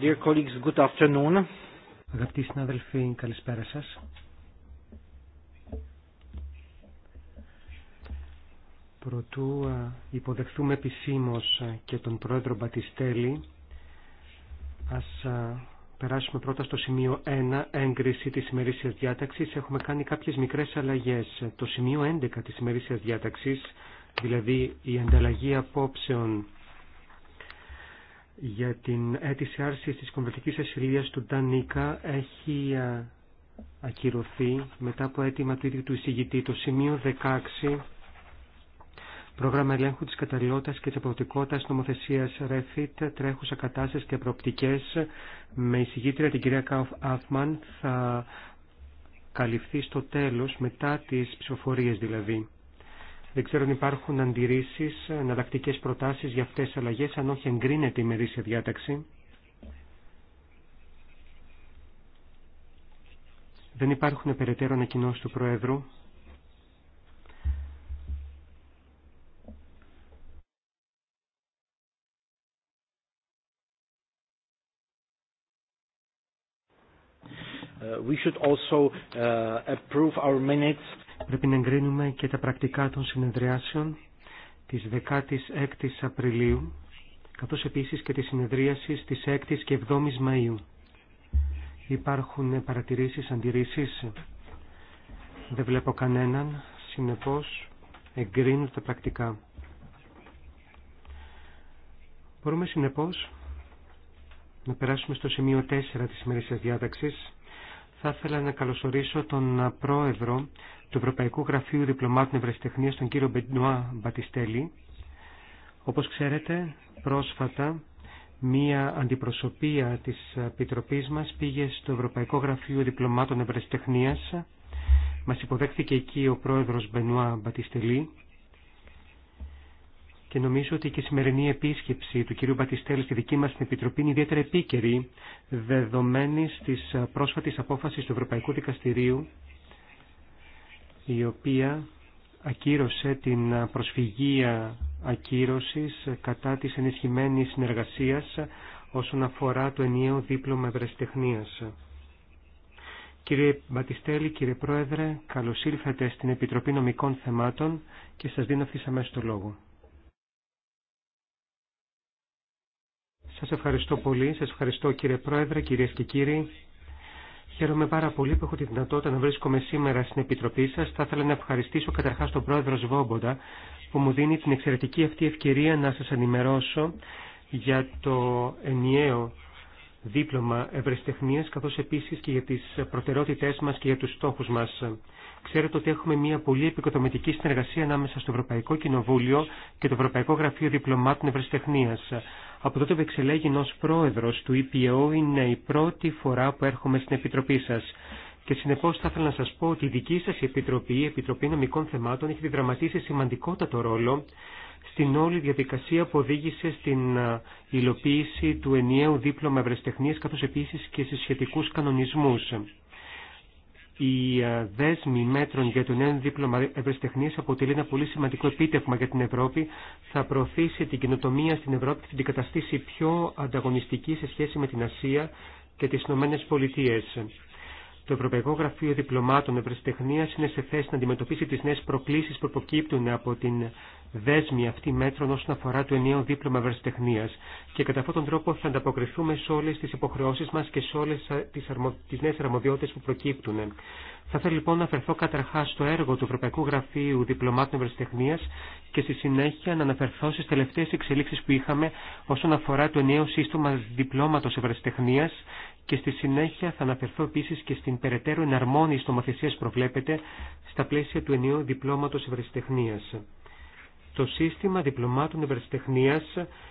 Dear colleagues, Αγαπητοί συνάδελφοι, καλησπέρα σας. Προτού υποδεχθούμε επισήμως και τον πρόεδρο Μπατιστέλη, ας περάσουμε πρώτα στο σημείο 1, έγκριση της ημερήσιας διάταξης. Έχουμε κάνει κάποιες μικρές αλλαγές. Το σημείο 11 της ημερήσιας διάταξης, δηλαδή η ανταλλαγή απόψεων για την αίτηση άρσης της κομβελτικής ασυλίας του Ντανίκα έχει ακυρωθεί μετά από αίτημα του ίδιου του εισηγητή. Το σημείο 16, πρόγραμμα ελέγχου της καταλληλότητας και της αποδοτικότητας νομοθεσίας REFIT, τρέχουσα κατάσταση και προοπτικές, με εισηγήτρια την κυρία Κάουφ Αφμαν, θα καλυφθεί στο τέλος, μετά τις ψηφοφορίες δηλαδή. Δεν ξέρω αν υπάρχουν αντιρρήσει, εναλλακτικέ προτάσει για αυτέ τι αλλαγέ. Αν όχι, εγκρίνεται η μερίσια διάταξη. Δεν υπάρχουν περαιτέρω ανακοινώσει του Προέδρου. Uh, we should also uh, approve our minutes Πρέπει να εγκρίνουμε και τα πρακτικά των συνεδριάσεων της 16ης Απριλίου, καθώς επίσης και τη συνεδρίαση της 6ης και 7ης Μαΐου. Υπάρχουν παρατηρήσεις, αντιρρήσεις. Δεν βλέπω κανέναν, συνεπώς εγκρίνουν τα πρακτικά. Μπορούμε συνεπώς να περάσουμε στο σημείο 4 της σημερινής διάταξης θα ήθελα να καλωσορίσω τον πρόεδρο του Ευρωπαϊκού Γραφείου Διπλωμάτων Ευρεσιτεχνία, τον κύριο Μπενουά Μπατιστέλη. Όπως ξέρετε, πρόσφατα μία αντιπροσωπεία της επιτροπή μας πήγε στο Ευρωπαϊκό Γραφείο Διπλωμάτων Ευρεσιτεχνία, Μας υποδέχθηκε εκεί ο πρόεδρος Μπενουά Μπατιστελή και νομίζω ότι και η σημερινή επίσκεψη του κυρίου Μπατιστέλη στη δική μας την Επιτροπή είναι ιδιαίτερα επίκαιρη, δεδομένη της πρόσφατης απόφασης του Ευρωπαϊκού Δικαστηρίου, η οποία ακύρωσε την προσφυγία ακύρωσης κατά της ενισχυμένης συνεργασίας όσον αφορά το ενιαίο δίπλωμα ευρεσιτεχνίας. Κύριε Μπατιστέλη, κύριε Πρόεδρε, καλώς ήρθατε στην Επιτροπή Νομικών Θεμάτων και σας δίνω αυτής αμέσως το λόγο. Σας ευχαριστώ πολύ. Σας ευχαριστώ κύριε Πρόεδρε, κυρίες και κύριοι. Χαίρομαι πάρα πολύ που έχω τη δυνατότητα να βρίσκομαι σήμερα στην Επιτροπή σας. Θα ήθελα να ευχαριστήσω καταρχάς τον Πρόεδρο Σβόμποντα που μου δίνει την εξαιρετική αυτή ευκαιρία να σας ενημερώσω για το ενιαίο δίπλωμα ευρεσιτεχνίας καθώς επίσης και για τις προτεραιότητές μας και για τους στόχους μας. Ξέρετε ότι έχουμε μια πολύ επικοδομητική συνεργασία ανάμεσα στο Ευρωπαϊκό Κοινοβούλιο και το Ευρωπαϊκό Γραφείο Διπλωμάτων Ευρεσιτεχνία. Από τότε που εξελέγει ενό πρόεδρο του EPO είναι η πρώτη φορά που έρχομαι στην Επιτροπή σα. Και συνεπώ θα ήθελα να σα πω ότι η δική σα Επιτροπή, η Επιτροπή Νομικών Θεμάτων, έχει διδραματίσει σημαντικότατο ρόλο στην όλη διαδικασία που οδήγησε στην ε, υλοποίηση του ενιαίου δίπλωμα ευρεσιτεχνία καθώ επίση και στι σχετικού κανονισμού η ε, δέσμη μέτρων για το νέο δίπλωμα ευρεσιτεχνία αποτελεί ένα πολύ σημαντικό επίτευγμα για την Ευρώπη. Θα προωθήσει την κοινοτομία στην Ευρώπη και την καταστήσει πιο ανταγωνιστική σε σχέση με την Ασία και τι Ηνωμένε Πολιτείε. Το Ευρωπαϊκό Γραφείο Διπλωμάτων Ευρεσιτεχνία είναι σε θέση να αντιμετωπίσει τι νέε προκλήσει που αποκύπτουν από την δέσμη αυτή μέτρων όσον αφορά το ενιαίο δίπλωμα ευρεσιτεχνία και κατά αυτόν τον τρόπο θα ανταποκριθούμε σε όλε τι υποχρεώσει μα και σε όλε τι νέε αρμοδιότητε που προκύπτουν. Θα ήθελα λοιπόν να αφαιρθώ καταρχά στο έργο του Ευρωπαϊκού Γραφείου Διπλωμάτων Ευρεσιτεχνία και στη συνέχεια να αναφερθώ στι τελευταίε εξελίξει που είχαμε όσον αφορά το ενιαίο σύστημα διπλώματο ευρεσιτεχνία και στη συνέχεια θα αναφερθώ επίση και στην περαιτέρω εναρμόνιση που προβλέπεται στα πλαίσια του ενιαίου διπλώματο ευρεσιτεχνία. Το σύστημα διπλωμάτων ευρεσιτεχνίας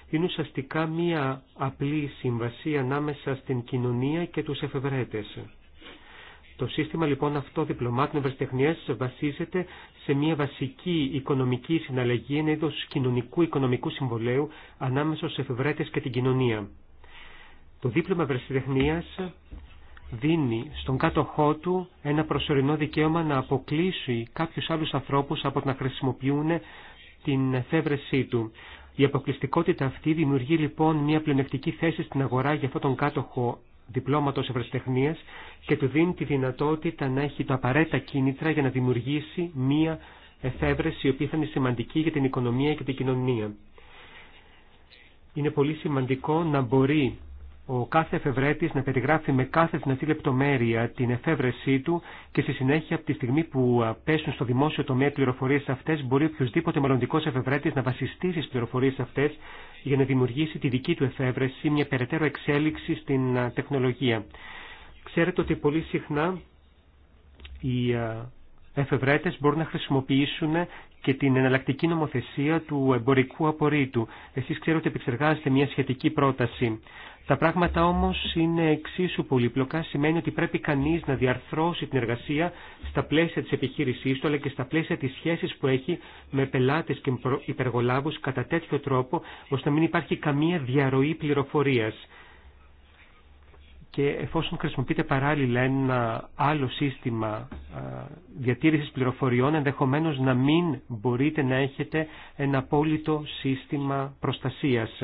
είναι ουσιαστικά μία απλή σύμβαση ανάμεσα στην κοινωνία και τους εφευρέτες. Το σύστημα λοιπόν αυτό διπλωμάτων ευρεσιτεχνίας βασίζεται σε μια βασική οικονομική συναλλαγή, ένα κοινωνικού οικονομικού συμβολέου ανάμεσα στους εφευρέτες και την κοινωνία. Το δίπλωμα ευρεσιτεχνίας δίνει στον κάτοχό του ένα προσωρινό δικαίωμα να αποκλείσει κάποιους άλλους ανθρώπους από να χρησιμοποιούν την εφεύρεσή του. Η αποκλειστικότητα αυτή δημιουργεί λοιπόν μια πλεονεκτική θέση στην αγορά για αυτόν τον κάτοχο διπλώματο ευρεσιτεχνία και του δίνει τη δυνατότητα να έχει τα απαραίτητα κίνητρα για να δημιουργήσει μια εφεύρεση η οποία θα είναι σημαντική για την οικονομία και την κοινωνία. Είναι πολύ σημαντικό να μπορεί ο κάθε εφευρέτης να περιγράφει με κάθε δυνατή λεπτομέρεια την εφεύρεσή του και στη συνέχεια από τη στιγμή που πέσουν στο δημόσιο τομέα πληροφορίες αυτές μπορεί οποιοδήποτε μελλοντικό εφευρέτης να βασιστεί στις πληροφορίες αυτές για να δημιουργήσει τη δική του εφεύρεση, μια περαιτέρω εξέλιξη στην τεχνολογία. Ξέρετε ότι πολύ συχνά οι εφευρέτες μπορούν να χρησιμοποιήσουν και την εναλλακτική νομοθεσία του εμπορικού απορρίτου. Εσεί ξέρετε ότι επεξεργάζεστε μια σχετική πρόταση. Τα πράγματα όμως είναι εξίσου πολύπλοκα, σημαίνει ότι πρέπει κανείς να διαρθρώσει την εργασία στα πλαίσια της επιχείρησής του, αλλά και στα πλαίσια της σχέσης που έχει με πελάτες και υπεργολάβους κατά τέτοιο τρόπο, ώστε να μην υπάρχει καμία διαρροή πληροφορίας. Και εφόσον χρησιμοποιείτε παράλληλα ένα άλλο σύστημα διατήρησης πληροφοριών, ενδεχομένως να μην μπορείτε να έχετε ένα απόλυτο σύστημα προστασίας.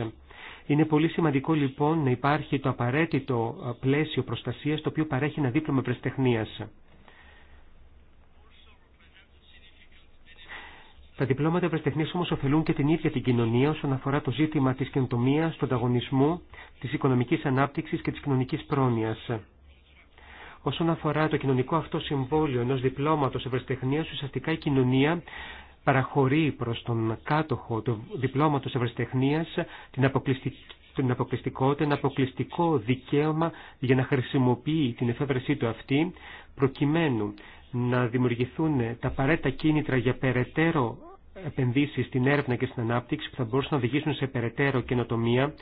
Είναι πολύ σημαντικό λοιπόν να υπάρχει το απαραίτητο ε, πλαίσιο προστασίας το οποίο παρέχει ένα δίπλωμα ευρεσιτεχνίας. Τα διπλώματα ευρεστεχνίας όμω ωφελούν και την ίδια την κοινωνία όσον αφορά το ζήτημα τη καινοτομία, του ανταγωνισμού, τη οικονομική ανάπτυξη και τη κοινωνική πρόνοια. Όσον αφορά το κοινωνικό αυτό συμβόλαιο ενό διπλώματο ευρεστεχνία, ουσιαστικά η κοινωνία παραχωρεί προς τον κάτοχο του διπλώματος ευρεσιτεχνίας την αποκλειστική την αποκλειστικότητα, ένα αποκλειστικό δικαίωμα για να χρησιμοποιεί την εφεύρεσή του αυτή, προκειμένου να δημιουργηθούν τα απαραίτητα κίνητρα για περαιτέρω επενδύσεις στην έρευνα και στην ανάπτυξη που θα μπορούσαν να οδηγήσουν σε περαιτέρω καινοτομία,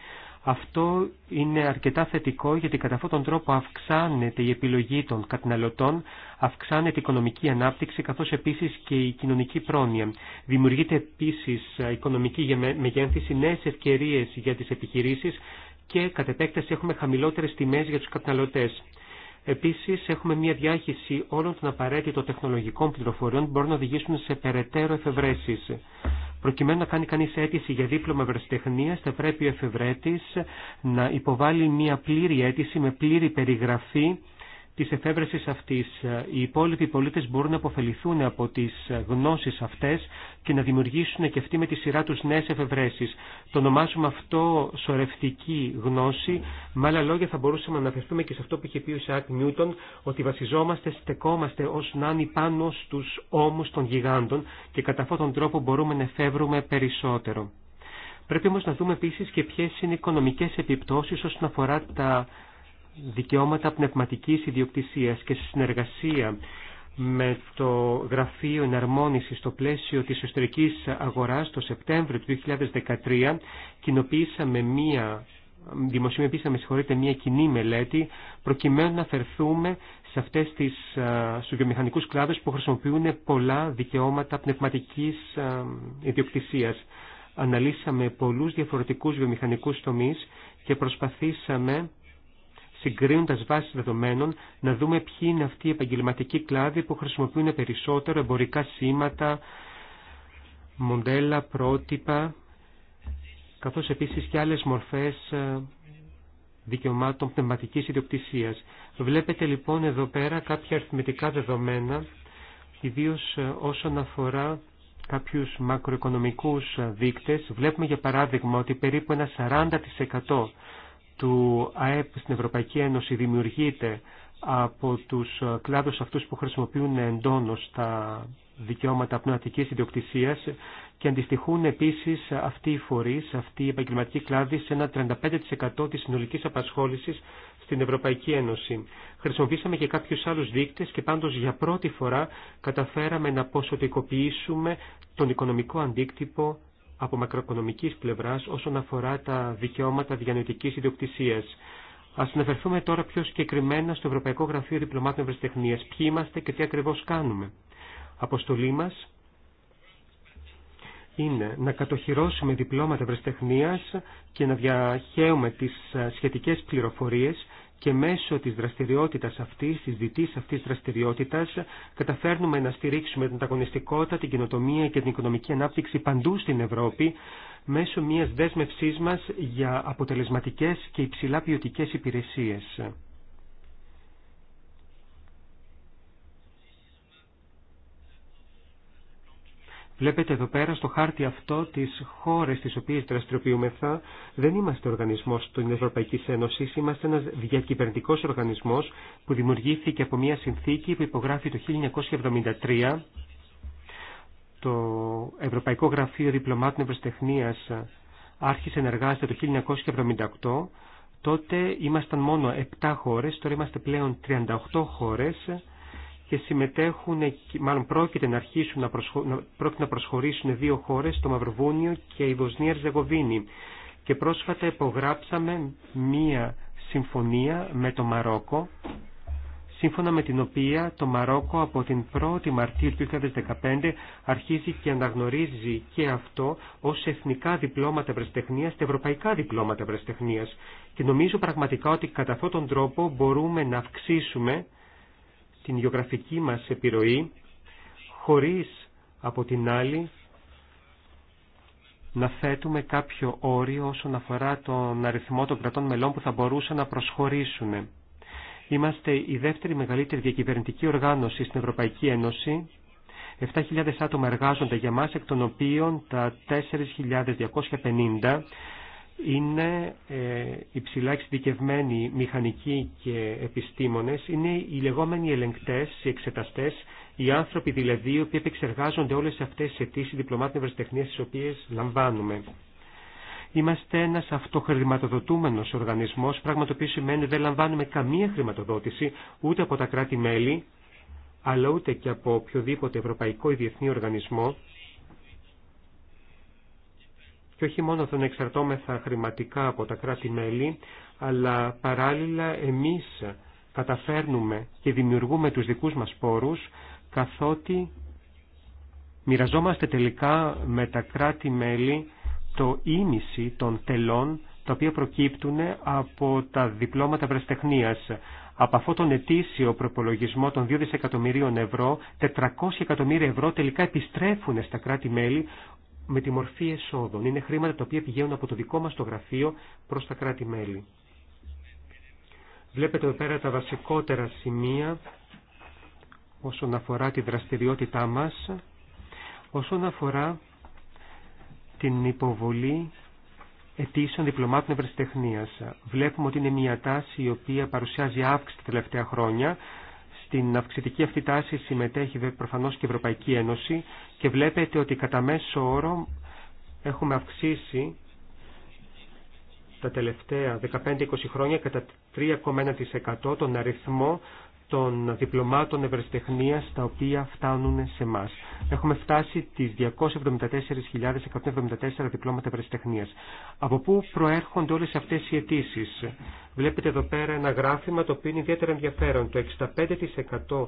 αυτό είναι αρκετά θετικό γιατί κατά αυτόν τον τρόπο αυξάνεται η επιλογή των καταναλωτών, αυξάνεται η οικονομική ανάπτυξη καθώς επίσης και η κοινωνική πρόνοια. Δημιουργείται επίσης οικονομική μεγένθηση, νέες ευκαιρίες για τις επιχειρήσεις και κατ' επέκταση έχουμε χαμηλότερες τιμές για τους καταναλωτές. Επίσης έχουμε μια διάχυση όλων των απαραίτητων τεχνολογικών πληροφοριών που μπορούν να οδηγήσουν σε περαιτέρω εφευρέσεις. Προκειμένου να κάνει κανείς αίτηση για δίπλωμα ευρεσιτεχνίας θα πρέπει ο Εφευρέτη να υποβάλει μια πλήρη αίτηση με πλήρη περιγραφή της εφεύρεσης αυτής. Ε, οι υπόλοιποι πολίτες μπορούν να αποφεληθούν από τις ε, γνώσεις αυτές και να δημιουργήσουν και αυτοί με τη σειρά τους νέες εφευρέσεις. Το ονομάζουμε αυτό σορευτική γνώση. Με άλλα λόγια θα μπορούσαμε να αναφερθούμε και σε αυτό που είχε πει ο Ισαάκ Νιούτον, ότι βασιζόμαστε, στεκόμαστε ως είναι πάνω στους ώμους των γιγάντων και κατά αυτόν τον τρόπο μπορούμε να εφεύρουμε περισσότερο. Πρέπει όμως να δούμε επίση και ποιε είναι οι οικονομικέ επιπτώσει όσον αφορά τα δικαιώματα πνευματικής ιδιοκτησίας και σε συνεργασία με το Γραφείο Εναρμόνισης στο πλαίσιο της εσωτερικής αγοράς το Σεπτέμβριο του 2013 κοινοποιήσαμε μία δημοσιοποιήσαμε συγχωρείτε μια κοινή μελέτη προκειμένου να φερθούμε σε αυτές τις, στους βιομηχανικούς κλάδους που χρησιμοποιούν πολλά δικαιώματα πνευματικής ιδιοκτησίας. Αναλύσαμε πολλούς διαφορετικούς βιομηχανικούς τομείς και προσπαθήσαμε συγκρίνοντα βάσει δεδομένων, να δούμε ποιοι είναι αυτοί οι επαγγελματικοί κλάδοι που χρησιμοποιούν περισσότερο εμπορικά σήματα, μοντέλα, πρότυπα, καθώς επίσης και άλλες μορφές ε, δικαιωμάτων πνευματικής ιδιοκτησίας. Βλέπετε λοιπόν εδώ πέρα κάποια αριθμητικά δεδομένα, ιδίω ε, όσον αφορά κάποιους μακροοικονομικούς ε, δείκτες. Βλέπουμε για παράδειγμα ότι περίπου ένα 40% του ΑΕΠ στην Ευρωπαϊκή Ένωση δημιουργείται από τους κλάδους αυτούς που χρησιμοποιούν εντόνως τα δικαιώματα πνευματικής ιδιοκτησίας και αντιστοιχούν επίσης αυτοί οι φορείς, αυτοί οι επαγγελματικοί κλάδοι σε ένα 35% της συνολικής απασχόλησης στην Ευρωπαϊκή Ένωση. Χρησιμοποίησαμε και κάποιους άλλους δείκτες και πάντως για πρώτη φορά καταφέραμε να ποσοτικοποιήσουμε τον οικονομικό αντίκτυπο από μακροοικονομικής πλευράς όσον αφορά τα δικαιώματα διανοητικής ιδιοκτησίας. Ας αναφερθούμε τώρα πιο συγκεκριμένα στο Ευρωπαϊκό Γραφείο Διπλωμάτων Ευρεσιτεχνίας. Ποιοι είμαστε και τι ακριβώς κάνουμε. Αποστολή μας είναι να κατοχυρώσουμε διπλώματα ευρεσιτεχνίας και να διαχέουμε τις ε, σχετικές πληροφορίες και μέσω της δραστηριότητας αυτής, της δυτής αυτής δραστηριότητας, καταφέρνουμε να στηρίξουμε την ανταγωνιστικότητα, την κοινοτομία και την οικονομική ανάπτυξη παντού στην Ευρώπη, μέσω μιας δέσμευσής μας για αποτελεσματικές και υψηλά ποιοτικές υπηρεσίες. Βλέπετε εδώ πέρα στο χάρτη αυτό τις χώρες τις οποίες δραστηριοποιούμεθα. Δεν είμαστε οργανισμός του Ευρωπαϊκής Ένωσης, είμαστε ένας διακυβερνητικός οργανισμός που δημιουργήθηκε από μια συνθήκη που υπογράφει το 1973 το Ευρωπαϊκό Γραφείο Διπλωμάτων Ευρωστεχνίας άρχισε να εργάζεται το 1978. Τότε ήμασταν μόνο 7 χώρες, τώρα είμαστε πλέον 38 χώρες και συμμετέχουν, μάλλον πρόκειται να, αρχίσουν να, προσχω... να... να προσχωρήσουν δύο χώρες, το Μαυροβούνιο και η Βοσνία Ερζεγοβίνη. Και πρόσφατα υπογράψαμε μία συμφωνία με το Μαρόκο, σύμφωνα με την οποία το Μαρόκο από την 1η Μαρτίου του 2015 αρχίζει και αναγνωρίζει και αυτό ως εθνικά διπλώματα ευρεσιτεχνίας και ευρωπαϊκά διπλώματα ευρεσιτεχνίας. Και νομίζω πραγματικά ότι κατά αυτόν τον τρόπο μπορούμε να αυξήσουμε την γεωγραφική μας επιρροή χωρίς από την άλλη να θέτουμε κάποιο όριο όσον αφορά τον αριθμό των κρατών μελών που θα μπορούσαν να προσχωρήσουν. Είμαστε η δεύτερη μεγαλύτερη διακυβερνητική οργάνωση στην Ευρωπαϊκή Ένωση. 7.000 άτομα εργάζονται για μας, εκ των οποίων τα 4.250 είναι ε, υψηλά εξειδικευμένοι μηχανικοί και επιστήμονες, είναι οι λεγόμενοι ελεγκτές, οι εξεταστές, οι άνθρωποι δηλαδή οι οποίοι επεξεργάζονται όλες αυτές τις αιτήσεις διπλωμάτων ευρεσιτεχνίας τις οποίες λαμβάνουμε. Είμαστε ένας αυτοχρηματοδοτούμενος οργανισμός, πράγμα το οποίο σημαίνει δεν λαμβάνουμε καμία χρηματοδότηση ούτε από τα κράτη-μέλη, αλλά ούτε και από οποιοδήποτε ευρωπαϊκό ή διεθνή οργανισμό, και όχι μόνο τον εξαρτώμεθα χρηματικά από τα κράτη-μέλη, αλλά παράλληλα εμείς καταφέρνουμε και δημιουργούμε τους δικούς μας πόρους, καθότι μοιραζόμαστε τελικά με τα κράτη-μέλη το ίμιση των τελών, τα οποία προκύπτουν από τα διπλώματα βρεστεχνίας. Από αυτόν τον ετήσιο προπολογισμό των 2 δισεκατομμυρίων ευρώ, 400 εκατομμύρια ευρώ τελικά επιστρέφουν στα κράτη-μέλη με τη μορφή εσόδων. Είναι χρήματα τα οποία πηγαίνουν από το δικό μας το γραφείο προς τα κράτη-μέλη. Βλέπετε εδώ πέρα τα βασικότερα σημεία όσον αφορά τη δραστηριότητά μας, όσον αφορά την υποβολή αιτήσεων διπλωμάτων ευρεσιτεχνίας. Βλέπουμε ότι είναι μια τάση η οποία παρουσιάζει αύξηση τα τελευταία χρόνια. Στην αυξητική αυτή τάση συμμετέχει προφανώς και η Ευρωπαϊκή Ένωση και βλέπετε ότι κατά μέσο όρο έχουμε αυξήσει τα τελευταία 15-20 χρόνια κατά 3,1% τον αριθμό των διπλωμάτων ευρεσιτεχνίας τα οποία φτάνουν σε εμά. Έχουμε φτάσει τις 274.174 διπλώματα ευρεσιτεχνίας. Από πού προέρχονται όλες αυτές οι αιτήσει. Βλέπετε εδώ πέρα ένα γράφημα το οποίο είναι ιδιαίτερα ενδιαφέρον. Το 65%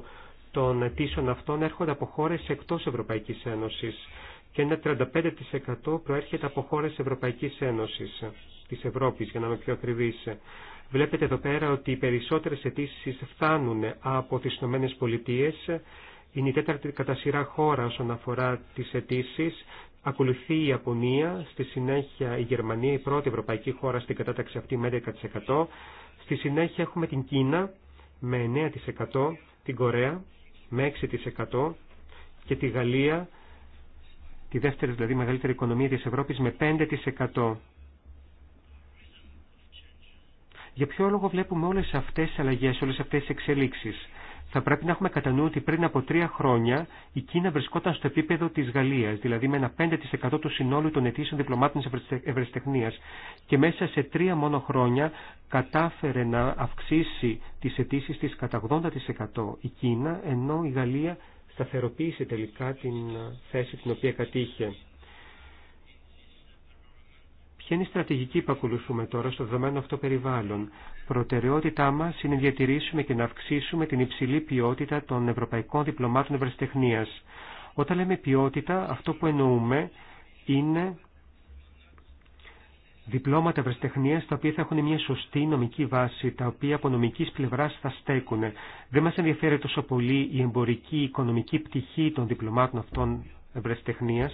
των αιτήσεων αυτών έρχονται από χώρες εκτός Ευρωπαϊκής Ένωσης και ένα 35% προέρχεται από χώρες Ευρωπαϊκής Ένωσης, της Ευρώπης για να είμαι πιο ακριβή. Βλέπετε εδώ πέρα ότι οι περισσότερες αιτήσει φτάνουν από τις Ηνωμένες Πολιτείες. Είναι η τέταρτη κατά σειρά χώρα όσον αφορά τις αιτήσει. Ακολουθεί η Ιαπωνία, στη συνέχεια η Γερμανία, η πρώτη ευρωπαϊκή χώρα στην κατάταξη αυτή με 11%. Στη συνέχεια έχουμε την Κίνα με 9%, την Κορέα με 6% και τη Γαλλία, τη δεύτερη δηλαδή μεγαλύτερη οικονομία της Ευρώπης με 5%. Για ποιο λόγο βλέπουμε όλες αυτές τις αλλαγές, όλες αυτές τις εξελίξεις. Θα πρέπει να έχουμε κατά νου ότι πριν από τρία χρόνια η Κίνα βρισκόταν στο επίπεδο της Γαλλίας, δηλαδή με ένα 5% του συνόλου των αιτήσεων διπλωμάτων της και μέσα σε τρία μόνο χρόνια κατάφερε να αυξήσει τις αιτήσει της κατά 80% η Κίνα, ενώ η Γαλλία σταθεροποίησε τελικά την θέση την οποία κατήχε. Ποια είναι η στρατηγική που ακολουθούμε τώρα στο δεδομένο αυτό περιβάλλον. Προτεραιότητά μα είναι να διατηρήσουμε και να αυξήσουμε την υψηλή ποιότητα των ευρωπαϊκών διπλωμάτων ευρεσιτεχνία. Όταν λέμε ποιότητα, αυτό που εννοούμε είναι διπλώματα ευρεσιτεχνία τα οποία θα έχουν μια σωστή νομική βάση, τα οποία από νομική πλευρά θα στέκουν. Δεν μα ενδιαφέρει τόσο πολύ η εμπορική, η οικονομική πτυχή των διπλωμάτων αυτών ευρεσιτεχνία,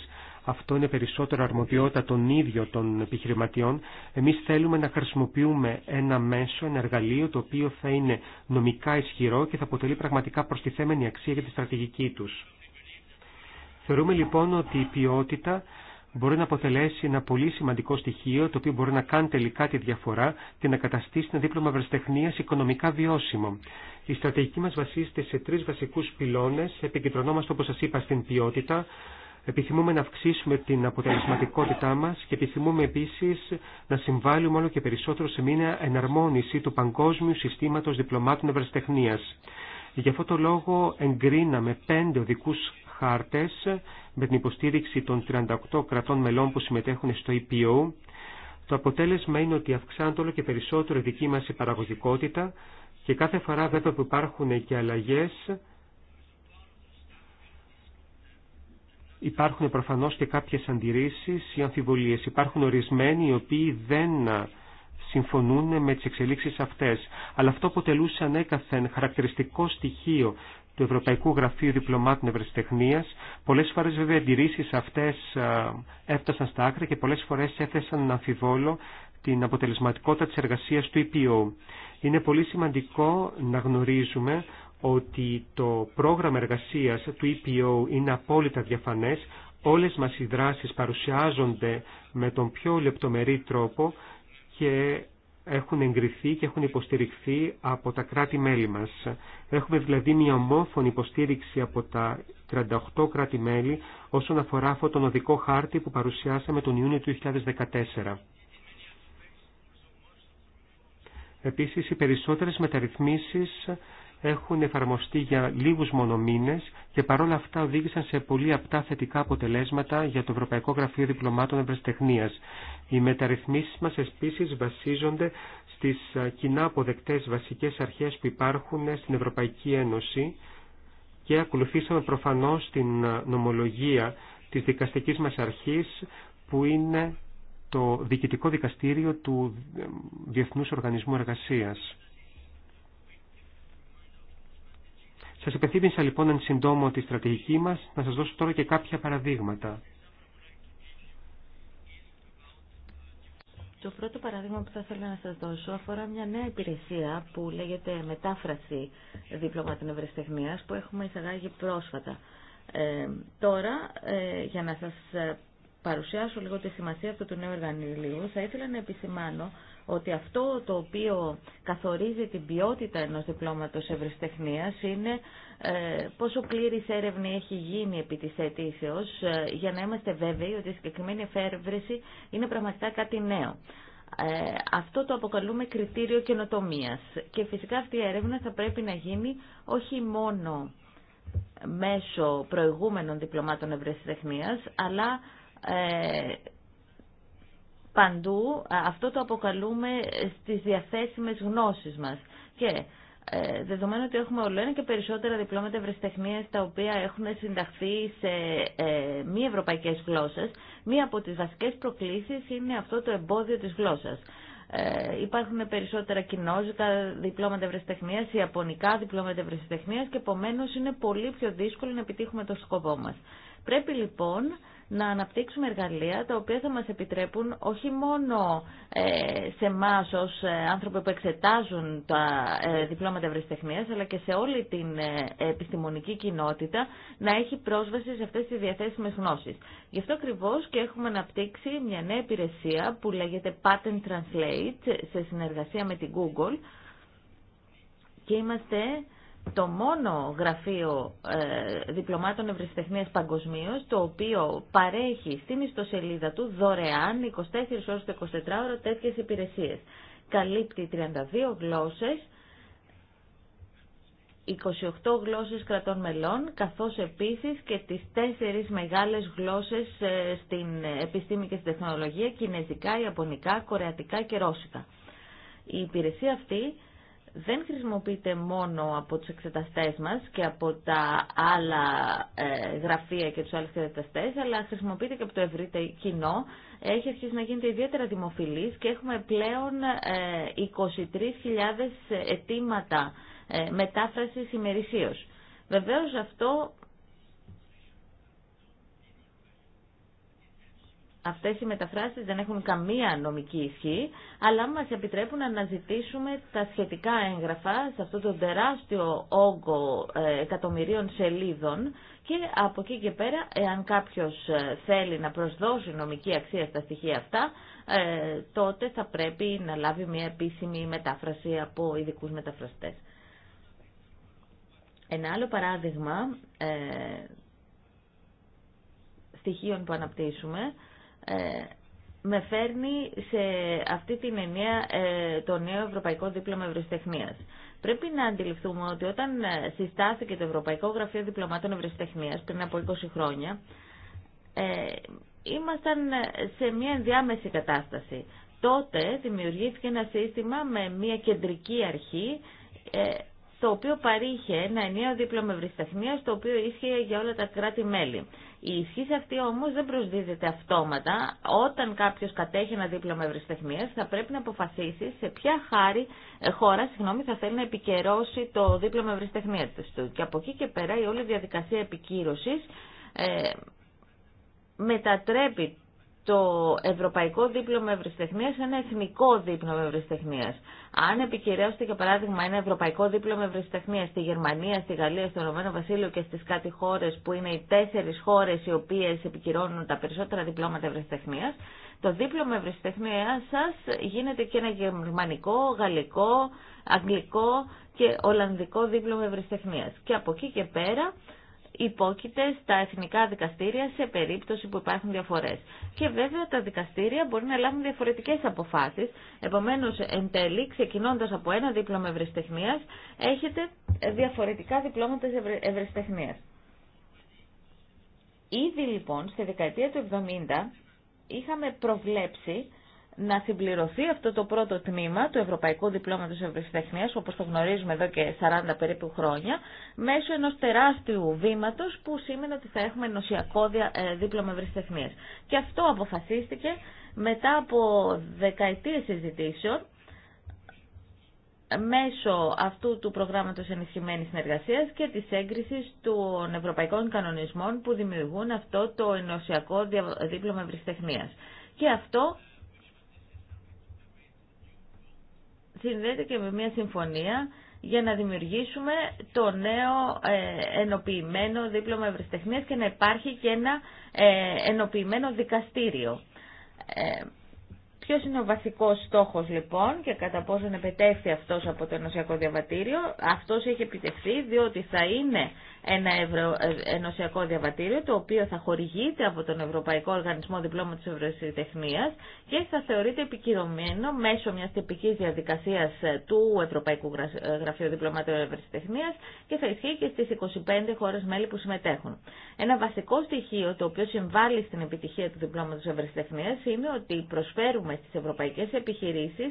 αυτό είναι περισσότερο αρμοδιότητα των ίδιων των επιχειρηματιών. Εμείς θέλουμε να χρησιμοποιούμε ένα μέσο, ένα εργαλείο το οποίο θα είναι νομικά ισχυρό και θα αποτελεί πραγματικά προστιθέμενη αξία για τη στρατηγική τους. Θεωρούμε λοιπόν ότι η ποιότητα μπορεί να αποτελέσει ένα πολύ σημαντικό στοιχείο το οποίο μπορεί να κάνει τελικά τη διαφορά και να καταστήσει ένα δίπλωμα ευρεσιτεχνίας οικονομικά βιώσιμο. Η στρατηγική μας βασίζεται σε τρεις βασικούς πυλώνες, επικεντρωνόμαστε όπως σας είπα στην ποιότητα, Επιθυμούμε να αυξήσουμε την αποτελεσματικότητά μας και επιθυμούμε επίσης να συμβάλλουμε όλο και περισσότερο σε μια εναρμόνιση του παγκόσμιου συστήματος διπλωμάτων ευρεσιτεχνίας. Γι' αυτό το λόγο εγκρίναμε πέντε οδικούς χάρτες με την υποστήριξη των 38 κρατών μελών που συμμετέχουν στο EPO. Το αποτέλεσμα είναι ότι αυξάνεται όλο και περισσότερο η δική μας παραγωγικότητα και κάθε φορά βέβαια που υπάρχουν και αλλαγές Υπάρχουν προφανώς και κάποιες αντιρρήσεις ή αμφιβολίες. Υπάρχουν ορισμένοι οι οποίοι δεν συμφωνούν με τις εξελίξεις αυτές. Αλλά αυτό αποτελούσε ανέκαθεν χαρακτηριστικό στοιχείο του Ευρωπαϊκού Γραφείου Διπλωμάτων Ευρεσιτεχνία. Πολλές φορές βέβαια αντιρρήσεις αυτές έφτασαν στα άκρα και πολλές φορές έθεσαν να αμφιβόλο την αποτελεσματικότητα της εργασίας του ΕΠΟ. Είναι πολύ σημαντικό να γνωρίζουμε ότι το πρόγραμμα εργασίας του EPO είναι απόλυτα διαφανές, όλες μας οι δράσεις παρουσιάζονται με τον πιο λεπτομερή τρόπο και έχουν εγκριθεί και έχουν υποστηριχθεί από τα κράτη-μέλη μας. Έχουμε δηλαδή μια ομόφωνη υποστήριξη από τα 38 κράτη-μέλη όσον αφορά αυτόν τον οδικό χάρτη που παρουσιάσαμε τον Ιούνιο του 2014. Επίσης, οι περισσότερες μεταρρυθμίσεις έχουν εφαρμοστεί για λίγους μονομήνες και παρόλα αυτά οδήγησαν σε πολύ απτά θετικά αποτελέσματα για το Ευρωπαϊκό Γραφείο Διπλωμάτων Ευρεσιτεχνίας. Οι μεταρρυθμίσεις μας επίσης βασίζονται στις κοινά αποδεκτές βασικές αρχές που υπάρχουν στην Ευρωπαϊκή Ένωση και ακολουθήσαμε προφανώς την νομολογία της δικαστικής μας αρχής που είναι το Διοικητικό Δικαστήριο του ε, Διεθνούς Οργανισμού Εργασίας. Σας υπενθύμισα λοιπόν εν συντόμω τη στρατηγική μας, να σας δώσω τώρα και κάποια παραδείγματα. Το πρώτο παράδειγμα που θα ήθελα να σας δώσω αφορά μια νέα υπηρεσία που λέγεται μετάφραση διπλωμάτων ευρεσιτεχνίας που έχουμε εισαγάγει πρόσφατα. Ε, τώρα, ε, για να σας παρουσιάσω λίγο τη σημασία αυτού του νέου εργαλείου, θα ήθελα να επισημάνω ότι αυτό το οποίο καθορίζει την ποιότητα ενός διπλώματος ευρεσιτεχνίας είναι ε, πόσο πλήρης έρευνη έχει γίνει επί της αιτήσεως ε, για να είμαστε βέβαιοι ότι η συγκεκριμένη εφεύρεση είναι πραγματικά κάτι νέο. Ε, αυτό το αποκαλούμε κριτήριο καινοτομία. Και φυσικά αυτή η έρευνα θα πρέπει να γίνει όχι μόνο μέσω προηγούμενων διπλωμάτων ευρεσιτεχνίας, αλλά ε, παντού. Αυτό το αποκαλούμε στις διαθέσιμες γνώσεις μας. Και ε, δεδομένου ότι έχουμε όλο ένα και περισσότερα διπλώματα ευρεσιτεχνία τα οποία έχουν συνταχθεί σε ε, μη ευρωπαϊκέ γλώσσε, μία από τις βασικές προκλήσεις είναι αυτό το εμπόδιο της γλώσσας. Ε, υπάρχουν περισσότερα κοινόζικα διπλώματα ευρεσιτεχνία, ιαπωνικά διπλώματα ευρεσιτεχνία και επομένω είναι πολύ πιο δύσκολο να επιτύχουμε το σκοπό μα. Πρέπει λοιπόν να αναπτύξουμε εργαλεία τα οποία θα μας επιτρέπουν όχι μόνο ε, σε εμά ως ε, άνθρωποι που εξετάζουν τα ε, διπλώματα ευρεσιτεχνία, αλλά και σε όλη την επιστημονική κοινότητα να έχει πρόσβαση σε αυτές τις διαθέσιμες γνώσεις. Γι' αυτό ακριβώ και έχουμε αναπτύξει μια νέα υπηρεσία που λέγεται Patent Translate σε συνεργασία με την Google και είμαστε το μόνο γραφείο ε, διπλωμάτων ευρεσιτεχνίας παγκοσμίω, το οποίο παρέχει στην ιστοσελίδα του δωρεάν 24 ώρες 24 ώρες τέτοιες υπηρεσίες. Καλύπτει 32 γλώσσες, 28 γλώσσες κρατών μελών, καθώς επίσης και τις τέσσερις μεγάλες γλώσσες ε, στην επιστήμη και στην τεχνολογία, κινέζικα, ιαπωνικά, κορεατικά και ρώσικα. Η υπηρεσία αυτή δεν χρησιμοποιείται μόνο από τους εξεταστές μας και από τα άλλα ε, γραφεία και τους άλλους εξεταστές, αλλά χρησιμοποιείται και από το ευρύτερο κοινό. Έχει αρχίσει να γίνεται ιδιαίτερα δημοφιλής και έχουμε πλέον 23.000 ε, αιτήματα ε, μετάφρασης ημερησίως. Βεβαίως αυτό Αυτές οι μεταφράσεις δεν έχουν καμία νομική ισχύ, αλλά μας επιτρέπουν να αναζητήσουμε τα σχετικά έγγραφα σε αυτό το τεράστιο όγκο ε, εκατομμυρίων σελίδων και από εκεί και πέρα, εάν κάποιος ε, θέλει να προσδώσει νομική αξία στα στοιχεία αυτά, ε, τότε θα πρέπει να λάβει μια επίσημη μετάφραση από ειδικού μεταφραστέ. Ένα άλλο παράδειγμα στοιχείων που αναπτύσσουμε ε, με φέρνει σε αυτή την ενία ε, το νέο Ευρωπαϊκό Δίπλωμα Ευρωστεχνίας. Πρέπει να αντιληφθούμε ότι όταν ε, συστάθηκε το Ευρωπαϊκό Γραφείο Διπλωμάτων Ευρωστεχνίας πριν από 20 χρόνια, ήμασταν σε μια ενδιάμεση κατάσταση. Τότε δημιουργήθηκε ένα σύστημα με μια κεντρική αρχή, το οποίο παρήχε ένα ενιαίο δίπλωμα ευρυστεχνίας, το οποίο ίσχυε για όλα τα κράτη-μέλη. Η ισχύ αυτή όμω δεν προσδίδεται αυτόματα. Όταν κάποιο κατέχει ένα δίπλωμα ευρεσιτεχνία, θα πρέπει να αποφασίσει σε ποια χάρη, ε, χώρα συγγνώμη, θα θέλει να επικαιρώσει το δίπλωμα ευρεσιτεχνία του. Και από εκεί και πέρα η όλη διαδικασία επικύρωση ε, μετατρέπει το ευρωπαϊκό δίπλωμα Ευρυστεχνία είναι ένα εθνικό δίπλωμα Ευρυστεχνία. Αν επικυρώσετε για παράδειγμα ένα ευρωπαϊκό δίπλωμα Ευρυστεχνία στη Γερμανία, στη Γαλλία, στο Ηνωμένο Βασίλειο και στι κάτι χώρε που είναι οι τέσσερι χώρε οι οποίε επικυρώνουν τα περισσότερα διπλώματα Ευρυστεχνία, το δίπλωμα ευρυστεχνία σα γίνεται και ένα γερμανικό, γαλλικό, αγγλικό και ολλανδικό δίπλωμα Ευρυστεχνία. Και από εκεί και πέρα υπόκειται στα εθνικά δικαστήρια σε περίπτωση που υπάρχουν διαφορές. Και βέβαια τα δικαστήρια μπορεί να λάβουν διαφορετικές αποφάσεις. Επομένως, εν τέλει, ξεκινώντας από ένα δίπλωμα ευρεσιτεχνίας, έχετε διαφορετικά διπλώματα ευρεσιτεχνίας. Ήδη λοιπόν, στη δεκαετία του 70, είχαμε προβλέψει να συμπληρωθεί αυτό το πρώτο τμήμα του Ευρωπαϊκού Διπλώματος Ευρωσιτεχνίας, όπως το γνωρίζουμε εδώ και 40 περίπου χρόνια, μέσω ενός τεράστιου βήματος που σήμαινε ότι θα έχουμε ενωσιακό ε, δίπλωμα ευρωσιτεχνίας. Και αυτό αποφασίστηκε μετά από δεκαετίες συζητήσεων, μέσω αυτού του προγράμματος ενισχυμένης συνεργασίας και της έγκρισης των ευρωπαϊκών κανονισμών που δημιουργούν αυτό το ενωσιακό δίπλωμα ευρυστεχνίας. Και αυτό συνδέεται και με μια συμφωνία για να δημιουργήσουμε το νέο ε, ενοποιημένο δίπλωμα ευρεσιτεχνίας και να υπάρχει και ένα ε, ενοποιημένο δικαστήριο. Ε, ποιος είναι ο βασικός στόχος λοιπόν και κατά πόσον επιτεύχθη αυτός από το ενωσιακό διαβατήριο. Αυτός έχει επιτευχθεί διότι θα είναι ένα ευρω... Ε, ενωσιακό διαβατήριο το οποίο θα χορηγείται από τον Ευρωπαϊκό Οργανισμό Διπλώματος της και θα θεωρείται επικυρωμένο μέσω μιας τυπικής διαδικασίας ε, του Ευρωπαϊκού ε, Γραφείου Διπλωμάτων Ευρωσιτεχνίας και θα ισχύει και στις 25 χώρες μέλη που συμμετέχουν. Ένα βασικό στοιχείο το οποίο συμβάλλει στην επιτυχία του Διπλώματος Ευρωσιτεχνίας είναι ότι προσφέρουμε στις ευρωπαϊκές επιχειρήσεις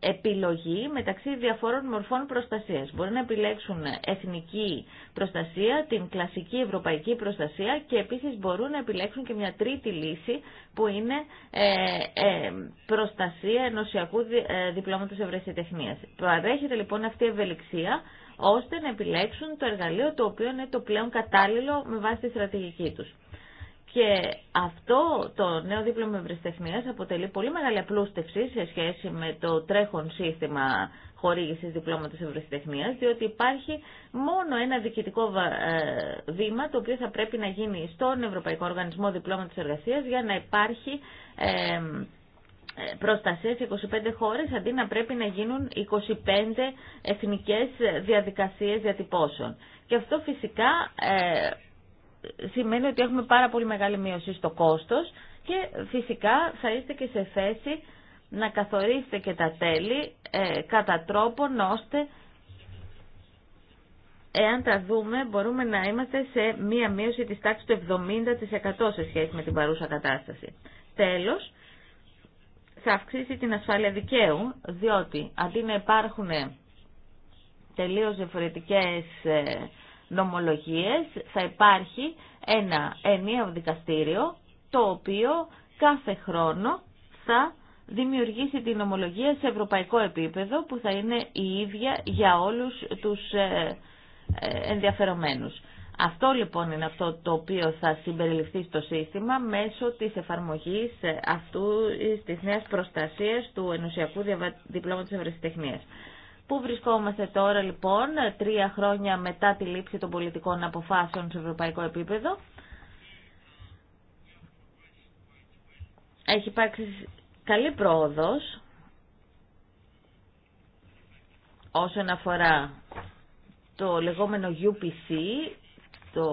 επιλογή μεταξύ διαφόρων μορφών προστασίας. Μπορεί να επιλέξουν εθνική προστασία, την κλασική ευρωπαϊκή προστασία και επίσης μπορούν να επιλέξουν και μια τρίτη λύση που είναι ε, ε, προστασία ενωσιακού ε, διπλώματος ευρεσιτεχνίας. Προαδέχεται λοιπόν αυτή η ευελιξία ώστε να επιλέξουν το εργαλείο το οποίο είναι το πλέον κατάλληλο με βάση τη στρατηγική τους. Και αυτό το νέο δίπλωμα ευρεσιτεχνίας αποτελεί πολύ μεγάλη απλούστευση σε σχέση με το τρέχον σύστημα χορήγησης διπλώματος ευρεσιτεχνίας, διότι υπάρχει μόνο ένα διοικητικό ε, βήμα το οποίο θα πρέπει να γίνει στον Ευρωπαϊκό Οργανισμό Διπλώματος Εργασίας για να υπάρχει ε, προστασία σε 25 χώρες αντί να πρέπει να γίνουν 25 εθνικές διαδικασίες διατυπώσεων. Και αυτό φυσικά ε, σημαίνει ότι έχουμε πάρα πολύ μεγάλη μείωση στο κόστος και φυσικά θα είστε και σε θέση να καθορίσετε και τα τέλη ε, κατά τρόπον ώστε εάν τα δούμε μπορούμε να είμαστε σε μία μείωση της τάξης του 70% σε σχέση με την παρούσα κατάσταση. Τέλος, θα αυξήσει την ασφάλεια δικαίου, διότι αντί να υπάρχουν τελείως διαφορετικές ε, νομολογίες θα υπάρχει ένα ενιαίο δικαστήριο το οποίο κάθε χρόνο θα δημιουργήσει την νομολογία σε ευρωπαϊκό επίπεδο που θα είναι η ίδια για όλους τους ε, ε, ενδιαφερομένους. Αυτό λοιπόν είναι αυτό το οποίο θα συμπεριληφθεί στο σύστημα μέσω της εφαρμογής ε, αυτού της νέας προστασίας του ενωσιακού διπλώματος ευρεσιτεχνίας. Πού βρισκόμαστε τώρα λοιπόν, τρία χρόνια μετά τη λήψη των πολιτικών αποφάσεων σε ευρωπαϊκό επίπεδο. Έχει υπάρξει καλή πρόοδος όσον αφορά το λεγόμενο UPC, το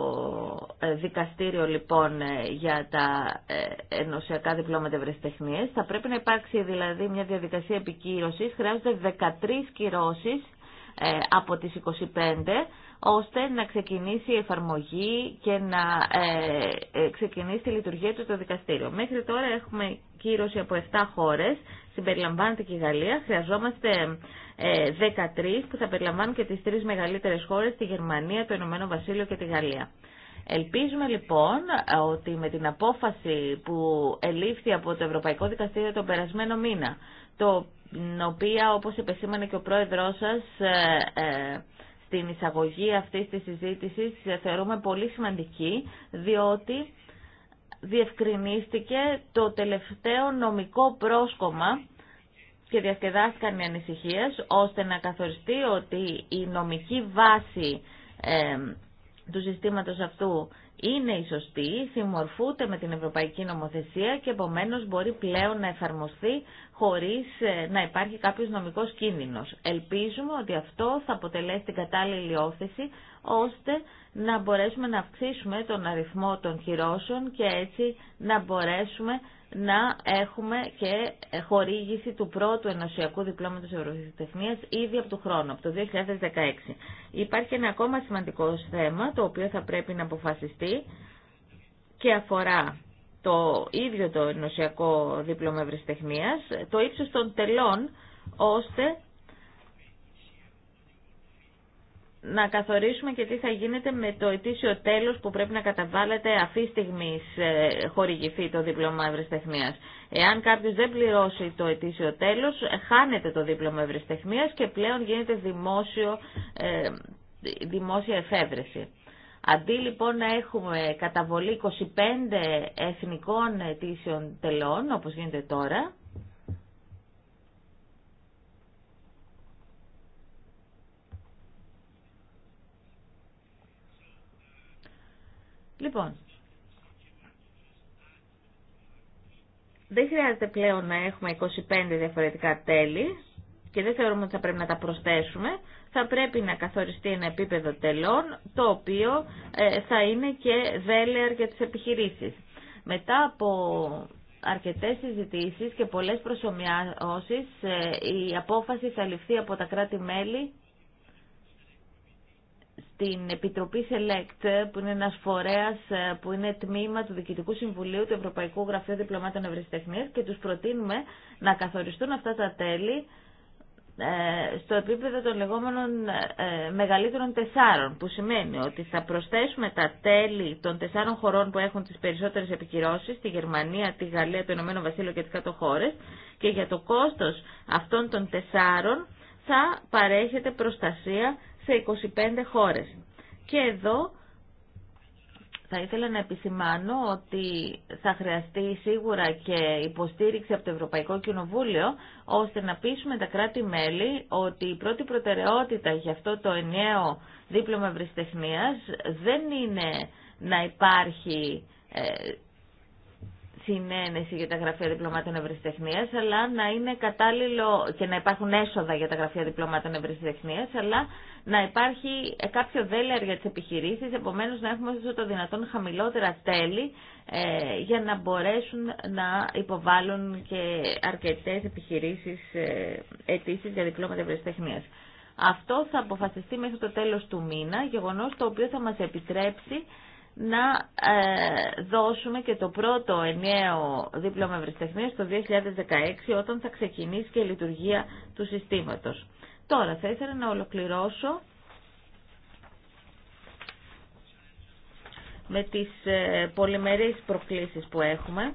ε, δικαστήριο λοιπόν ε, για τα ε, ενωσιακά διπλώματα ευρεσιτεχνίες. θα πρέπει να υπάρξει δηλαδή μια διαδικασία επικύρωσης. Χρειάζονται 13 κυρώσει από τις 25 ώστε να ξεκινήσει η εφαρμογή και να ξεκινήσει τη λειτουργία του το δικαστήριο. Μέχρι τώρα έχουμε κύρωση από 7 χώρες, συμπεριλαμβάνεται και η Γαλλία. Χρειαζόμαστε 13 ε, που θα περιλαμβάνουν και τις τρεις μεγαλύτερες χώρες, τη Γερμανία, το Ηνωμένο Βασίλειο και τη Γαλλία. Ελπίζουμε λοιπόν ότι με την απόφαση που ελήφθη από το Ευρωπαϊκό Δικαστήριο τον περασμένο μήνα, το οποία όπως επεσήμανε και ο πρόεδρός σας ε, ε, στην εισαγωγή αυτής της συζήτησης, θεωρούμε πολύ σημαντική, διότι διευκρινίστηκε το τελευταίο νομικό πρόσκομα και διασκεδάστηκαν οι ανησυχίες ώστε να καθοριστεί ότι η νομική βάση του συστήματος αυτού είναι η σωστή, συμμορφούται με την Ευρωπαϊκή Νομοθεσία και επομένως μπορεί πλέον να εφαρμοστεί χωρίς ε, να υπάρχει κάποιος νομικός κίνδυνος. Ελπίζουμε ότι αυτό θα αποτελέσει την κατάλληλη όθεση ώστε να μπορέσουμε να αυξήσουμε τον αριθμό των χειρώσεων και έτσι να μπορέσουμε να έχουμε και χορήγηση του πρώτου ενωσιακού διπλώματος ευρωτεχνίας ήδη από το χρόνο, από το 2016. Υπάρχει ένα ακόμα σημαντικό θέμα το οποίο θα πρέπει να αποφασιστεί και αφορά το ίδιο το ενωσιακό δίπλωμα ευρεσιτεχνίας, το ύψος των τελών, ώστε να καθορίσουμε και τι θα γίνεται με το ετήσιο τέλος που πρέπει να καταβάλλεται αυτή στιγμή χορηγηθεί το δίπλωμα ευρεσιτεχνίας. Εάν κάποιος δεν πληρώσει το ετήσιο τέλος, χάνεται το δίπλωμα ευρεσιτεχνίας και πλέον γίνεται δημόσιο, ε, δημόσια εφεύρεση. Αντί λοιπόν να έχουμε καταβολή 25 εθνικών αιτήσεων τελών, όπως γίνεται τώρα, Λοιπόν, δεν χρειάζεται πλέον να έχουμε 25 διαφορετικά τέλη και δεν θεωρούμε ότι θα πρέπει να τα προσθέσουμε, θα πρέπει να καθοριστεί ένα επίπεδο τελών, το οποίο ε, θα είναι και δέλεαρ για τις επιχειρήσεις. Μετά από αρκετές συζητήσεις και πολλές προσωμιώσεις, ε, η απόφαση θα ληφθεί από τα κράτη-μέλη στην Επιτροπή Select, που είναι ένας φορέας ε, που είναι τμήμα του Διοικητικού Συμβουλίου του Ευρωπαϊκού Γραφείου Διπλωμάτων Ευρεσιτεχνίας και τους προτείνουμε να καθοριστούν αυτά τα τέλη ε, στο επίπεδο των λεγόμενων ε, μεγαλύτερων τεσσάρων, που σημαίνει ότι θα προσθέσουμε τα τέλη των τεσσάρων χωρών που έχουν τις περισσότερες επικυρώσεις, τη Γερμανία, τη Γαλλία, το Ηνωμένο Βασίλειο και τις κάτω χώρες, και για το κόστος αυτών των τεσσάρων θα παρέχεται προστασία σε 25 χώρες. Και εδώ θα ήθελα να επισημάνω ότι θα χρειαστεί σίγουρα και υποστήριξη από το Ευρωπαϊκό Κοινοβούλιο ώστε να πείσουμε τα κράτη-μέλη ότι η πρώτη προτεραιότητα για αυτό το ενιαίο δίπλωμα ευρυστεχνίας δεν είναι να υπάρχει ε, συνένεση για τα γραφεία διπλωμάτων ευρεσιτεχνία, αλλά να είναι κατάλληλο και να υπάρχουν έσοδα για τα γραφεία διπλωμάτων ευρεσιτεχνία, αλλά να υπάρχει κάποιο δέλεαρ για τι επιχειρήσει, επομένω να έχουμε όσο το δυνατόν χαμηλότερα τέλη ε, για να μπορέσουν να υποβάλουν και αρκετέ επιχειρήσει ε, αιτήσει για διπλώματα ευρεσιτεχνία. Αυτό θα αποφασιστεί μέχρι το τέλος του μήνα, γεγονός το οποίο θα μας επιτρέψει να ε, δώσουμε και το πρώτο ενιαίο δίπλωμα ευρεσιτεχνίας το 2016 όταν θα ξεκινήσει και η λειτουργία του συστήματος. Τώρα θα ήθελα να ολοκληρώσω με τις ε, πολυμερείς προκλήσεις που έχουμε.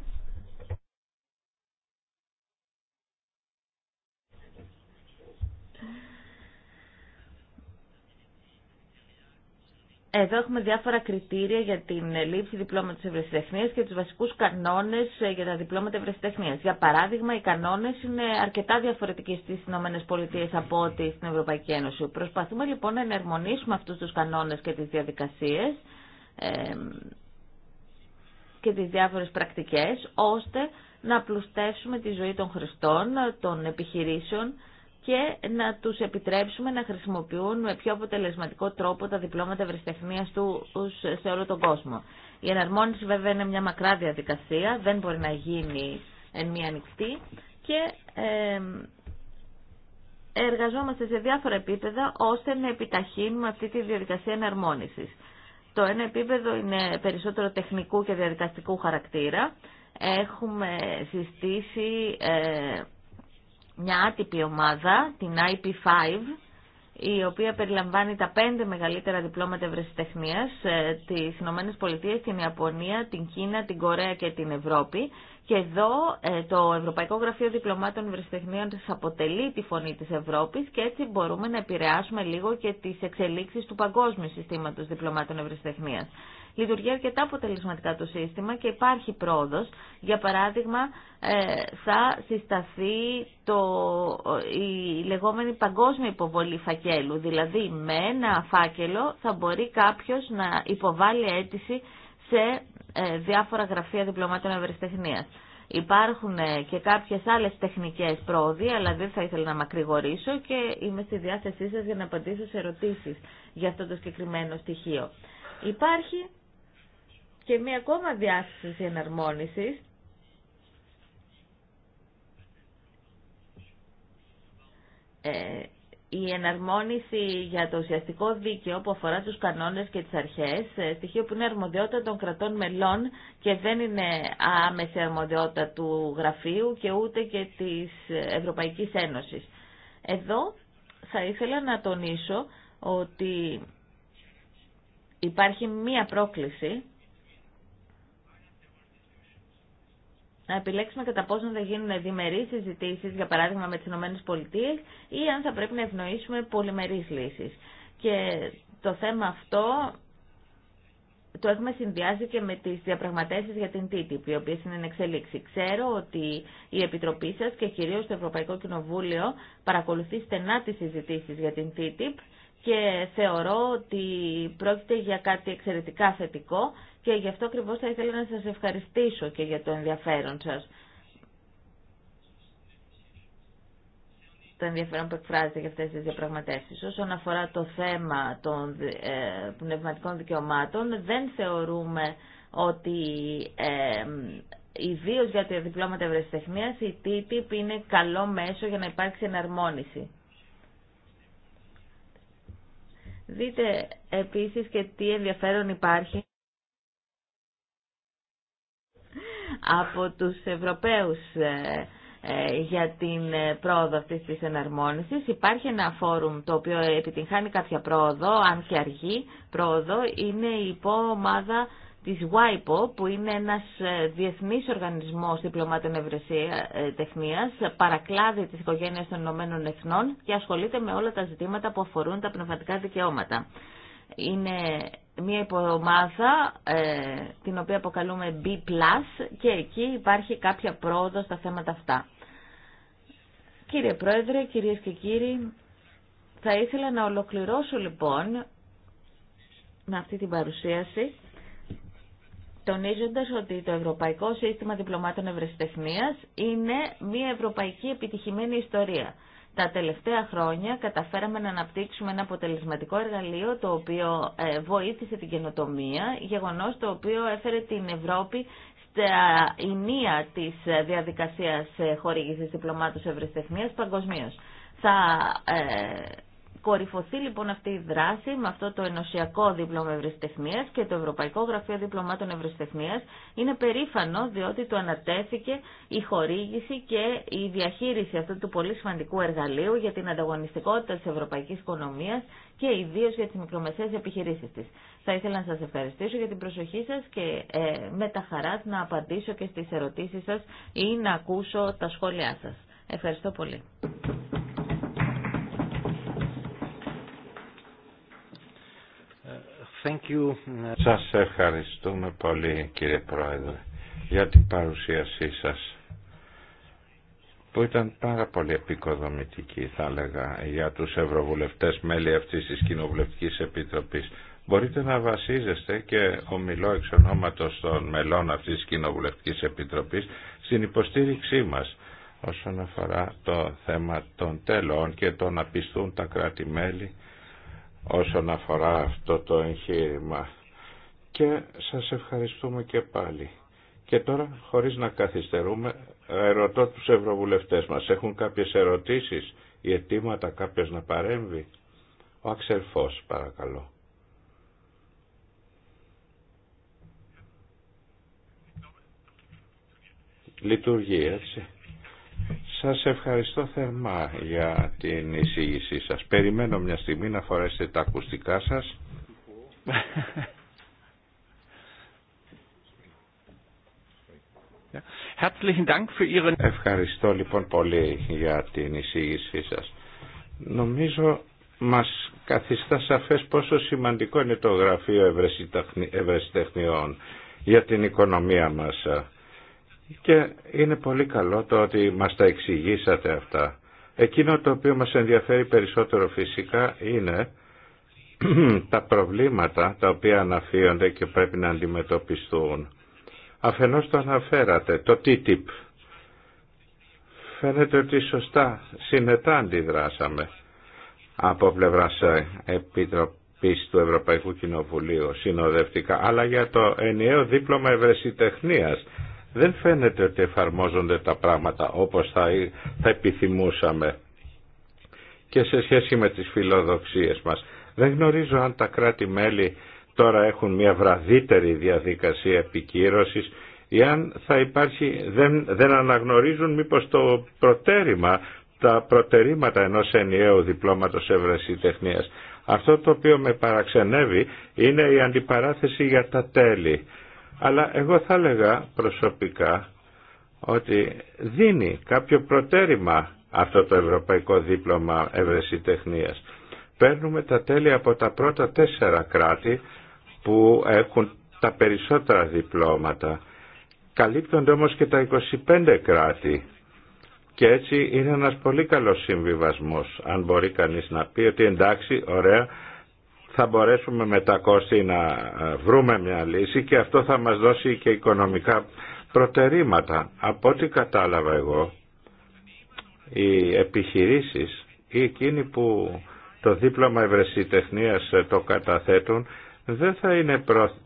Εδώ έχουμε διάφορα κριτήρια για την λήψη διπλώματο ευρεσιτεχνία και του βασικού κανόνε ε, για τα διπλώματα ευρεσιτεχνία. Για παράδειγμα, οι κανόνε είναι αρκετά διαφορετικοί στι ΗΠΑ από ό,τι στην Ευρωπαϊκή Ένωση. Προσπαθούμε λοιπόν να ενερμονίσουμε αυτού του κανόνε και τι διαδικασίε και τι διάφορε πρακτικέ, ώστε να πλουστεύσουμε τη ζωή των χρηστών, των επιχειρήσεων και να τους επιτρέψουμε να χρησιμοποιούν με πιο αποτελεσματικό τρόπο τα διπλώματα ευρεσιτεχνίας τους σε όλο τον κόσμο. Η εναρμόνιση βέβαια είναι μια μακρά διαδικασία, δεν μπορεί να γίνει εν μία ανοιχτή και εργαζόμαστε σε διάφορα επίπεδα ώστε να επιταχύνουμε αυτή τη διαδικασία εναρμόνισης. Το ένα επίπεδο είναι περισσότερο τεχνικού και διαδικαστικού χαρακτήρα. Έχουμε συστήσει ε, μια άτυπη ομάδα, την IP5, η οποία περιλαμβάνει τα πέντε μεγαλύτερα διπλώματα ευρεσιτεχνίας, ε, τι Ηνωμένες Πολιτείες, την Ιαπωνία, την Κίνα, την Κορέα και την Ευρώπη. Και εδώ ε, το Ευρωπαϊκό Γραφείο Διπλωμάτων Ευρεσιτεχνίων αποτελεί τη φωνή της Ευρώπης και έτσι μπορούμε να επηρεάσουμε λίγο και τις εξελίξεις του παγκόσμιου συστήματος διπλωμάτων ευρεσιτεχνίας λειτουργεί αρκετά αποτελεσματικά το σύστημα και υπάρχει πρόοδος. Για παράδειγμα, ε, θα συσταθεί το, η λεγόμενη παγκόσμια υποβολή φακέλου. Δηλαδή, με ένα φάκελο θα μπορεί κάποιος να υποβάλει αίτηση σε ε, διάφορα γραφεία διπλωμάτων ευρεσιτεχνίας. Υπάρχουν ε, και κάποιες άλλες τεχνικές πρόοδοι, αλλά δεν θα ήθελα να μακρηγορήσω και είμαι στη διάθεσή σας για να απαντήσω σε ερωτήσεις για αυτό το συγκεκριμένο στοιχείο. Υπάρχει και μία ακόμα διάσταση εναρμόνισης ε, η εναρμόνιση για το ουσιαστικό δίκαιο που αφορά τους κανόνες και τις αρχές, ε, στοιχείο που είναι αρμοδιότητα των κρατών μελών και δεν είναι άμεση αρμοδιότητα του γραφείου και ούτε και της Ευρωπαϊκής Ένωσης. Εδώ θα ήθελα να τονίσω ότι υπάρχει μία πρόκληση να επιλέξουμε κατά πόσο θα γίνουν διμερείς συζητήσει, για παράδειγμα με τις ΗΠΑ, ή αν θα πρέπει να ευνοήσουμε πολυμερείς λύσεις. Και το θέμα αυτό το έχουμε συνδυάσει και με τις διαπραγματεύσεις για την TTIP, οι οποίες είναι εξελίξη. Ξέρω ότι η Επιτροπή σας και κυρίως το Ευρωπαϊκό Κοινοβούλιο παρακολουθεί στενά τις συζητήσεις για την TTIP και θεωρώ ότι πρόκειται για κάτι εξαιρετικά θετικό και γι' αυτό ακριβώς θα ήθελα να σας ευχαριστήσω και για το ενδιαφέρον σας. Το ενδιαφέρον που εκφράζεται για αυτές τις διαπραγματεύσεις. Όσον αφορά το θέμα των ε, πνευματικών δικαιωμάτων, δεν θεωρούμε ότι ε, ιδίω για τα διπλώματα ευρεσιτεχνία, η TTIP είναι καλό μέσο για να υπάρξει εναρμόνιση. Δείτε επίσης και τι ενδιαφέρον υπάρχει από τους Ευρωπαίους ε, ε, για την ε, πρόοδο αυτής της εναρμόνισης. Υπάρχει ένα φόρουμ το οποίο επιτυγχάνει κάποια πρόοδο, αν και αργή πρόοδο, είναι η ομάδα της WIPO, που είναι ένας διεθνής οργανισμός διπλωμάτων τεχνίας, παρακλάδι της οικογένειας των Ηνωμένων Εθνών και ασχολείται με όλα τα ζητήματα που αφορούν τα πνευματικά δικαιώματα είναι μια υποδομάδα ε, την οποία αποκαλούμε B+, και εκεί υπάρχει κάποια πρόοδο στα θέματα αυτά. Κύριε Πρόεδρε, κυρίες και κύριοι, θα ήθελα να ολοκληρώσω λοιπόν με αυτή την παρουσίαση, τονίζοντας ότι το Ευρωπαϊκό Σύστημα Διπλωμάτων Ευρεσιτεχνίας είναι μια ευρωπαϊκή επιτυχημένη ιστορία. Τα τελευταία χρόνια καταφέραμε να αναπτύξουμε ένα αποτελεσματικό εργαλείο το οποίο ε, βοήθησε την καινοτομία, γεγονός το οποίο έφερε την Ευρώπη στα ενία της ε, διαδικασίας ε, χορήγησης διπλωμάτων ευρεσιτεχνίας παγκοσμίω. Θα κορυφωθεί λοιπόν αυτή η δράση με αυτό το ενωσιακό δίπλωμα Ευρεσιτεχνία και το Ευρωπαϊκό Γραφείο Διπλωμάτων Ευρεσιτεχνία είναι περήφανο διότι του ανατέθηκε η χορήγηση και η διαχείριση αυτού του πολύ σημαντικού εργαλείου για την ανταγωνιστικότητα τη Ευρωπαϊκή οικονομία και ιδίω για τι μικρομεσαίε επιχειρήσει τη. Θα ήθελα να σα ευχαριστήσω για την προσοχή σα και ε, με τα χαρά να απαντήσω και στι ερωτήσει σα ή να ακούσω τα σχόλιά σα. Ευχαριστώ πολύ. Thank Σας ευχαριστούμε πολύ κύριε Πρόεδρε για την παρουσίασή σας που ήταν πάρα πολύ επικοδομητική θα έλεγα για τους ευρωβουλευτές μέλη αυτής της Κοινοβουλευτικής Επιτροπής. Μπορείτε να βασίζεστε και ομιλώ εξ ονόματος των μελών αυτής της Κοινοβουλευτικής Επιτροπής στην υποστήριξή μας όσον αφορά το θέμα των τέλων και το να πιστούν τα κράτη-μέλη όσον αφορά αυτό το εγχείρημα και σας ευχαριστούμε και πάλι. Και τώρα, χωρίς να καθυστερούμε, ερωτώ τους ευρωβουλευτές μας. Έχουν κάποιες ερωτήσεις ή αιτήματα κάποιος να παρέμβει. Ο Αξερφός παρακαλώ. Λειτουργεί έτσι. Σας ευχαριστώ θερμά για την εισήγησή σας. Περιμένω μια στιγμή να φορέσετε τα ακουστικά σας. Ευχαριστώ λοιπόν πολύ για την εισήγησή σας. Νομίζω μας καθιστά σαφές πόσο σημαντικό είναι το Γραφείο Ευρεσιτεχνιών για την οικονομία μας. Και είναι πολύ καλό το ότι μας τα εξηγήσατε αυτά. Εκείνο το οποίο μας ενδιαφέρει περισσότερο φυσικά είναι τα προβλήματα τα οποία αναφύονται και πρέπει να αντιμετωπιστούν. Αφενός το αναφέρατε, το TTIP. Φαίνεται ότι σωστά συνετά αντιδράσαμε από πλευράς ε, Επιτροπής του Ευρωπαϊκού Κοινοβουλίου συνοδευτικά, αλλά για το ενιαίο δίπλωμα ευρεσιτεχνίας δεν φαίνεται ότι εφαρμόζονται τα πράγματα όπως θα, θα επιθυμούσαμε και σε σχέση με τις φιλοδοξίες μας. Δεν γνωρίζω αν τα κράτη-μέλη τώρα έχουν μια βραδύτερη διαδικασία επικύρωσης ή αν θα υπάρχει, δεν, αναγνωρίζουν μήπως το προτέρημα, τα προτερήματα ενός ενιαίου διπλώματος ευρεσιτεχνίας. Αυτό το οποίο με παραξενεύει είναι η αντιπαράθεση για τα τέλη αλλά εγώ θα έλεγα προσωπικά ότι δίνει κάποιο προτέρημα αυτό το ευρωπαϊκό δίπλωμα ευρεσιτεχνίας. Παίρνουμε τα τέλη από τα πρώτα τέσσερα κράτη που έχουν τα περισσότερα διπλώματα. Καλύπτονται όμως και τα 25 κράτη και έτσι είναι ένας πολύ καλός συμβιβασμός αν μπορεί κανείς να πει ότι εντάξει ωραία θα μπορέσουμε με τα κόστη να ε, βρούμε μια λύση και αυτό θα μας δώσει και οικονομικά προτερήματα. Από ό,τι κατάλαβα εγώ, οι επιχειρήσεις ή εκείνοι που το δίπλωμα ευρεσιτεχνίας ε, το καταθέτουν δεν θα είναι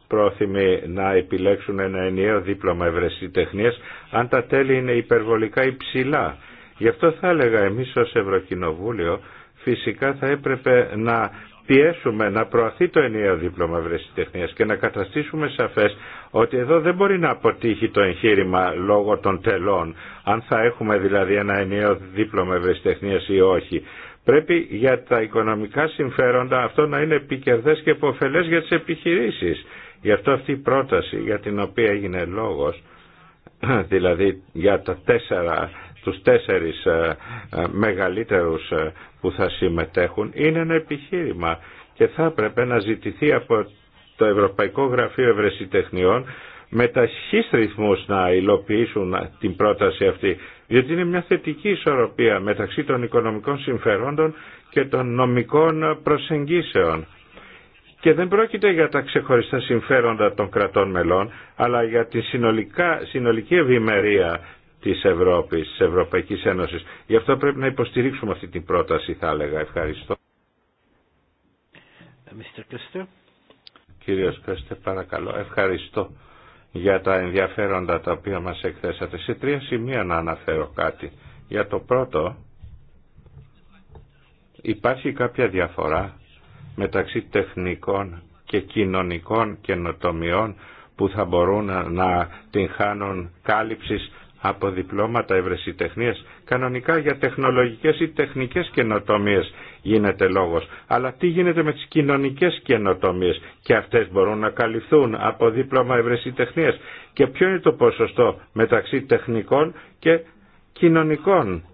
πρόθυμοι να επιλέξουν ένα ενιαίο δίπλωμα ευρεσιτεχνίας αν τα τέλη είναι υπερβολικά υψηλά. Γι' αυτό θα έλεγα εμείς ως Ευρωκοινοβούλιο φυσικά θα έπρεπε να πιέσουμε να προαθεί το ενιαίο δίπλωμα βρεσιτεχνίας και να καταστήσουμε σαφές ότι εδώ δεν μπορεί να αποτύχει το εγχείρημα λόγω των τελών, αν θα έχουμε δηλαδή ένα ενιαίο δίπλωμα βρεσιτεχνίας ή όχι. Πρέπει για τα οικονομικά συμφέροντα αυτό να είναι επικερδές και υποφελές για τις επιχειρήσεις. Γι' αυτό αυτή η πρόταση για την οποία έγινε λόγος, δηλαδή για τα τέσσερα στους τέσσερις ε, ε, μεγαλύτερους ε, που θα συμμετέχουν είναι ένα επιχείρημα και θα έπρεπε να ζητηθεί από το Ευρωπαϊκό Γραφείο Ευρεσιτεχνιών με ταχύς ρυθμούς να υλοποιήσουν την πρόταση αυτή, γιατί είναι μια θετική ισορροπία μεταξύ των οικονομικών συμφερόντων και των νομικών προσεγγίσεων. Και δεν πρόκειται για τα ξεχωριστά συμφέροντα των κρατών μελών, αλλά για τη συνολικά, συνολική ευημερία της Ευρώπης, της Ευρωπαϊκής Ένωσης. Γι' αυτό πρέπει να υποστηρίξουμε αυτή την πρόταση, θα έλεγα. Ευχαριστώ. Mr. Κύριος Κρέστερ, παρακαλώ. Ευχαριστώ για τα ενδιαφέροντα τα οποία μας εκθέσατε. Σε τρία σημεία να αναφέρω κάτι. Για το πρώτο, υπάρχει κάποια διαφορά μεταξύ τεχνικών και κοινωνικών καινοτομιών που θα μπορούν να την χάνουν κάλυψης από διπλώματα ευρεσιτεχνίας. Κανονικά για τεχνολογικές ή τεχνικές καινοτομίες γίνεται λόγος. Αλλά τι γίνεται με τις κοινωνικές καινοτομίες και αυτές μπορούν να καλυφθούν από δίπλωμα ευρεσιτεχνίας. Και ποιο είναι το ποσοστό μεταξύ τεχνικών και κοινωνικών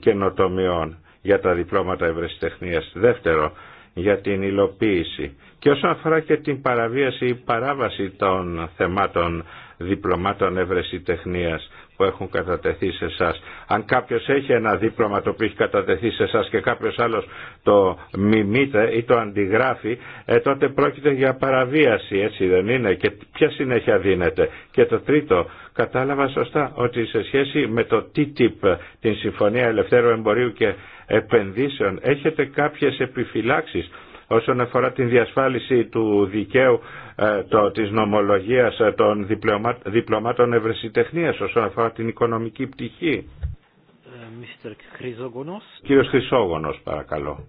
καινοτομιών για τα διπλώματα ευρεσιτεχνίας. Δεύτερο, για την υλοποίηση. Και όσον αφορά και την παραβίαση ή παράβαση των θεμάτων διπλωμάτων ευρεσιτεχνίας, που έχουν κατατεθεί σε εσά. Αν κάποιο έχει ένα δίπλωμα το οποίο έχει κατατεθεί σε εσά και κάποιο άλλο το μιμείται ή το αντιγράφει, ε, τότε πρόκειται για παραβίαση, έτσι δεν είναι, και ποια συνέχεια δίνεται. Και το τρίτο, κατάλαβα σωστά ότι σε σχέση με το TTIP, την Συμφωνία Ελευθέρου Εμπορίου και Επενδύσεων, έχετε κάποιε επιφυλάξει όσον αφορά την διασφάλιση του δικαίου ε, το, της νομολογίας ε, των διπλωμάτων, διπλωμάτων ευρεσιτεχνίας όσον αφορά την οικονομική πτυχή. Ε, Κύριος Χρυσόγονος, παρακαλώ.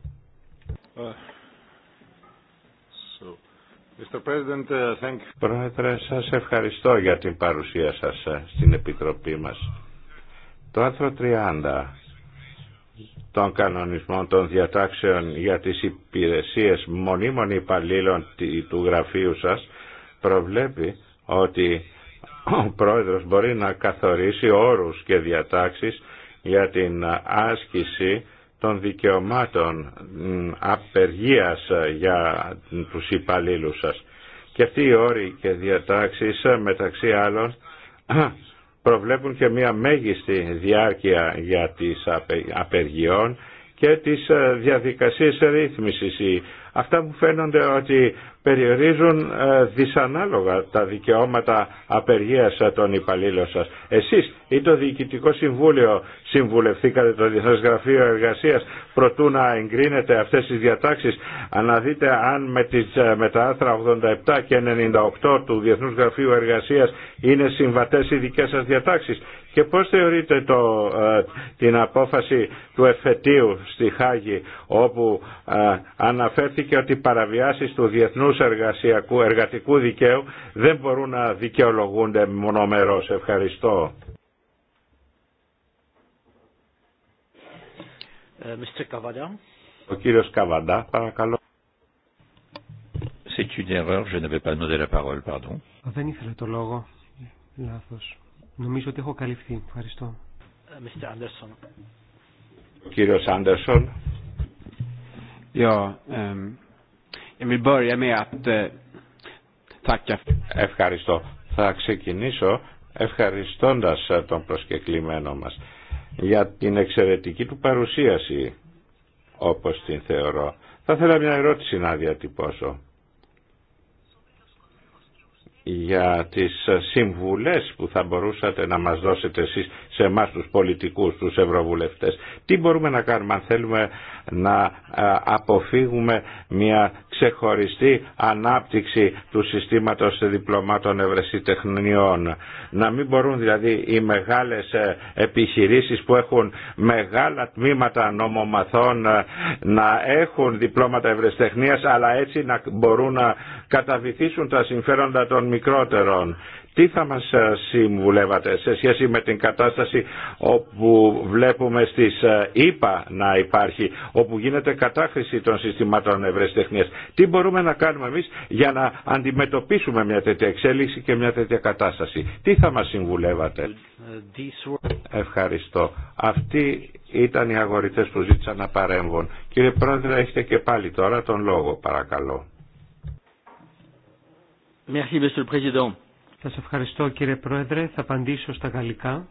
Πρόεδρε, σας ευχαριστώ για την παρουσία σας στην Επιτροπή μας. Το άρθρο 30 των κανονισμών των διατάξεων για τις υπηρεσίες μονίμων υπαλλήλων του γραφείου σας προβλέπει ότι ο πρόεδρος μπορεί να καθορίσει όρους και διατάξεις για την άσκηση των δικαιωμάτων απεργίας ε, για τους υπαλλήλους σας. Και αυτοί οι όροι και διατάξεις ε, μεταξύ άλλων προβλέπουν και μια μέγιστη διάρκεια για τις απεργιών και τις ε, διαδικασίες ρύθμισης. Αυτά μου φαίνονται ότι περιορίζουν ε, δυσανάλογα τα δικαιώματα απεργίας ε, των υπαλλήλων σας. Εσείς ή το Διοικητικό Συμβούλιο συμβουλευθήκατε το Διεθνές Γραφείο Εργασίας προτού να εγκρίνετε αυτές τις διατάξεις. Αναδείτε αν με, τις, ε, με τα άρθρα 87 και 98 του Διεθνούς Γραφείου Εργασίας είναι συμβατές οι δικές σας διατάξεις. Και πώς θεωρείτε το, την απόφαση του εφετείου στη Χάγη όπου αναφέρθηκε ότι παραβιάσεις του Διεθνούς εργασιακού, εργατικού δικαίου δεν μπορούν να δικαιολογούνται μονομερώς. Ευχαριστώ. Ε, Ο κύριος Καβαντά, παρακαλώ. C'est une erreur, Δεν ήθελα το λόγο. Λάθος. Νομίζω ότι έχω καλυφθεί. Ευχαριστώ. Ε, Mr. Anderson. Ο κύριος Άντερσον. Ja, ε, Eh, Ευχαριστώ. Θα ξεκινήσω ευχαριστώντας ε, τον προσκεκλημένο μας για την εξαιρετική του παρουσίαση όπως την θεωρώ. Θα ήθελα μια ερώτηση να διατυπώσω για τις συμβουλές που θα μπορούσατε να μας δώσετε εσείς σε εμά τους πολιτικούς, τους ευρωβουλευτές. Τι μπορούμε να κάνουμε αν θέλουμε να αποφύγουμε μια ξεχωριστή ανάπτυξη του συστήματος διπλωμάτων ευρεσιτεχνιών. Να μην μπορούν δηλαδή οι μεγάλες ε, επιχειρήσεις που έχουν μεγάλα τμήματα νομομαθών ε, να έχουν διπλώματα ευρεσιτεχνίας αλλά έτσι να μπορούν να καταβυθίσουν τα συμφέροντα των μικρότερων. Τι θα μας ε, συμβουλεύατε σε σχέση με την κατάσταση όπου βλέπουμε στις ΙΠΑ ε, να υπάρχει, όπου γίνεται κατάχρηση των συστημάτων ευρεσιτεχνίας. Τι μπορούμε να κάνουμε εμείς για να αντιμετωπίσουμε μια τέτοια εξέλιξη και μια τέτοια κατάσταση. Τι θα μας συμβουλεύατε. Ευχαριστώ. Αυτοί ήταν οι αγορητές που ζήτησαν να παρέμβουν. Κύριε Πρόεδρε, έχετε και πάλι τώρα τον λόγο, παρακαλώ. Merci, Monsieur le Président. Σας ευχαριστώ κύριε Πρόεδρε. Θα απαντήσω στα γαλλικά.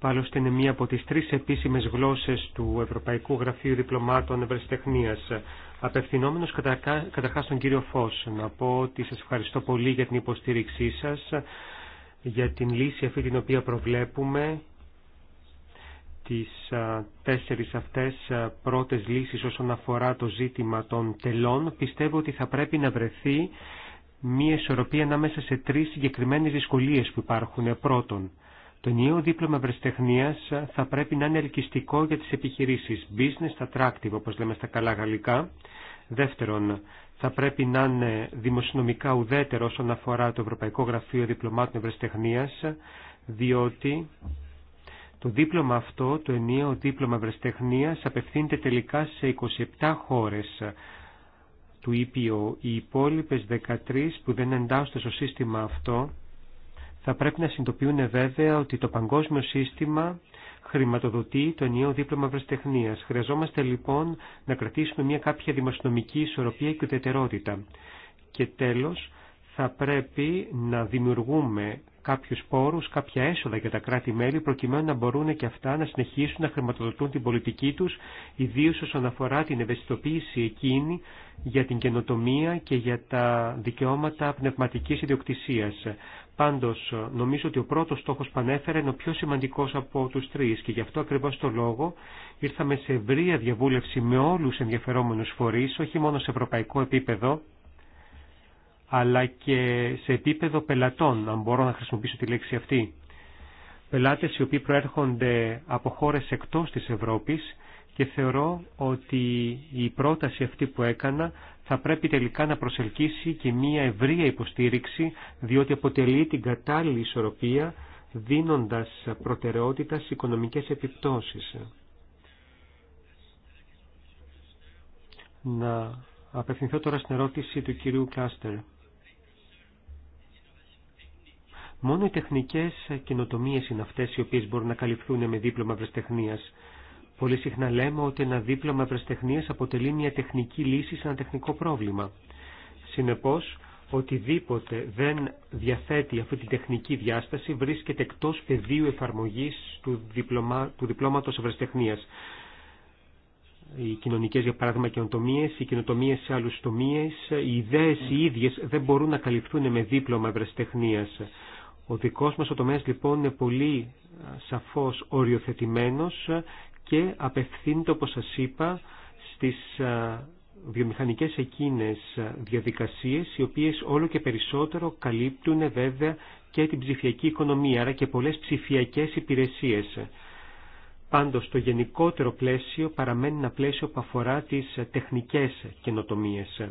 Πάλωστε είναι μία από τις τρεις επίσημες γλώσσες του Ευρωπαϊκού Γραφείου Διπλωμάτων Ευρεσιτεχνίας. Απευθυνόμενος καταρχάς τον κύριο Φως, να πω ότι σας ευχαριστώ πολύ για την υποστήριξή σας, για την λύση αυτή την οποία προβλέπουμε, τις τέσσερις αυτές πρώτες λύσεις όσον αφορά το ζήτημα των τελών. Πιστεύω ότι θα πρέπει να βρεθεί μία ισορροπία ανάμεσα σε τρεις συγκεκριμένες δυσκολίες που υπάρχουν. Πρώτον, το νέο δίπλωμα ευρεσιτεχνία θα πρέπει να είναι ελκυστικό για τις επιχειρήσεις, business attractive όπως λέμε στα καλά γαλλικά. Δεύτερον, θα πρέπει να είναι δημοσιονομικά ουδέτερο όσον αφορά το Ευρωπαϊκό Γραφείο Διπλωμάτων Ευρεσιτεχνία, διότι το δίπλωμα αυτό, το ενιαίο δίπλωμα ευρεσιτεχνία, απευθύνεται τελικά σε 27 χώρες του οι υπόλοιπες 13 που δεν εντάσσονται στο σύστημα αυτό, θα πρέπει να συνειδητοποιούν βέβαια ότι το παγκόσμιο σύστημα χρηματοδοτεί το ενιαίο δίπλωμα βρεστεχνία. Χρειαζόμαστε λοιπόν να κρατήσουμε μια κάποια δημοσιονομική ισορροπία και ουδετερότητα. Και τέλος, θα πρέπει να δημιουργούμε κάποιους πόρους, κάποια έσοδα για τα κράτη-μέλη προκειμένου να μπορούν και αυτά να συνεχίσουν να χρηματοδοτούν την πολιτική τους, ιδίως όσον αφορά την ευαισθητοποίηση εκείνη για την καινοτομία και για τα δικαιώματα πνευματικής ιδιοκτησίας. Πάντως, νομίζω ότι ο πρώτος στόχος που ανέφερα είναι ο πιο σημαντικό από τους τρεις και γι' αυτό ακριβώς το λόγο ήρθαμε σε ευρία διαβούλευση με όλους ενδιαφερόμενους φορείς, όχι μόνο σε ευρωπαϊκό επίπεδο, αλλά και σε επίπεδο πελατών, αν μπορώ να χρησιμοποιήσω τη λέξη αυτή. Πελάτες οι οποίοι προέρχονται από χώρες εκτός της Ευρώπης και θεωρώ ότι η πρόταση αυτή που έκανα θα πρέπει τελικά να προσελκύσει και μία ευρεία υποστήριξη, διότι αποτελεί την κατάλληλη ισορροπία δίνοντας προτεραιότητα σε οικονομικές επιπτώσεις. Να απευθυνθώ τώρα στην ερώτηση του κυρίου Κλάστερ. Μόνο οι τεχνικές καινοτομίε είναι αυτές οι οποίες μπορούν να καλυφθούν με δίπλωμα ευρεσιτεχνίας. Πολύ συχνά λέμε ότι ένα δίπλωμα ευρεσιτεχνίας αποτελεί μια τεχνική λύση σε ένα τεχνικό πρόβλημα. Συνεπώς, οτιδήποτε δεν διαθέτει αυτή τη τεχνική διάσταση βρίσκεται εκτός πεδίου εφαρμογής του, διπλωμα, του διπλώματος Οι κοινωνικές, για παράδειγμα, καινοτομίε, οι καινοτομίε σε άλλου τομεί, οι ιδέε οι ίδιε δεν μπορούν να καλυφθούν με δίπλωμα ευρεσιτεχνία. Ο δικός μας ο τομέας λοιπόν είναι πολύ σαφώς οριοθετημένος και απευθύνεται όπως σας είπα στις βιομηχανικές εκείνες διαδικασίες οι οποίες όλο και περισσότερο καλύπτουν βέβαια και την ψηφιακή οικονομία, αλλά και πολλές ψηφιακές υπηρεσίες. Πάντως το γενικότερο πλαίσιο παραμένει ένα πλαίσιο που αφορά τις τεχνικές καινοτομίες.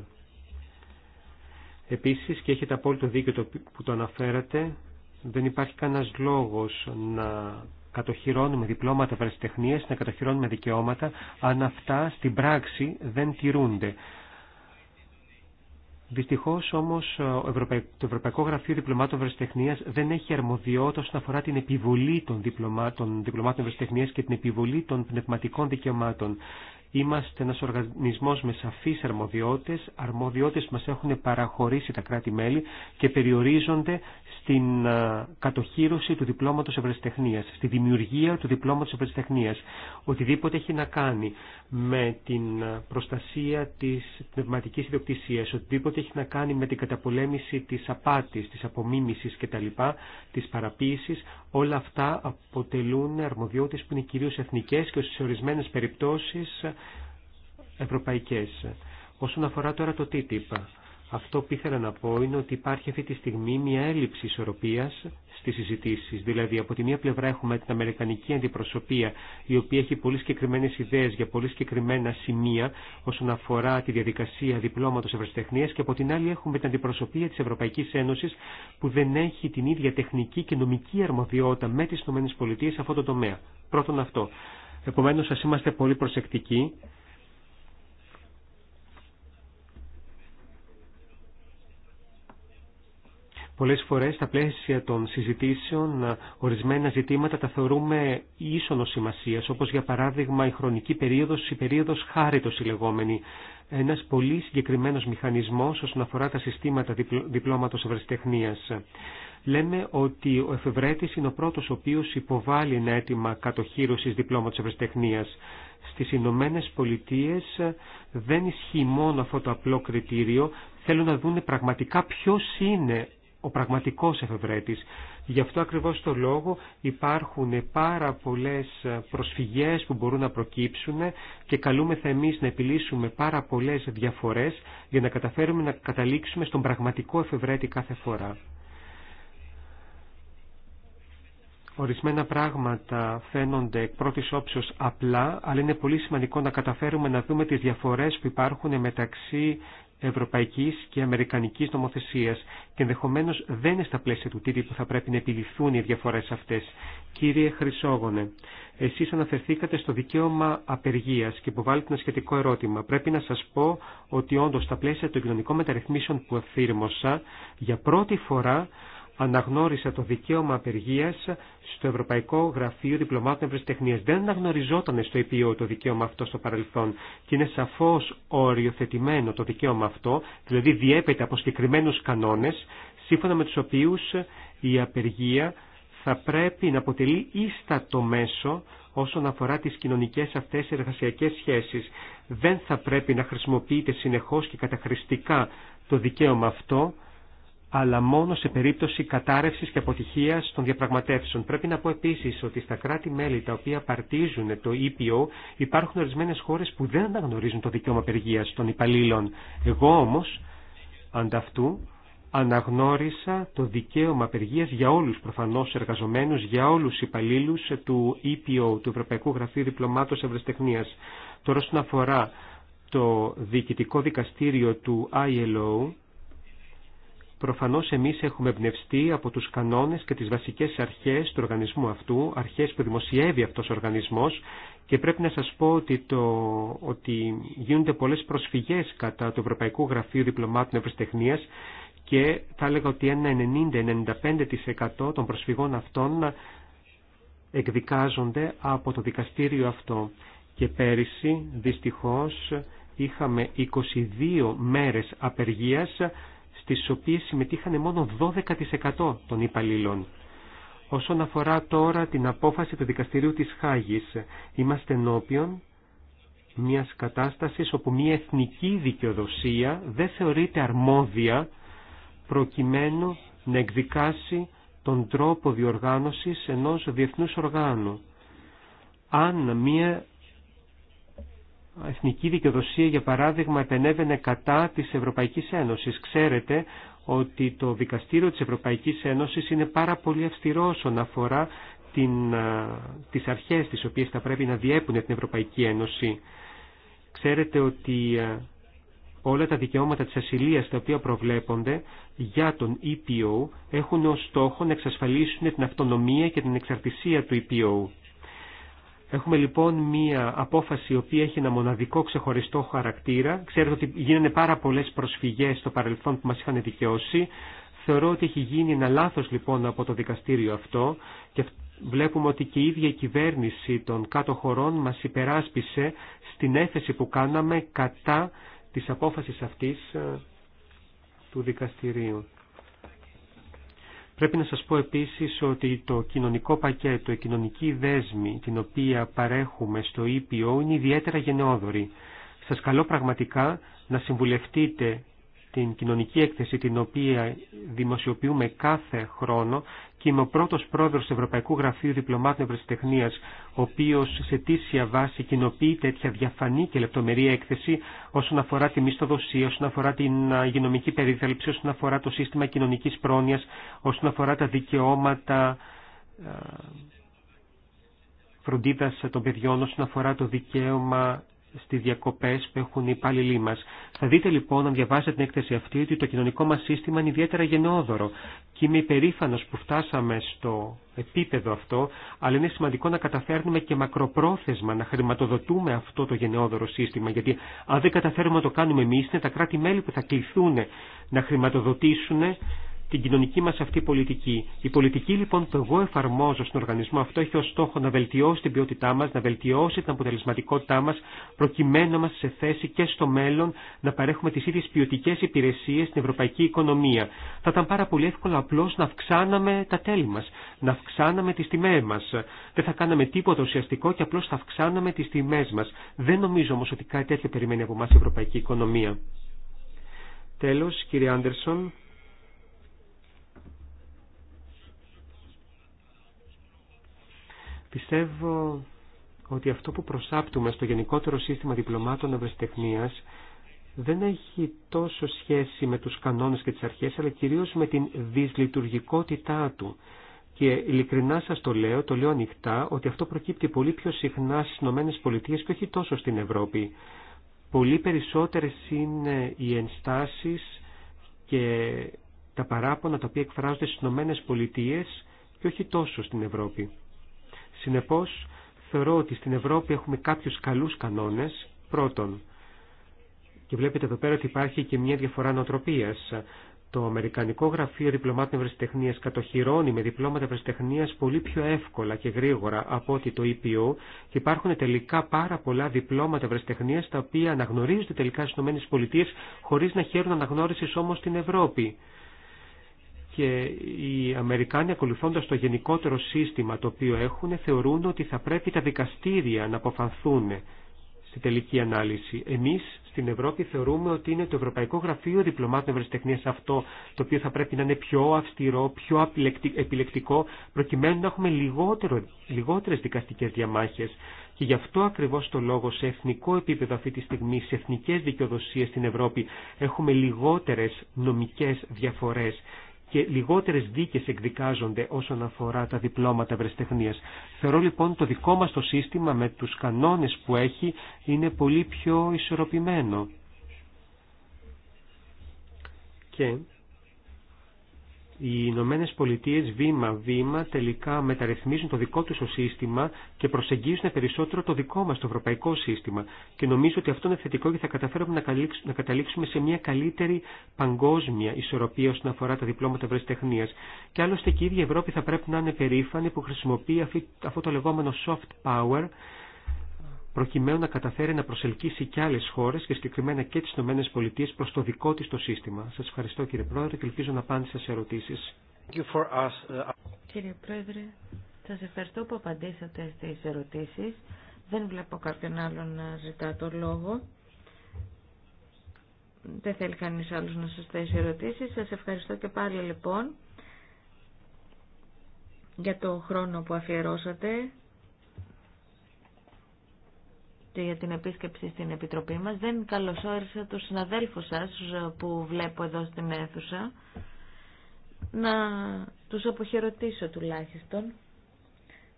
Επίσης και έχετε απόλυτο δίκιο που το αναφέρατε, δεν υπάρχει κανένας λόγος να κατοχυρώνουμε διπλώματα βραστιτεχνίας, να κατοχυρώνουμε δικαιώματα, αν αυτά στην πράξη δεν τηρούνται. Δυστυχώ όμω το Ευρωπαϊκό Γραφείο Διπλωμάτων Ευρεσιτεχνία δεν έχει αρμοδιότητα όσον αφορά την επιβολή των διπλωμάτων, διπλωμάτων και την επιβολή των πνευματικών δικαιωμάτων. Είμαστε ένα οργανισμό με σαφεί αρμοδιότητε, αρμοδιότητε που μα έχουν παραχωρήσει τα κράτη-μέλη και περιορίζονται στην ε, κατοχήρωση του διπλώματος ευρεσιτεχνίας, στη δημιουργία του διπλώματος ευρεσιτεχνίας. Οτιδήποτε έχει να κάνει με την ε, προστασία της πνευματικής ιδιοκτησίας, οτιδήποτε έχει να κάνει με την καταπολέμηση της απάτης, της απομίμησης κτλ, της παραποίησης, όλα αυτά αποτελούν αρμοδιότητες που είναι κυρίως εθνικές και σε ορισμένες περιπτώσεις ευρωπαϊκές. Όσον αφορά τώρα το TTIP, αυτό που ήθελα να πω είναι ότι υπάρχει αυτή τη στιγμή μια έλλειψη ισορροπίας στις συζητήσεις. Δηλαδή από τη μία πλευρά έχουμε την Αμερικανική αντιπροσωπεία η οποία έχει πολύ συγκεκριμένε ιδέες για πολύ συγκεκριμένα σημεία όσον αφορά τη διαδικασία διπλώματος ευρεσιτεχνίας και από την άλλη έχουμε την αντιπροσωπεία της Ευρωπαϊκής Ένωσης που δεν έχει την ίδια τεχνική και νομική αρμοδιότητα με τις ΗΠΑ σε αυτό το τομέα. Πρώτον αυτό. Επομένως, ας είμαστε πολύ προσεκτικοί Πολλές φορές στα πλαίσια των συζητήσεων ε, ορισμένα ζητήματα τα θεωρούμε ίσονος σημασίας, όπως για παράδειγμα η χρονική περίοδος, η περίοδος χάριτος η λεγόμενη. Ένας πολύ συγκεκριμένος μηχανισμός όσον αφορά τα συστήματα διπλώματος ευρεσιτεχνίας. Λέμε ότι ο εφευρέτης είναι ο πρώτος ο οποίος υποβάλλει ένα αίτημα κατοχήρωσης διπλώματος ευρεσιτεχνίας. Στις Ηνωμένε Πολιτείε ε, δεν ισχύει μόνο αυτό το απλό κριτήριο, θέλουν να δουν πραγματικά ποιος είναι ο πραγματικός εφευρέτης. Γι' αυτό ακριβώς το λόγο υπάρχουν πάρα πολλές προσφυγές που μπορούν να προκύψουν και καλούμεθα εμείς να επιλύσουμε πάρα πολλές διαφορές για να καταφέρουμε να καταλήξουμε στον πραγματικό εφευρέτη κάθε φορά. Ορισμένα πράγματα φαίνονται εκ πρώτης όψεως απλά, αλλά είναι πολύ σημαντικό να καταφέρουμε να δούμε τις διαφορές που υπάρχουν μεταξύ ευρωπαϊκής και αμερικανικής νομοθεσίας και ενδεχομένως δεν είναι στα πλαίσια του τύπου που θα πρέπει να επιληθούν οι διαφορές αυτές. Κύριε Χρυσόγονε, εσείς αναφερθήκατε στο δικαίωμα απεργίας και υποβάλλετε ένα σχετικό ερώτημα. Πρέπει να σας πω ότι όντως στα πλαίσια των κοινωνικών μεταρρυθμίσεων που αφήρμοσα για πρώτη φορά αναγνώρισε το δικαίωμα απεργίας στο Ευρωπαϊκό Γραφείο Διπλωμάτων Ευρεσιτεχνίας. Δεν αναγνωριζόταν στο ΕΠΙΟ το δικαίωμα αυτό στο παρελθόν και είναι σαφώς οριοθετημένο το δικαίωμα αυτό, δηλαδή διέπεται από συγκεκριμένου κανόνες, σύμφωνα με τους οποίους η απεργία θα πρέπει να αποτελεί ίστατο μέσο όσον αφορά τις κοινωνικές αυτές εργασιακές σχέσεις. Δεν θα πρέπει να χρησιμοποιείται συνεχώς και καταχρηστικά το δικαίωμα αυτό αλλά μόνο σε περίπτωση κατάρρευσης και αποτυχίας των διαπραγματεύσεων. Πρέπει να πω επίσης ότι στα κράτη-μέλη τα οποία παρτίζουν το EPO υπάρχουν ορισμένες χώρες που δεν αναγνωρίζουν το δικαίωμα απεργίας των υπαλλήλων. Εγώ όμως, ανταυτού, αναγνώρισα το δικαίωμα απεργίας για όλους προφανώς εργαζομένους, για όλους υπαλλήλους του EPO, του Ευρωπαϊκού Γραφείου Διπλωμάτων Ευρεσιτεχνίας. Τώρα, όσον αφορά το Διοικητικό Δικαστήριο του ILO, Προφανώς εμείς έχουμε εμπνευστεί από τους κανόνες και τις βασικές αρχές του οργανισμού αυτού, αρχές που δημοσιεύει αυτός ο οργανισμός και πρέπει να σας πω ότι, το, ότι γίνονται πολλές προσφυγές κατά του Ευρωπαϊκού Γραφείου Διπλωμάτων Ευρωστεχνίας και θα έλεγα ότι ένα 90-95% των προσφυγών αυτών εκδικάζονται από το δικαστήριο αυτό. Και πέρυσι, δυστυχώς, είχαμε 22 μέρες απεργίας στις οποίες συμμετείχαν μόνο 12% των υπαλλήλων. Όσον αφορά τώρα την απόφαση του δικαστηρίου της Χάγης, είμαστε ενώπιον μιας κατάστασης όπου μια εθνική δικαιοδοσία δεν θεωρείται αρμόδια προκειμένου να εκδικάσει τον τρόπο διοργάνωσης ενός διεθνούς οργάνου. Αν μια εθνική δικαιοδοσία, για παράδειγμα, επενέβαινε κατά της Ευρωπαϊκής Ένωσης. Ξέρετε ότι το Δικαστήριο της Ευρωπαϊκής Ένωσης είναι πάρα πολύ αυστηρό όσον αφορά την, τις αρχές τις οποίες θα πρέπει να διέπουν την Ευρωπαϊκή Ένωση. Ξέρετε ότι όλα τα δικαιώματα της ασυλίας τα οποία προβλέπονται για τον EPO έχουν ως στόχο να εξασφαλίσουν την αυτονομία και την εξαρτησία του EPO. Έχουμε λοιπόν μία απόφαση η οποία έχει ένα μοναδικό ξεχωριστό χαρακτήρα. Ξέρετε ότι γίνανε πάρα πολλές προσφυγές στο παρελθόν που μας είχαν δικαιώσει. Θεωρώ ότι έχει γίνει ένα λάθος λοιπόν από το δικαστήριο αυτό και βλέπουμε ότι και η ίδια η κυβέρνηση των κάτω χωρών μας υπεράσπισε στην έφεση που κάναμε κατά της απόφασης αυτής ε, του δικαστηρίου. Πρέπει να σας πω επίσης ότι το κοινωνικό πακέτο, η κοινωνική δέσμη την οποία παρέχουμε στο ΕΠΟ είναι ιδιαίτερα γενναιόδορη. Σας καλώ πραγματικά να συμβουλευτείτε την κοινωνική έκθεση την οποία δημοσιοποιούμε κάθε χρόνο και είμαι ο πρώτος πρόεδρος του Ευρωπαϊκού Γραφείου Διπλωμάτων Ευρεσιτεχνίας, ο οποίος σε τήσια βάση κοινοποιεί τέτοια διαφανή και λεπτομερή έκθεση όσον αφορά τη μισθοδοσία, όσον αφορά την υγειονομική περίθαλψη, όσον αφορά το σύστημα κοινωνικής πρόνοιας, όσον αφορά τα δικαιώματα φροντίδας των παιδιών, όσον αφορά το δικαίωμα στις διακοπές που έχουν οι υπάλληλοι μας. Θα δείτε λοιπόν, αν διαβάζετε την έκθεση αυτή, ότι το κοινωνικό μας σύστημα είναι ιδιαίτερα γενναιόδωρο και είμαι υπερήφανος που φτάσαμε στο επίπεδο αυτό, αλλά είναι σημαντικό να καταφέρνουμε και μακροπρόθεσμα να χρηματοδοτούμε αυτό το γενναιόδωρο σύστημα, γιατί αν δεν καταφέρουμε να το κάνουμε εμείς, είναι τα κράτη-μέλη που θα κληθούν να χρηματοδοτήσουν την κοινωνική μας αυτή πολιτική. Η πολιτική λοιπόν που εγώ εφαρμόζω στον οργανισμό αυτό έχει ως στόχο να βελτιώσει την ποιότητά μας, να βελτιώσει την αποτελεσματικότητά μας, προκειμένου μας σε θέση και στο μέλλον να παρέχουμε τις ίδιες ποιοτικέ υπηρεσίες στην ευρωπαϊκή οικονομία. Θα ήταν πάρα πολύ εύκολο απλώς να αυξάναμε τα τέλη μας, να αυξάναμε τις τιμές μας. Δεν θα κάναμε τίποτα ουσιαστικό και απλώς θα αυξάναμε τις τιμές μας. Δεν νομίζω όμω ότι κάτι τέτοιο περιμένει από εμάς η ευρωπαϊκή οικονομία. Τέλος, κύριε Άντερσον, Πιστεύω ότι αυτό που προσάπτουμε στο γενικότερο σύστημα διπλωμάτων ευρεσιτεχνίας δεν έχει τόσο σχέση με τους κανόνες και τις αρχές, αλλά κυρίως με την δυσλειτουργικότητά του. Και ειλικρινά σας το λέω, το λέω ανοιχτά, ότι αυτό προκύπτει πολύ πιο συχνά στις Ηνωμένες Πολιτείες και όχι τόσο στην Ευρώπη. Πολύ περισσότερες είναι οι ενστάσεις και τα παράπονα τα οποία εκφράζονται στις Ηνωμένες και όχι τόσο στην Ευρώπη. Συνεπώς, θεωρώ ότι στην Ευρώπη έχουμε κάποιους καλούς κανόνες. Πρώτον, και βλέπετε εδώ πέρα ότι υπάρχει και μια διαφορά νοοτροπίας. Το Αμερικανικό Γραφείο Διπλωμάτων Ευρεσιτεχνία κατοχυρώνει με διπλώματα ευρεσιτεχνία πολύ πιο εύκολα και γρήγορα από ότι το EPO και υπάρχουν τελικά πάρα πολλά διπλώματα ευρεσιτεχνία τα οποία αναγνωρίζονται τελικά στι ΗΠΑ χωρί να χαίρουν αναγνώριση όμω στην Ευρώπη και οι Αμερικάνοι ακολουθώντας το γενικότερο σύστημα το οποίο έχουν θεωρούν ότι θα πρέπει τα δικαστήρια να αποφανθούν στη τελική ανάλυση. Εμείς στην Ευρώπη θεωρούμε ότι είναι το Ευρωπαϊκό Γραφείο Διπλωμάτων Ευρεσιτεχνίας αυτό το οποίο θα πρέπει να είναι πιο αυστηρό, πιο επιλεκτικό προκειμένου να έχουμε λιγότερο, λιγότερες δικαστικές διαμάχες. Και γι' αυτό ακριβώς το λόγο σε εθνικό επίπεδο αυτή τη στιγμή, σε εθνικές δικαιοδοσίες στην Ευρώπη έχουμε λιγότερες νομικές διαφορές και λιγότερε δίκε εκδικάζονται όσον αφορά τα διπλώματα ευρεσιτεχνία. Θεωρώ λοιπόν το δικό μα το σύστημα με του κανόνε που έχει είναι πολύ πιο ισορροπημένο. Και οι Ηνωμένε Πολιτείε βήμα-βήμα τελικά μεταρρυθμίζουν το δικό του σύστημα και προσεγγίζουν περισσότερο το δικό μα το ευρωπαϊκό σύστημα. Και νομίζω ότι αυτό είναι θετικό και θα καταφέρουμε να καταλήξουμε σε μια καλύτερη παγκόσμια ισορροπία όσον αφορά τα διπλώματα ευρεσιτεχνία. Και άλλωστε και η ίδια Ευρώπη θα πρέπει να είναι περήφανη που χρησιμοποιεί αυτό το λεγόμενο soft power προκειμένου να καταφέρει να προσελκύσει και άλλες χώρες και συγκεκριμένα και τις ΗΠΑ προς το δικό της το σύστημα. Σας ευχαριστώ κύριε Πρόεδρε και ελπίζω να απάντησα σε ερωτήσεις. Uh, κύριε Πρόεδρε, σας ευχαριστώ που απαντήσατε στις ερωτήσεις. Δεν βλέπω κάποιον άλλον να ζητά το λόγο. Δεν θέλει κανείς άλλος να σας θέσει ερωτήσεις. Σας ευχαριστώ και πάλι λοιπόν για το χρόνο που αφιερώσατε και για την επίσκεψη στην Επιτροπή μας. Δεν καλωσόρισα τους συναδέλφους σας που βλέπω εδώ στην αίθουσα. Να τους αποχαιρετήσω τουλάχιστον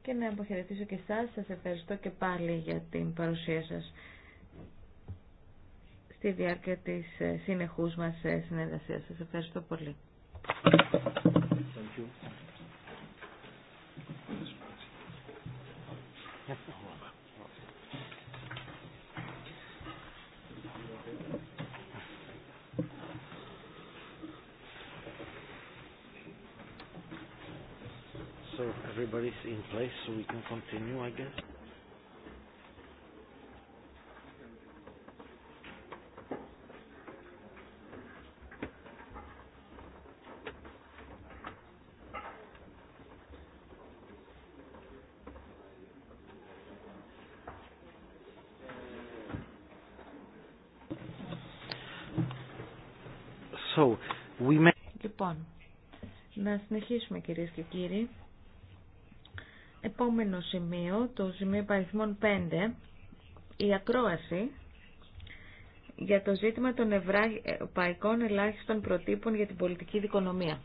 και να αποχαιρετήσω και εσάς. Σας ευχαριστώ και πάλι για την παρουσία σας στη διάρκεια της ε, συνεχούς μας ε, συνεργασίας. Σας ευχαριστώ πολύ. everybody's in place, so we can continue, I guess. So, we may... Λοιπόν, να συνεχίσουμε κυρίες και κύριοι. Επόμενο σημείο, το σημείο παριθμών 5, η ακρόαση για το ζήτημα των ευρωπαϊκών ελάχιστων προτύπων για την πολιτική δικονομία.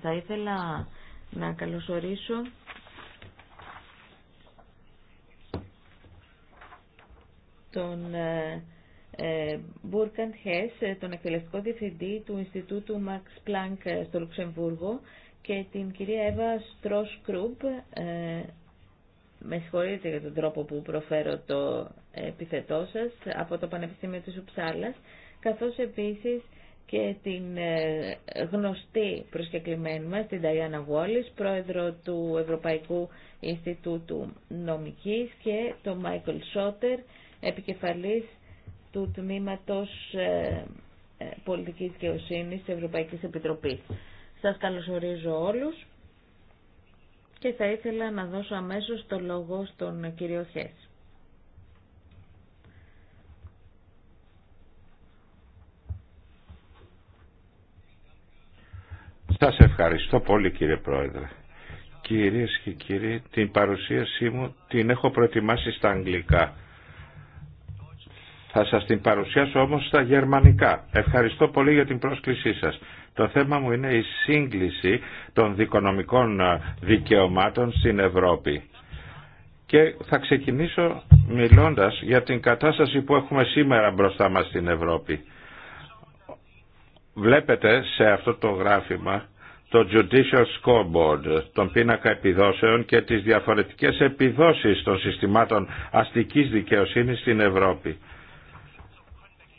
Θα ήθελα να καλωσορίσω τον ε, ε, Μπούρκαντ Χες, τον εκτελεστικό διευθυντή του Ινστιτούτου Max Planck ε, στο Λουξεμβούργο και την κυρία Εύα Στρόσκρουμπ, ε, με συγχωρείτε για τον τρόπο που προφέρω το επιθετό σας από το Πανεπιστήμιο της Ουψάλλας, καθώς επίσης και την ε, γνωστή προσκεκλημένη μας, την Ταϊάννα Γουόλης, πρόεδρο του Ευρωπαϊκού Ινστιτούτου Νομικής και τον Μάικλ Σότερ, επικεφαλής του Τμήματος ε, Πολιτικής Δικαιοσύνης της Ευρωπαϊκής Επιτροπής. Σας καλωσορίζω όλους και θα ήθελα να δώσω αμέσως το λόγο στον κύριο Χέση. Σας ευχαριστώ πολύ κύριε Πρόεδρε. Κυρίες και κύριοι, την παρουσίασή μου την έχω προετοιμάσει στα αγγλικά θα σας την παρουσιάσω όμως στα γερμανικά. Ευχαριστώ πολύ για την πρόσκλησή σας. Το θέμα μου είναι η σύγκληση των δικονομικών ε, δικαιωμάτων στην Ευρώπη. Και θα ξεκινήσω μιλώντας για την κατάσταση που έχουμε σήμερα μπροστά μας στην Ευρώπη. Βλέπετε σε αυτό το γράφημα το Judicial Scoreboard, τον πίνακα επιδόσεων και τις διαφορετικές επιδόσεις των συστημάτων αστικής δικαιοσύνης στην Ευρώπη.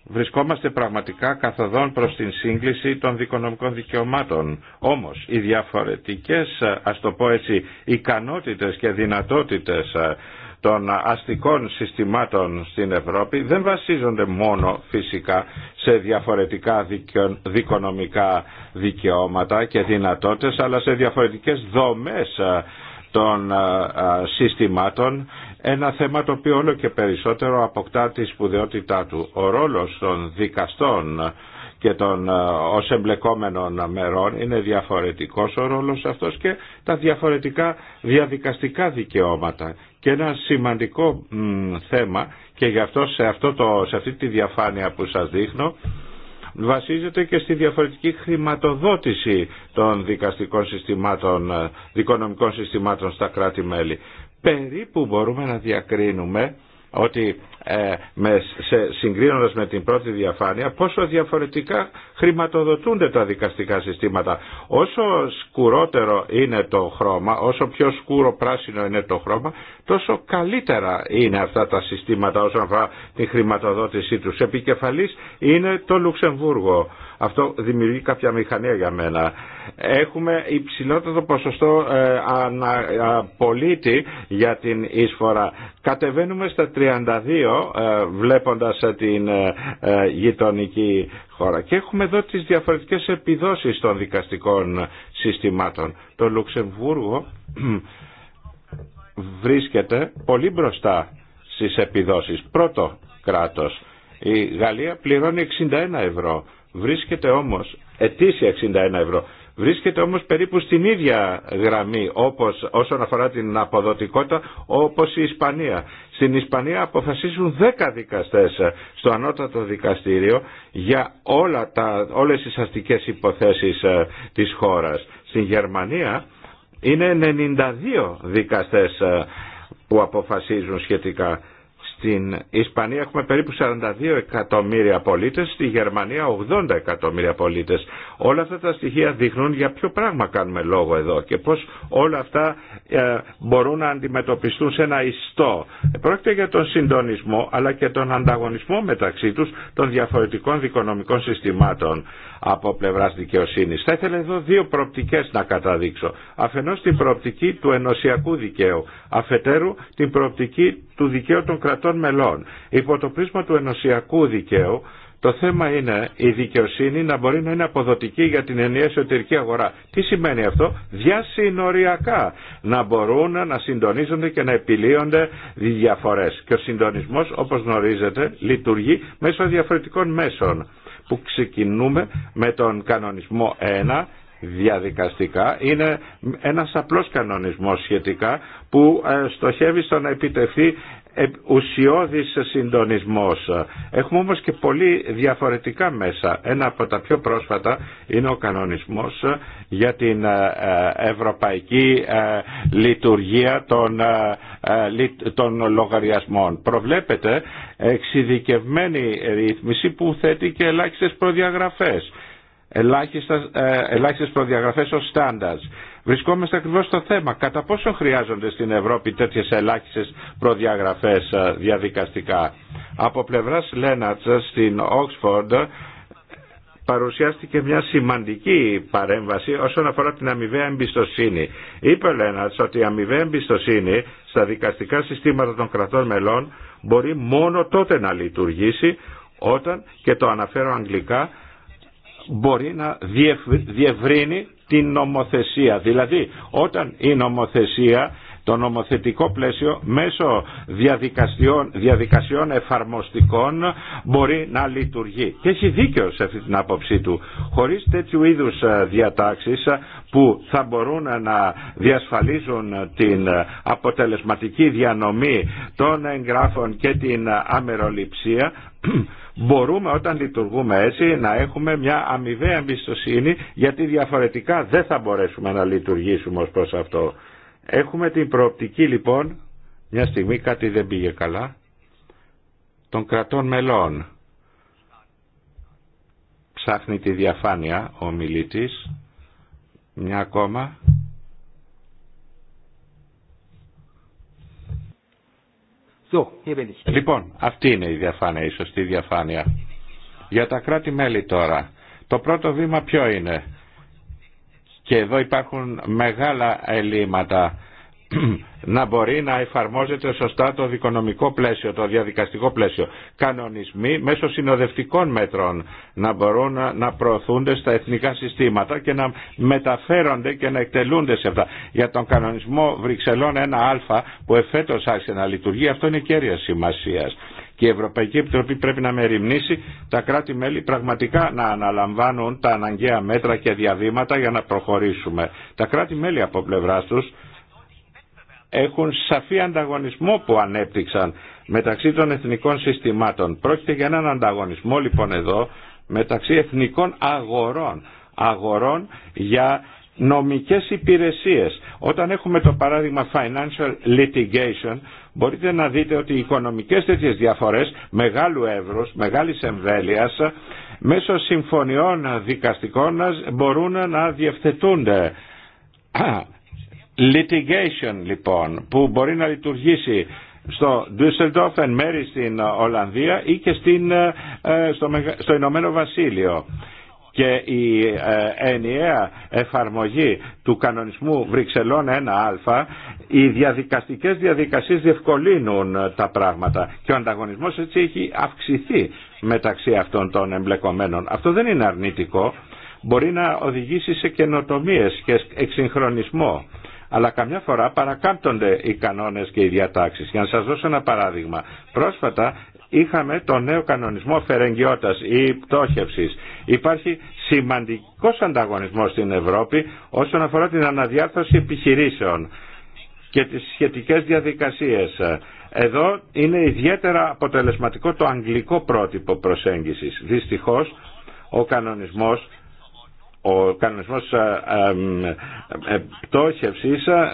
Βρισκόμαστε πραγματικά καθοδόν προς την σύγκληση των δικονομικών δικαιωμάτων. Όμως οι διαφορετικές, ας το πω έτσι, ικανότητες και δυνατότητες ε, των αστικών συστημάτων στην Ευρώπη δεν βασίζονται μόνο φυσικά σε διαφορετικά δικονομικά δικαιώματα και δυνατότητες αλλά σε διαφορετικές δομές ε, των ε, συστημάτων ένα θέμα το οποίο όλο και περισσότερο αποκτά τη σπουδαιότητά του. Ο ρόλος των δικαστών και των ε, ως εμπλεκόμενων μερών είναι διαφορετικός ο ρόλος αυτός και τα διαφορετικά διαδικαστικά δικαιώματα. Και ένα σημαντικό θέμα και γι' αυτό σε, αυτό το, σε αυτή τη διαφάνεια που σας δείχνω βασίζεται και στη διαφορετική χρηματοδότηση των δικαστικών συστημάτων, ε, δικονομικών συστημάτων στα κράτη-μέλη περίπου μπορούμε να διακρίνουμε ότι ε, με, συγκρίνοντας με την πρώτη διαφάνεια πόσο διαφορετικά χρηματοδοτούνται τα δικαστικά συστήματα. Όσο σκουρότερο είναι το χρώμα, όσο πιο σκούρο πράσινο είναι το χρώμα, τόσο καλύτερα είναι αυτά τα συστήματα όσον αφορά τη χρηματοδότησή τους. Επικεφαλής είναι το Λουξεμβούργο αυτό δημιουργεί κάποια μηχανία για μένα. Έχουμε υψηλότερο ποσοστό ε, πολίτη για την εισφορά. Κατεβαίνουμε στα 32 ε, βλέποντας ε, την ε, ε, γειτονική χώρα. Και έχουμε εδώ τις διαφορετικές επιδόσεις των δικαστικών συστημάτων. Το Λουξεμβούργο βρίσκεται πολύ μπροστά στις επιδόσεις. Πρώτο κράτος. Η Γαλλία πληρώνει 61 ευρώ βρίσκεται όμως ετήσια 61 ευρώ βρίσκεται όμως περίπου στην ίδια γραμμή όπως, όσον αφορά την αποδοτικότητα όπως η Ισπανία. Στην Ισπανία αποφασίζουν 10 δικαστές στο ανώτατο δικαστήριο για όλα τα, όλες τις αστικές υποθέσεις ε, της χώρας. Στην Γερμανία είναι 92 δικαστές ε, που αποφασίζουν σχετικά. Στην Ισπανία έχουμε περίπου 42 εκατομμύρια πολίτες, στη Γερμανία 80 εκατομμύρια πολίτες. Όλα αυτά τα στοιχεία δείχνουν για ποιο πράγμα κάνουμε λόγο εδώ και πώς όλα αυτά ε, μπορούν να αντιμετωπιστούν σε ένα ιστό. Πρόκειται για τον συντονισμό αλλά και τον ανταγωνισμό μεταξύ τους των διαφορετικών δικονομικών συστημάτων από πλευρά δικαιοσύνη. Θα ήθελα εδώ δύο προοπτικέ να καταδείξω. Αφενό την προοπτική του ενωσιακού δικαίου, αφετέρου την προοπτική του δικαίου των κρατών μελών. Υπό το πρίσμα του ενωσιακού δικαίου, το θέμα είναι η δικαιοσύνη να μπορεί να είναι αποδοτική για την ενιαία εσωτερική αγορά. Τι σημαίνει αυτό? Διασυνοριακά να μπορούν να συντονίζονται και να επιλύονται διαφορές. Και ο συντονισμός όπως γνωρίζετε λειτουργεί μέσω διαφορετικών μέσων που ξεκινούμε με τον κανονισμό 1 διαδικαστικά είναι ένας απλός κανονισμός σχετικά που ε, στοχεύει στο να επιτευχθεί ουσιώδης συντονισμός. Έχουμε όμως και πολύ διαφορετικά μέσα. Ένα από τα πιο πρόσφατα είναι ο κανονισμός για την ε, ε, ευρωπαϊκή ε, λειτουργία των, λογαριασμών. Προβλέπεται εξειδικευμένη ρύθμιση που θέτει και ελάχιστες προδιαγραφές ελάχιστες προδιαγραφές ως στάνταρς Βρισκόμαστε ακριβώς στο θέμα. Κατά πόσο χρειάζονται στην Ευρώπη τέτοιες ελάχιστες προδιαγραφές ε, διαδικαστικά. Από πλευράς Λένατς ε, στην Oxford ε, παρουσιάστηκε μια σημαντική παρέμβαση όσον αφορά την αμοιβαία εμπιστοσύνη. Είπε ο Λένατς ότι η αμοιβαία εμπιστοσύνη στα δικαστικά συστήματα των κρατών μελών μπορεί μόνο τότε να λειτουργήσει όταν, και το αναφέρω αγγλικά, μπορεί να διευρύνει την νομοθεσία. Δηλαδή όταν η νομοθεσία το νομοθετικό πλαίσιο μέσω διαδικασιών, διαδικασιών εφαρμοστικών μπορεί να λειτουργεί. Και έχει δίκιο σε αυτή την άποψή του. Χωρίς τέτοιου είδους ε, διατάξεις ε, που θα μπορούν να διασφαλίζουν την ε, αποτελεσματική διανομή των εγγράφων και την αμεροληψία μπορούμε όταν λειτουργούμε έτσι να έχουμε μια αμοιβαία εμπιστοσύνη γιατί διαφορετικά δεν θα μπορέσουμε να λειτουργήσουμε ως προς αυτό. Έχουμε την προοπτική λοιπόν, μια στιγμή κάτι δεν πήγε καλά, των κρατών μελών. Ψάχνει τη διαφάνεια ο μιλητής. Μια ακόμα. Λοιπόν, αυτή είναι η διαφάνεια, η σωστή διαφάνεια. Για τα κράτη-μέλη τώρα. Το πρώτο βήμα ποιο είναι. Και εδώ υπάρχουν μεγάλα ελλείμματα να μπορεί να εφαρμόζεται σωστά το δικονομικό πλαίσιο, το διαδικαστικό πλαίσιο. Κανονισμοί μέσω συνοδευτικών μέτρων να μπορούν να προωθούνται στα εθνικά συστήματα και να μεταφέρονται και να εκτελούνται σε αυτά. Για τον κανονισμό Βρυξελών 1α που εφέτος άρχισε να λειτουργεί αυτό είναι κέρια σημασία. Και η Ευρωπαϊκή Επιτροπή πρέπει να μεριμνήσει τα κράτη-μέλη πραγματικά να αναλαμβάνουν τα αναγκαία μέτρα και διαβήματα για να προχωρήσουμε. Τα κράτη-μέλη από πλευρά του έχουν σαφή ανταγωνισμό που ανέπτυξαν μεταξύ των εθνικών συστημάτων. Πρόκειται για έναν ανταγωνισμό λοιπόν εδώ μεταξύ εθνικών αγορών. Αγορών για νομικές υπηρεσίες. Όταν έχουμε το παράδειγμα financial litigation, μπορείτε να δείτε ότι οι οικονομικές τέτοιες διαφορές μεγάλου εύρους, μεγάλης εμβέλειας, μέσω συμφωνιών δικαστικών μπορούν να διευθετούνται litigation λοιπόν που μπορεί να λειτουργήσει στο Düsseldorf εν μέρη στην Ολλανδία ή και στην, ε, ε, στο, στο Ηνωμένο Βασίλειο και η ε, ενιαία εφαρμογή του κανονισμού Βρυξελών 1α, οι διαδικαστικές διαδικασίες διευκολύνουν τα πράγματα και ο ανταγωνισμός έτσι έχει αυξηθεί μεταξύ αυτών των εμπλεκομένων. Αυτό δεν είναι αρνητικό, μπορεί να οδηγήσει σε καινοτομίες και εξυγχρονισμό αλλά καμιά φορά παρακάμπτονται οι κανόνες και οι διατάξεις. Για να σας δώσω ένα παράδειγμα. Πρόσφατα είχαμε το νέο κανονισμό φερεγγιώτας ή πτώχευσης. Υπάρχει σημαντικός ανταγωνισμός στην Ευρώπη όσον αφορά την αναδιάρθρωση επιχειρήσεων και τις σχετικές διαδικασίες. Εδώ είναι ιδιαίτερα αποτελεσματικό το αγγλικό πρότυπο προσέγγισης. Δυστυχώς ο κανονισμός ο κανονισμός ε, ε, πτώχευσης ε,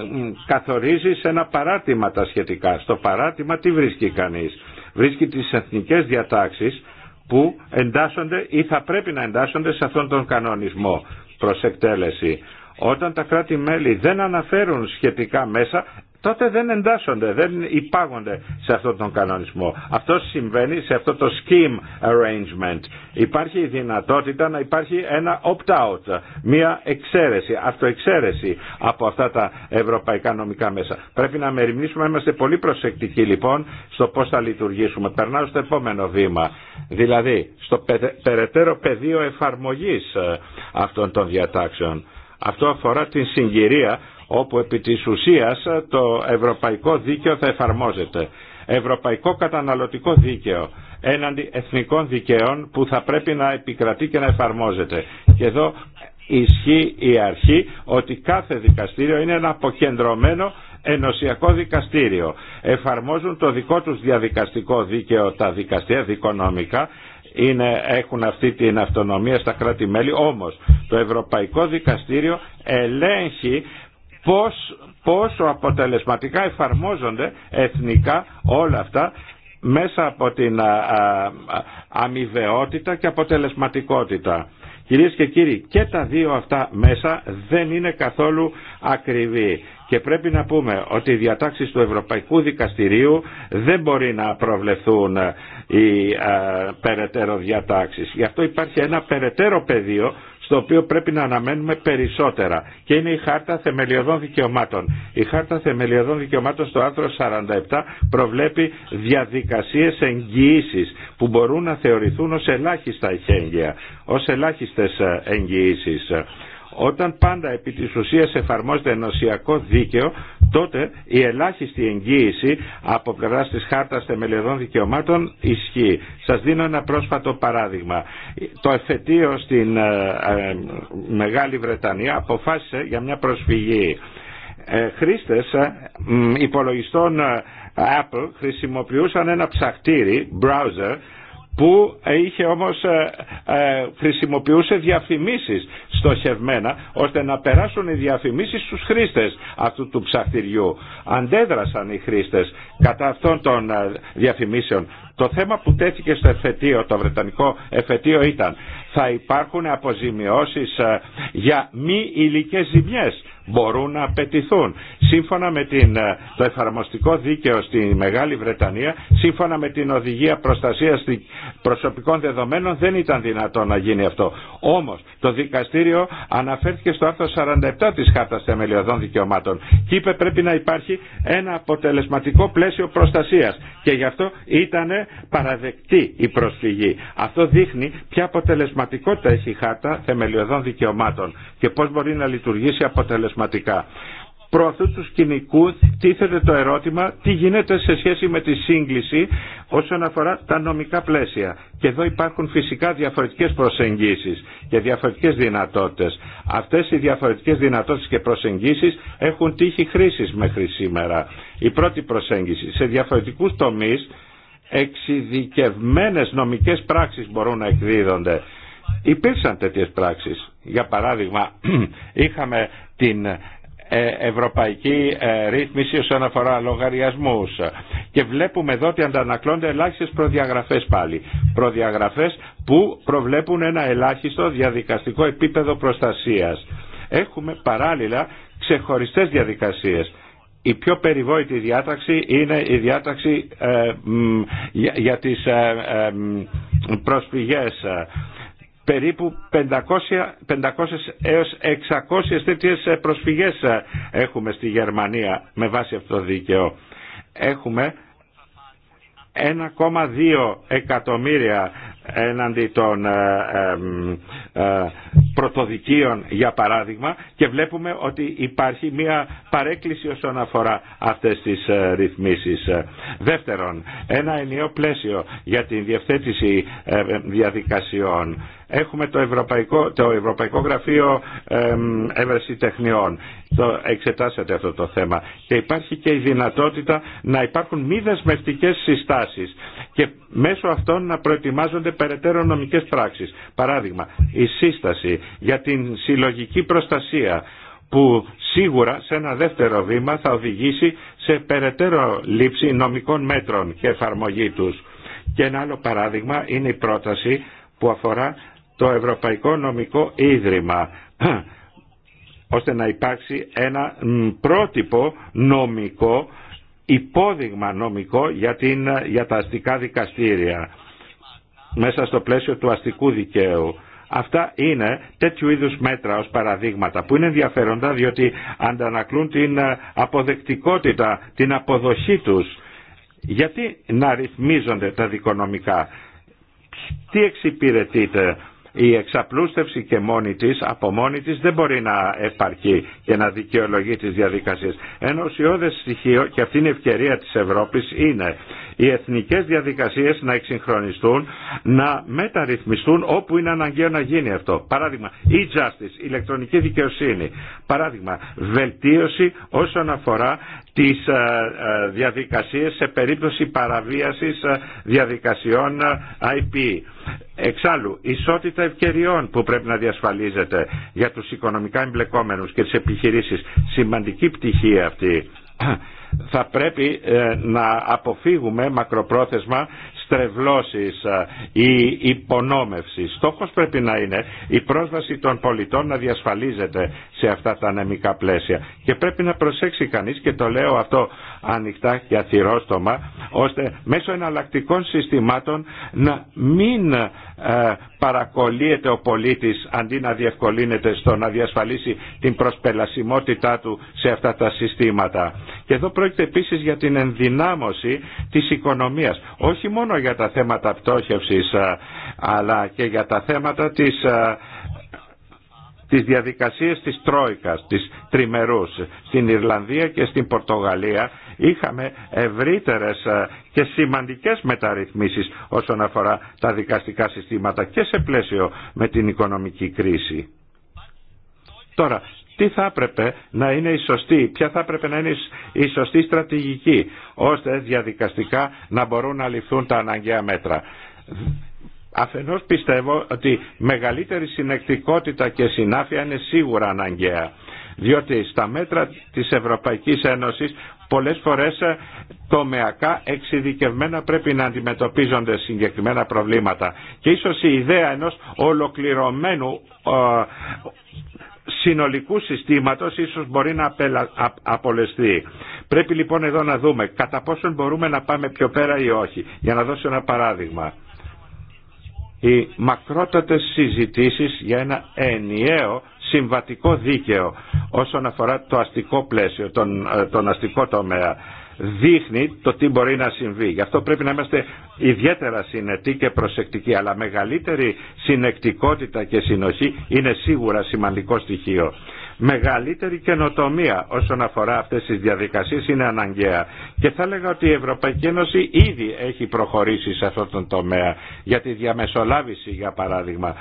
καθορίζει σε ένα παράτημα τα σχετικά. Στο παράτημα τι βρίσκει κανείς. Βρίσκει τις εθνικές διατάξεις που εντάσσονται ή θα πρέπει να εντάσσονται σε αυτόν τον κανονισμό προς εκτέλεση. Όταν τα κράτη-μέλη δεν αναφέρουν σχετικά μέσα, τότε δεν εντάσσονται, δεν υπάγονται σε αυτόν τον κανονισμό. Αυτό συμβαίνει σε αυτό το scheme arrangement. Υπάρχει η δυνατότητα να υπάρχει ένα opt-out, μια εξαίρεση, αυτοεξαίρεση από αυτά τα ευρωπαϊκά νομικά μέσα. Πρέπει να μεριμνήσουμε, είμαστε πολύ προσεκτικοί λοιπόν στο πώς θα λειτουργήσουμε. Περνάω στο επόμενο βήμα, δηλαδή στο περαιτέρω πεδίο εφαρμογής ε, αυτών των διατάξεων. Αυτό αφορά την συγκυρία όπου επί της ουσίας το ευρωπαϊκό δίκαιο θα εφαρμόζεται. Ευρωπαϊκό καταναλωτικό δίκαιο έναντι εθνικών δικαίων που θα πρέπει να επικρατεί και να εφαρμόζεται. Και εδώ ισχύει η αρχή ότι κάθε δικαστήριο είναι ένα αποκεντρωμένο ενωσιακό δικαστήριο. Εφαρμόζουν το δικό τους διαδικαστικό δίκαιο τα δικαστήρια δικονομικά είναι, έχουν αυτή την αυτονομία στα κράτη-μέλη, όμως το Ευρωπαϊκό Δικαστήριο ελέγχει πώς, πόσο αποτελεσματικά εφαρμόζονται εθνικά όλα αυτά μέσα από την αμοιβαιότητα και αποτελεσματικότητα. Κυρίες και κύριοι, και τα δύο αυτά μέσα δεν είναι καθόλου ακριβή. Και πρέπει να πούμε ότι οι διατάξεις του Ευρωπαϊκού Δικαστηρίου δεν μπορεί να προβλεφθούν ε, οι ε, περαιτέρω διατάξεις. Γι' αυτό υπάρχει ένα περαιτέρω πεδίο το οποίο πρέπει να αναμένουμε περισσότερα και είναι η Χάρτα Θεμελιωδών Δικαιωμάτων. Η Χάρτα Θεμελιωδών Δικαιωμάτων στο άρθρο 47 προβλέπει διαδικασίες εγγυήσεις που μπορούν να θεωρηθούν ως ελάχιστα εχέγγυα, ως ελάχιστες ε, εγγυήσεις. Όταν πάντα επί της ουσίας εφαρμόζεται ενωσιακό δίκαιο, τότε η ελάχιστη εγγύηση από πλευρά τη Χάρτα Θεμελιωδών Δικαιωμάτων ισχύει. Σας δίνω ένα πρόσφατο παράδειγμα. Το εφετείο στην ε, ε, Μεγάλη Βρετανία αποφάσισε για μια προσφυγή. Ε, χρήστες υπολογιστών Apple χρησιμοποιούσαν ένα ψαχτήρι, browser, που είχε όμως ε, ε, χρησιμοποιούσε διαφημίσεις στοχευμένα ώστε να περάσουν οι διαφημίσεις στους χρήστες αυτού του ψαχτηριού. Αντέδρασαν οι χρήστες κατά αυτών των ε, διαφημίσεων. Το θέμα που τέθηκε στο εφετείο, το βρετανικό εφετείο ήταν θα υπάρχουν αποζημιώσεις για μη υλικές ζημιές μπορούν να απαιτηθούν. Σύμφωνα με την, ε, το εφαρμοστικό δίκαιο στη Μεγάλη Βρετανία, σύμφωνα με την οδηγία προστασίας προσωπικών δεδομένων δεν ήταν δυνατό να γίνει αυτό. Όμως το δικαστήριο αναφέρθηκε στο άρθρο 47 της Χάρτας Θεμελιωδών Δικαιωμάτων και είπε πρέπει να υπάρχει ένα αποτελεσματικό πλαίσιο προστασίας και γι' αυτό ήταν παραδεκτή η προσφυγή. Αυτό δείχνει ποια αποτελεσματικότητα έχει η Χάρτα Θεμελιωδών Δικαιωμάτων και πώς μπορεί να λειτουργήσει αποτελεσματικά αποτελεσματικά. Προ αυτού του κοινικού τίθεται το ερώτημα τι γίνεται σε σχέση με τη σύγκληση όσον αφορά τα νομικά πλαίσια. Και εδώ υπάρχουν φυσικά διαφορετικές προσεγγίσεις και διαφορετικές δυνατότητες. Αυτές οι διαφορετικές δυνατότητες και προσεγγίσεις έχουν τύχει χρήσης μέχρι σήμερα. Η πρώτη προσέγγιση σε διαφορετικούς τομείς εξειδικευμένες νομικές πράξεις μπορούν να εκδίδονται. Υπήρξαν τέτοιες πράξεις. Για παράδειγμα, είχαμε την ε, ευρωπαϊκή ε, ρύθμιση όσον αφορά λογαριασμούς. Και βλέπουμε εδώ ότι αντανακλώνται ελάχιστες προδιαγραφές πάλι. Προδιαγραφές που προβλέπουν ένα ελάχιστο διαδικαστικό επίπεδο προστασίας. Έχουμε παράλληλα ξεχωριστές διαδικασίες. Η πιο περιβόητη διάταξη είναι η διάταξη ε, για, για τις προσφυγές περίπου 500, 500 έως 600 τέτοιες προσφυγές έχουμε στη Γερμανία με βάση αυτό το δίκαιο. Έχουμε 1,2 εκατομμύρια έναντι των ε, ε, πρωτοδικείων για παράδειγμα και βλέπουμε ότι υπάρχει μια παρέκκληση όσον αφορά αυτές τις ε, ρυθμίσεις. Δεύτερον, ένα ενιαίο πλαίσιο για την διευθέτηση διαδικασιών Έχουμε το Ευρωπαϊκό, το Ευρωπαϊκό Γραφείο τεχνιών, Το εξετάσατε αυτό το θέμα. Και υπάρχει και η δυνατότητα να υπάρχουν μη δεσμευτικέ συστάσει και μέσω αυτών να προετοιμάζονται περαιτέρω νομικέ πράξει. Παράδειγμα, η σύσταση για την συλλογική προστασία που σίγουρα σε ένα δεύτερο βήμα θα οδηγήσει σε περαιτέρω λήψη νομικών μέτρων και εφαρμογή τους. Και ένα άλλο παράδειγμα είναι η πρόταση που αφορά το Ευρωπαϊκό Νομικό Ίδρυμα ώστε να υπάρξει ένα πρότυπο νομικό, υπόδειγμα νομικό για, την, για τα αστικά δικαστήρια μέσα στο πλαίσιο του αστικού δικαίου. Αυτά είναι τέτοιου είδους μέτρα ως παραδείγματα που είναι ενδιαφέροντα διότι αντανακλούν την ε, αποδεκτικότητα, την αποδοχή τους. Γιατί να ρυθμίζονται τα δικονομικά, τι εξυπηρετείται η εξαπλούστευση και μόνη της, από μόνη της δεν μπορεί να επαρκεί και να δικαιολογεί τις διαδικασίες. Ένα ουσιώδες στοιχείο και αυτή είναι η ευκαιρία της Ευρώπης είναι οι εθνικές διαδικασίες να εξυγχρονιστούν, να μεταρρυθμιστούν όπου είναι αναγκαίο να γίνει αυτό. Παράδειγμα, e-justice, ηλεκτρονική δικαιοσύνη. Παράδειγμα, βελτίωση όσον αφορά τις ε, ε, διαδικασίες σε περίπτωση παραβίασης ε, διαδικασιών IP. Εξάλλου, ισότητα ευκαιριών που πρέπει να διασφαλίζεται για τους οικονομικά εμπλεκόμενους και τις επιχειρήσεις. Σημαντική πτυχή αυτή θα πρέπει ε, να αποφύγουμε μακροπρόθεσμα στρεβλώσεις ή υπονόμευση. Στόχος πρέπει να είναι η πρόσβαση των πολιτών να διασφαλίζεται σε αυτά τα ανεμικά πλαίσια. Και πρέπει να προσέξει κανείς και το λέω αυτό ανοιχτά και αθυρόστομα ώστε μέσω εναλλακτικών συστημάτων να μην ε, παρακολύεται ο πολίτης αντί να διευκολύνεται στο να διασφαλίσει την προσπελασιμότητά του σε αυτά τα συστήματα. Και εδώ πρόκειται επίσης για την ενδυνάμωση της οικονομίας. Όχι για τα θέματα πτώχευσης αλλά και για τα θέματα της της διαδικασίας της Τρόικας, της Τριμερούς, στην Ιρλανδία και στην Πορτογαλία είχαμε ευρύτερες και σημαντικές μεταρρυθμίσεις όσον αφορά τα δικαστικά συστήματα και σε πλαίσιο με την οικονομική κρίση. Τώρα, τι θα έπρεπε να είναι η σωστή, ποια θα έπρεπε να είναι η σωστή στρατηγική, ώστε διαδικαστικά να μπορούν να ληφθούν τα αναγκαία μέτρα. Αφενός πιστεύω ότι μεγαλύτερη συνεκτικότητα και συνάφεια είναι σίγουρα αναγκαία, διότι στα μέτρα της Ευρωπαϊκής Ένωσης πολλές φορές ε, τομεακά εξειδικευμένα πρέπει να αντιμετωπίζονται συγκεκριμένα προβλήματα. Και ίσως η ιδέα ενός ολοκληρωμένου ε, συνολικού συστήματος ίσως μπορεί να απολεστεί. Πρέπει λοιπόν εδώ να δούμε κατά πόσον μπορούμε να πάμε πιο πέρα ή όχι. Για να δώσω ένα παράδειγμα. Οι μακρότατες συζητήσεις για ένα ενιαίο συμβατικό δίκαιο όσον αφορά το αστικό πλαίσιο, τον, ε, τον αστικό τομέα δείχνει το τι μπορεί να συμβεί. Γι' αυτό πρέπει να είμαστε ιδιαίτερα συνετοί και προσεκτικοί, αλλά μεγαλύτερη συνεκτικότητα και συνοχή είναι σίγουρα σημαντικό στοιχείο μεγαλύτερη καινοτομία όσον αφορά αυτές τις διαδικασίες είναι αναγκαία. Και θα έλεγα ότι η Ευρωπαϊκή Ένωση ήδη έχει προχωρήσει σε αυτόν τον τομέα για τη διαμεσολάβηση για παράδειγμα.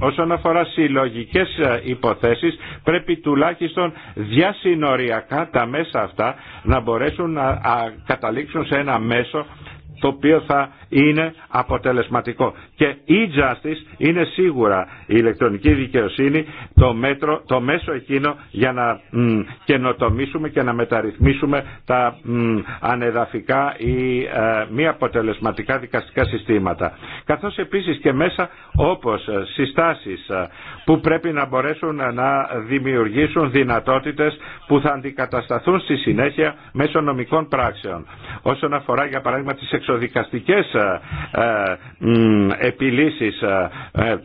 Όσον αφορά συλλογικές ε, υποθέσεις πρέπει τουλάχιστον διασυνοριακά τα μέσα αυτά να μπορέσουν να καταλήξουν σε ένα μέσο το οποίο θα είναι αποτελεσματικό. Και e-justice είναι σίγουρα η ηλεκτρονική δικαιοσύνη το, μέτρο, το μέσο εκείνο για να μ, καινοτομήσουμε και να μεταρρυθμίσουμε τα ανεδαφικά ή ε, μη αποτελεσματικά δικαστικά συστήματα. Καθώς επίσης και μέσα όπως ε, συστάσεις ε, που πρέπει να μπορέσουν να δημιουργήσουν δυνατότητες που θα αντικατασταθούν στη συνέχεια μέσω νομικών πράξεων. Όσον αφορά για παράδειγμα τις εξοδικαστικές ε, ε επιλύσεις ε, ε,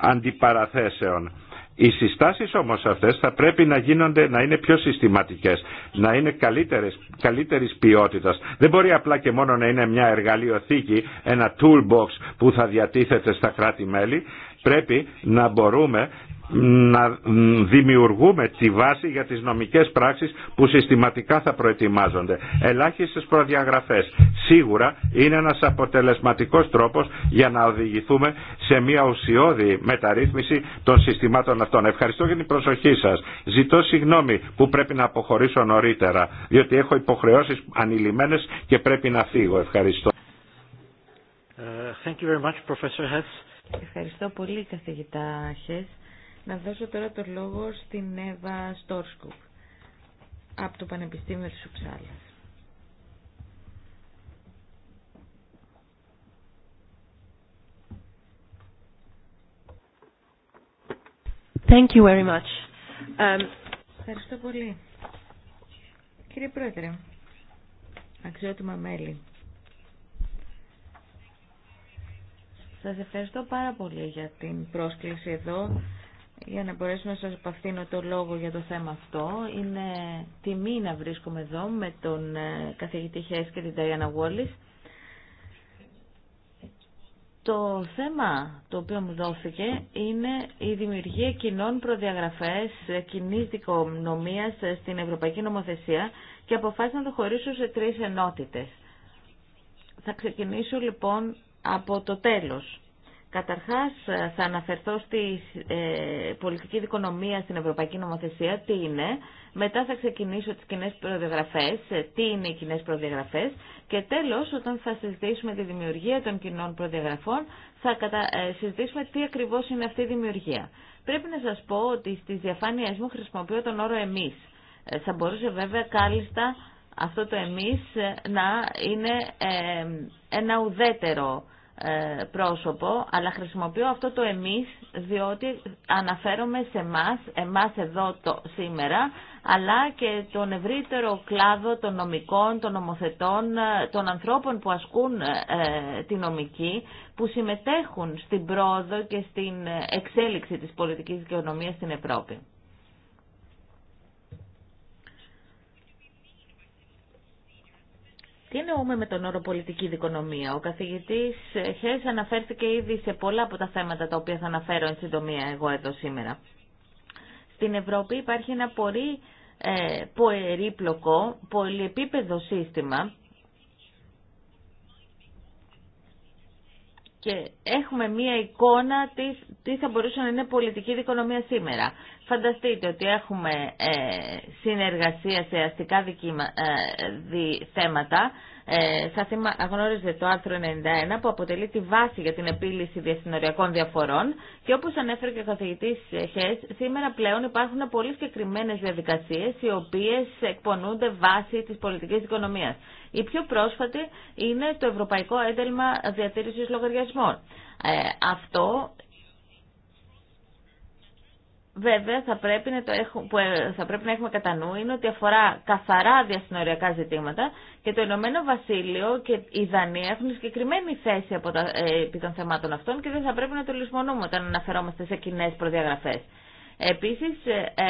αντιπαραθέσεων. Οι συστάσεις όμως αυτές θα πρέπει να γίνονται, να είναι πιο συστηματικές, να είναι καλύτερες, καλύτερης ποιότητας. Δεν μπορεί απλά και μόνο να είναι μια εργαλειοθήκη, ένα toolbox που θα διατίθεται στα κράτη-μέλη. Πρέπει να μπορούμε να δημιουργούμε τη βάση για τις νομικές πράξεις που συστηματικά θα προετοιμάζονται. Ελάχιστες προδιαγραφές. Σίγουρα είναι ένας αποτελεσματικός τρόπος για να οδηγηθούμε σε μια ουσιώδη μεταρρύθμιση των συστημάτων αυτών. Ευχαριστώ για την προσοχή σας. Ζητώ συγγνώμη που πρέπει να αποχωρήσω νωρίτερα, διότι έχω υποχρεώσεις ανηλυμένες και πρέπει να φύγω. Ευχαριστώ. Ε, thank you very much, Professor Hess. Ευχαριστώ πολύ καθηγητά Χες. Να δώσω τώρα το λόγο στην Εύα Στόρσκουπ από το Πανεπιστήμιο της Ουψάλλας. Um, ευχαριστώ πολύ. Κύριε Πρόεδρε, αξιότιμα μέλη, σας ευχαριστώ πάρα πολύ για την πρόσκληση εδώ για να μπορέσουμε να σας απευθύνω το λόγο για το θέμα αυτό. Είναι τιμή να βρίσκομαι εδώ με τον ε, καθηγητή Χέσ και την Ταϊάννα Γουόλης. Το θέμα το οποίο μου δόθηκε είναι η δημιουργία κοινών προδιαγραφές ε, κοινής δικονομίας ε, στην Ευρωπαϊκή Νομοθεσία και αποφάσισα να το χωρίσω σε τρεις ενότητες. Θα ξεκινήσω λοιπόν από το τέλος. Καταρχάς θα αναφερθώ στη ε, πολιτική δικονομία στην Ευρωπαϊκή Νομοθεσία, τι είναι. Μετά θα ξεκινήσω τις κοινέ προδιαγραφές, ε, τι είναι οι κοινέ προδιαγραφές. Και τέλος, όταν θα συζητήσουμε τη δημιουργία των κοινών προδιαγραφών, θα ε, συζητήσουμε τι ακριβώς είναι αυτή η δημιουργία. Πρέπει να σας πω ότι στις διαφάνειές μου χρησιμοποιώ τον όρο «εμείς». θα μπορούσε βέβαια κάλλιστα αυτό το «εμείς» να είναι ένα ουδέτερο ε, πρόσωπο, αλλά χρησιμοποιώ αυτό το εμείς, διότι αναφέρομαι σε μας, εμάς εδώ το, σήμερα, αλλά και τον ευρύτερο κλάδο των νομικών, των νομοθετών, ε, των ανθρώπων που ασκούν ε, τη νομική, που συμμετέχουν στην πρόοδο και στην εξέλιξη της πολιτικής οικονομίας στην Ευρώπη. Τι εννοούμε με τον όρο πολιτική δικονομία. Ο καθηγητής Χέι αναφέρθηκε ήδη σε πολλά από τα θέματα τα οποία θα αναφέρω εν συντομία εγώ εδώ σήμερα. Στην Ευρώπη υπάρχει ένα πολύ ε, ποερίπλοκο, πολυεπίπεδο σύστημα και έχουμε μία εικόνα τι, τι θα μπορούσε να είναι πολιτική δικονομία σήμερα. Φανταστείτε ότι έχουμε ε, συνεργασία σε αστικά ε, θέματα ε, θα θυμα... γνώριζε το άρθρο 91 που αποτελεί τη βάση για την επίλυση διασυνοριακών διαφορών και όπως ανέφερε και ο καθηγητής ε, Χες, σήμερα πλέον υπάρχουν πολύ συγκεκριμένε διαδικασίες οι οποίες εκπονούνται βάση της πολιτικής οικονομίας. Η πιο πρόσφατη είναι το Ευρωπαϊκό Έντελμα Διατήρησης Λογαριασμών. Ε, αυτό Βέβαια, θα πρέπει, να το έχουμε, που ε, θα πρέπει να έχουμε κατά νου είναι ότι αφορά καθαρά διασυνοριακά ζητήματα και το Ηνωμένο Βασίλειο και η Δανία έχουν συγκεκριμένη θέση από τα, ε, επί των θεμάτων αυτών και δεν θα πρέπει να το λησμονούμε όταν αναφερόμαστε σε κοινέ προδιαγραφές. Επίσης, ε,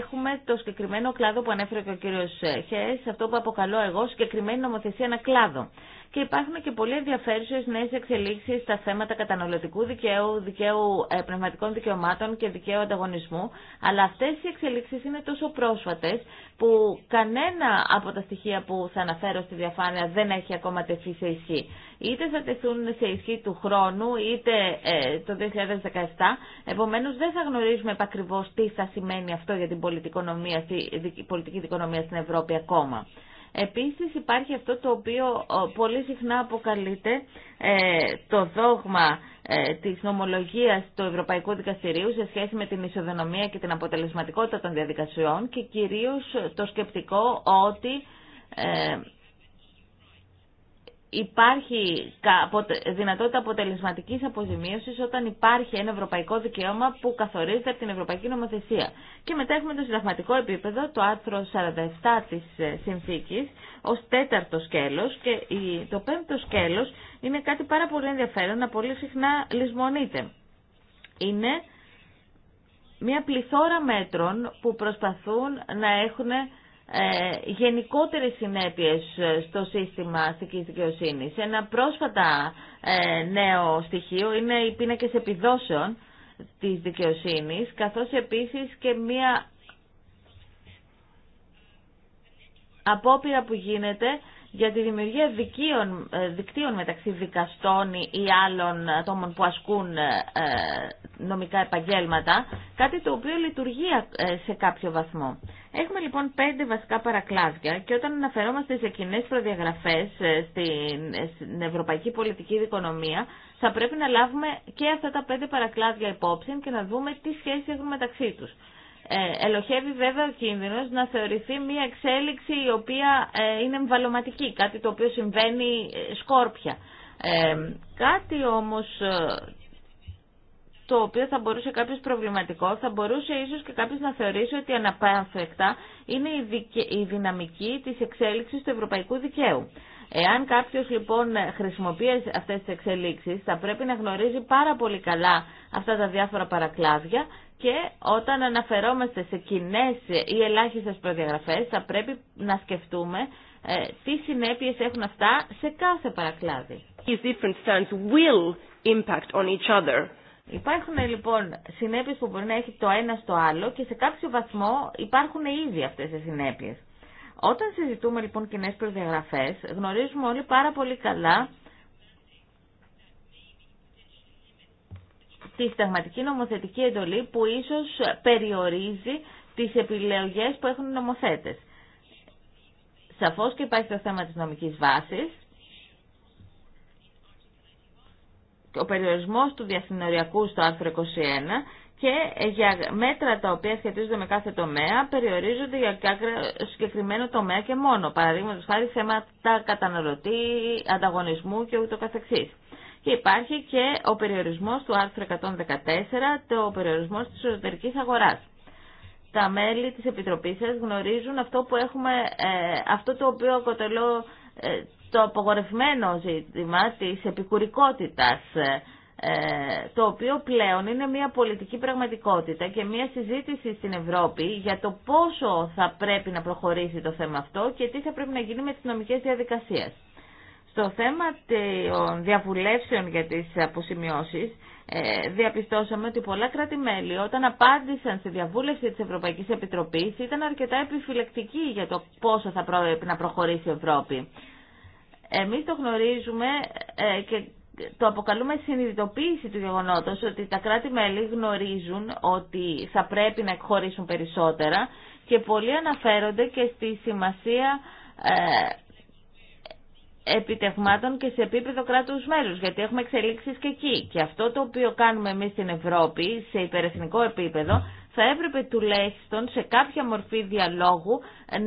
έχουμε το συγκεκριμένο κλάδο που ανέφερε και ο κύριος Χέ, αυτό που αποκαλώ εγώ συγκεκριμένη νομοθεσία ένα κλάδο και υπάρχουν και πολύ ενδιαφέρουσε νέε εξελίξει στα θέματα καταναλωτικού δικαίου, δικαίου ε, πνευματικών δικαιωμάτων και δικαίου ανταγωνισμού, αλλά αυτέ οι εξελίξει είναι τόσο πρόσφατε, που κανένα από τα στοιχεία που θα αναφέρω στη διαφάνεια δεν έχει ακόμα τεθεί σε ισχύ. Είτε θα τεθούν σε ισχύ του χρόνου, είτε ε, το 2017. Επομένω, δεν θα γνωρίζουμε επακριβώ τι θα σημαίνει αυτό για την πολιτική δικονομία στην Ευρώπη ακόμα. Επίσης υπάρχει αυτό το οποίο πολύ συχνά αποκαλείται ε, το δόγμα ε, της νομολογίας του Ευρωπαϊκού Δικαστηρίου σε σχέση με την ισοδυναμία και την αποτελεσματικότητα των διαδικασιών και κυρίως το σκεπτικό ότι ε, υπάρχει δυνατότητα αποτελεσματική αποζημίωση όταν υπάρχει ένα ευρωπαϊκό δικαίωμα που καθορίζεται από την Ευρωπαϊκή Νομοθεσία. Και μετά έχουμε το συνταγματικό επίπεδο, το άρθρο 47 της ε, συνθήκη ω τέταρτο σκέλο. και το πέμπτο σκέλο είναι κάτι πάρα πολύ ενδιαφέρον, να πολύ συχνά λησμονείται. Είναι μια πληθώρα μέτρων που προσπαθούν να έχουν ε, γενικότερες συνέπειες ε, στο σύστημα αστικής δικαιοσύνης. Ένα πρόσφατα ε, νέο στοιχείο είναι οι πίνακες επιδόσεων της δικαιοσύνης, καθώς επίσης και μία απόπειρα που γίνεται για τη δημιουργία ε, δικτύων μεταξύ δικαστών ή άλλων ατόμων που ασκούν ε, ε, νομικά επαγγέλματα, κάτι το οποίο λειτουργεί σε κάποιο βαθμό. Έχουμε λοιπόν πέντε βασικά παρακλάδια και όταν αναφερόμαστε σε κοινέ προδιαγραφές στην ευρωπαϊκή πολιτική δικονομία, θα πρέπει να λάβουμε και αυτά τα πέντε παρακλάδια υπόψη και να δούμε τι σχέση έχουν μεταξύ τους. Ε, ελοχεύει βέβαια ο κίνδυνο να θεωρηθεί μια εξέλιξη η οποία ε, είναι εμβαλωματική, κάτι το οποίο συμβαίνει ε, σκόρπια. Ε, κάτι όμως ε, το οποίο θα μπορούσε κάποιος προβληματικό, θα μπορούσε ίσως και κάποιος να θεωρήσει ότι αναπαράφεκτα, είναι η, δυναμική της εξέλιξης του ευρωπαϊκού δικαίου. Εάν κάποιο λοιπόν χρησιμοποιεί αυτές τι εξελίξεις θα πρέπει να γνωρίζει πάρα πολύ καλά αυτά τα διάφορα παρακλάδια και όταν αναφερόμαστε σε κοινέ ή ελάχιστες προδιαγραφέ, θα πρέπει να σκεφτούμε ε, τι συνέπειες έχουν αυτά σε κάθε παρακλάδι. Υπάρχουν λοιπόν συνέπειες που μπορεί να έχει το ένα στο άλλο και σε κάποιο βαθμό υπάρχουν ήδη αυτές οι συνέπειες. Όταν συζητούμε λοιπόν κοινέ προδιαγραφέ, γνωρίζουμε όλοι πάρα πολύ καλά τη σταγματική νομοθετική εντολή που ίσως περιορίζει τις επιλογές που έχουν οι νομοθέτες. Σαφώς και υπάρχει το θέμα της νομικής βάσης. Ο περιορισμός του διασυνοριακού στο άρθρο 21 και ε, για μέτρα τα οποία σχετίζονται με κάθε τομέα περιορίζονται για κάθε συγκεκριμένο τομέα και μόνο. Παραδείγματο χάρη θέματα καταναλωτή, ανταγωνισμού και ούτω καθεξής. Και υπάρχει και ο περιορισμός του άρθρου 114, το περιορισμός της εσωτερική αγοράς. Τα μέλη της Επιτροπής σας γνωρίζουν αυτό, που έχουμε, ε, αυτό το οποίο αποτελώ ε, το απογορευμένο ζήτημα της επικουρικότητας ε, το οποίο πλέον είναι μια πολιτική πραγματικότητα και μια συζήτηση στην Ευρώπη για το πόσο θα πρέπει να προχωρήσει το θέμα αυτό και τι θα πρέπει να γίνει με τις νομικές διαδικασίες. Στο θέμα των διαβουλεύσεων για τις αποσημειώσεις, ε, διαπιστώσαμε ότι πολλά κράτη-μέλη όταν απάντησαν στη διαβούλευση της Ευρωπαϊκής Επιτροπής ήταν αρκετά επιφυλακτικοί για το πόσο θα πρέπει να προχωρήσει η Ευρώπη. Εμείς το γνωρίζουμε ε, και το αποκαλούμε συνειδητοποίηση του γεγονότος ότι τα κράτη-μέλη γνωρίζουν ότι θα πρέπει να εκχωρήσουν περισσότερα και πολλοί αναφέρονται και στη σημασία ε, επιτευγμάτων και σε επίπεδο κράτους μέλους, γιατί έχουμε εξελίξεις και εκεί. Και αυτό το οποίο κάνουμε εμείς στην Ευρώπη, σε υπερεθνικό επίπεδο, θα έπρεπε τουλάχιστον σε κάποια μορφή διαλόγου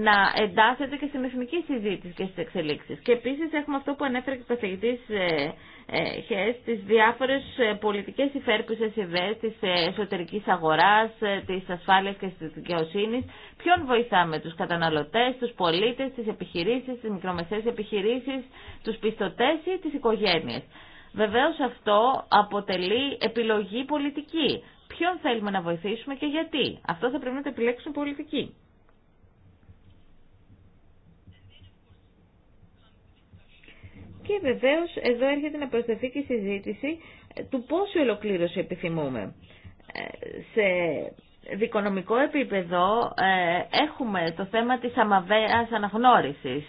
να εντάσσεται και στην εθνική συζήτηση και στις εξελίξεις. Και επίσης έχουμε αυτό που ανέφερε και ο καθηγητής ε, ε, τις διάφορες ε, πολιτικές υφέρπουσες ιδέες της ε, εσωτερικής αγοράς, της ασφάλειας και της δικαιοσύνη. Ποιον βοηθάμε, τους καταναλωτές, τους πολίτες, τις επιχειρήσεις, τις μικρομεσαίες επιχειρήσεις, τους πιστωτές ή τις οικογένειες. Βεβαίως αυτό αποτελεί επιλογή πολιτική. Ποιον θέλουμε να βοηθήσουμε και γιατί. Αυτό θα πρέπει να το επιλέξουν πολιτική. Και βεβαίως εδώ έρχεται να προσθεθεί και η συζήτηση ε, του πόσο ολοκλήρωση επιθυμούμε. Ε, σε δικονομικό επίπεδο ε, έχουμε το θέμα της αμαβαίας αναγνώρισης.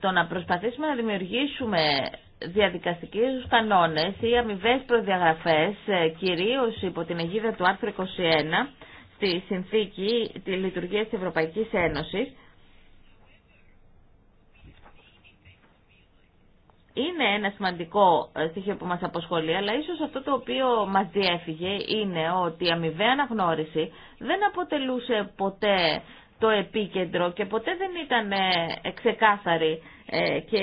Το να προσπαθήσουμε να δημιουργήσουμε διαδικαστικές κανόνες ή αμοιβέ προδιαγραφές, κυρίως υπό την αιγίδα του άρθρου 21, στη Συνθήκη τη Λειτουργία της Ευρωπαϊκής Ένωσης, είναι ένα σημαντικό ε, στοιχείο που μας αποσχολεί, αλλά ίσως αυτό το οποίο μας διέφυγε είναι ότι η αμοιβαία αναγνώριση δεν αποτελούσε ποτέ το επίκεντρο και ποτέ δεν ήταν ε, ξεκάθαρη ε, και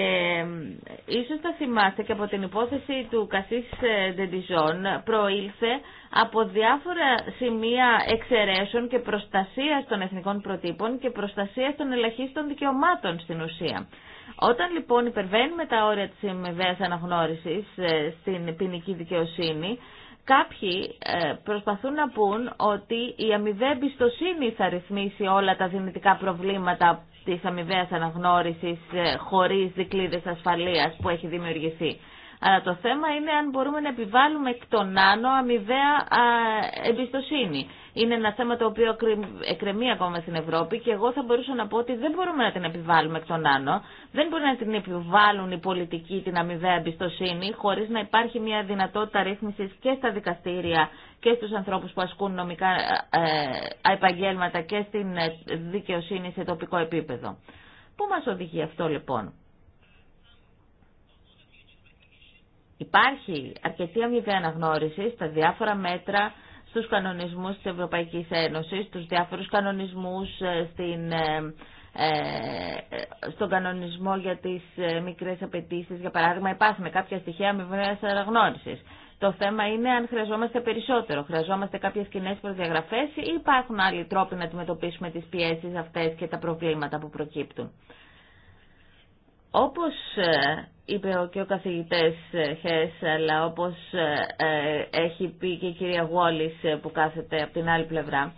ίσως θα θυμάστε και από την υπόθεση του Κασίς Δεντιζόν ε, προήλθε από διάφορα σημεία εξαιρέσεων και προστασίας των εθνικών προτύπων και προστασίας των ελαχίστων δικαιωμάτων στην ουσία. Όταν λοιπόν υπερβαίνουμε τα όρια της αμοιβαίας αναγνώρισης ε, στην ποινική δικαιοσύνη, Κάποιοι προσπαθούν να πούν ότι η αμοιβή εμπιστοσύνη θα ρυθμίσει όλα τα δυνητικά προβλήματα της αμοιβαίας αναγνώρισης ε, χωρίς δικλείδες ασφαλείας που έχει δημιουργηθεί. Αλλά το θέμα είναι αν μπορούμε να επιβάλλουμε εκ των άνω αμοιβαία εμπιστοσύνη. Είναι ένα θέμα το οποίο εκκρεμεί ακόμα στην Ευρώπη και εγώ θα μπορούσα να πω ότι δεν μπορούμε να την επιβάλλουμε εκ των άνω. Δεν μπορεί να την επιβάλλουν οι πολιτικοί την αμοιβαία εμπιστοσύνη χωρί να υπάρχει μια δυνατότητα ρύθμιση και στα δικαστήρια και στου ανθρώπου που ασκούν νομικά ε, επαγγέλματα και στην ε, δικαιοσύνη σε τοπικό επίπεδο. Πού μας οδηγεί αυτό λοιπόν. Υπάρχει αρκετή αμοιβή αναγνώριση στα διάφορα μέτρα στους κανονισμούς της Ευρωπαϊκής Ένωσης, στους διάφορους κανονισμούς ε, ε, ε, στον κανονισμό για τις μικρές απαιτήσει, για παράδειγμα υπάρχουν κάποια στοιχεία αμοιβή αναγνώρισης. Το θέμα είναι αν χρειαζόμαστε περισσότερο, χρειαζόμαστε κάποιε κοινέ προδιαγραφέ ή υπάρχουν άλλοι τρόποι να αντιμετωπίσουμε τι πιέσει αυτέ και τα προβλήματα που προκύπτουν. Όπως ε, είπε και ο καθηγητές ε, Χες, αλλά όπως ε, έχει πει και η κυρία Γουόλης που κάθεται από την άλλη πλευρά,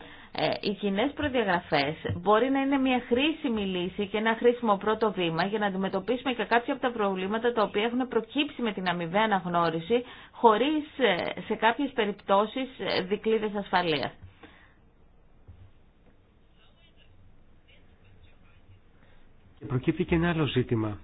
οι κοινέ προδιαγραφές μπορεί να είναι μια χρήσιμη λύση και ένα χρήσιμο πρώτο βήμα για να αντιμετωπίσουμε και κάποια από τα προβλήματα τα οποία έχουν προκύψει με την αμοιβαία αναγνώριση χωρίς σε κάποιες περιπτώσει δικλείδε ασφαλεία. Προκύπτει και ένα άλλο ζήτημα.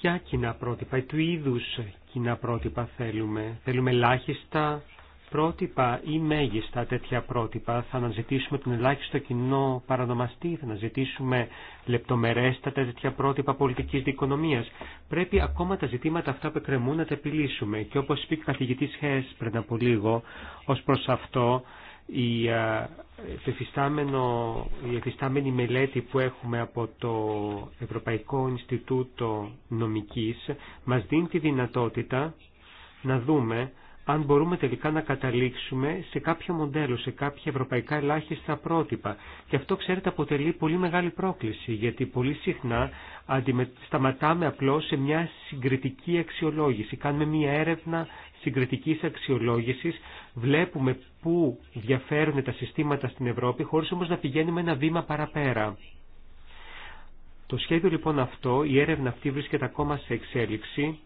Ποια κοινά πρότυπα ή του είδους κοινά πρότυπα θέλουμε. Θέλουμε ελάχιστα πρότυπα ή μέγιστα τέτοια πρότυπα. Θα αναζητήσουμε τον ελάχιστο κοινό παρανομαστή, θα αναζητήσουμε λεπτομερέστατα τέτοια πρότυπα πολιτικής δικονομίας. Πρέπει ακόμα τα ζητήματα αυτά που εκκρεμούν να τα επιλύσουμε. Και όπως είπε ο καθηγητής Χες πριν από λίγο, ως προς αυτό η, η εφιστάμενη μελέτη που έχουμε από το Ευρωπαϊκό Ινστιτούτο Νομικής μας δίνει τη δυνατότητα να δούμε αν μπορούμε τελικά να καταλήξουμε σε κάποιο μοντέλο, σε κάποια ευρωπαϊκά ελάχιστα πρότυπα. Και αυτό, ξέρετε, αποτελεί πολύ μεγάλη πρόκληση, γιατί πολύ συχνά σταματάμε απλώς σε μια συγκριτική αξιολόγηση. Κάνουμε μια έρευνα συγκριτικής αξιολόγησης, βλέπουμε πού διαφέρουν τα συστήματα στην Ευρώπη, χωρίς όμως να πηγαίνουμε ένα βήμα παραπέρα. Το σχέδιο λοιπόν αυτό, η έρευνα αυτή βρίσκεται ακόμα σε εξέλιξη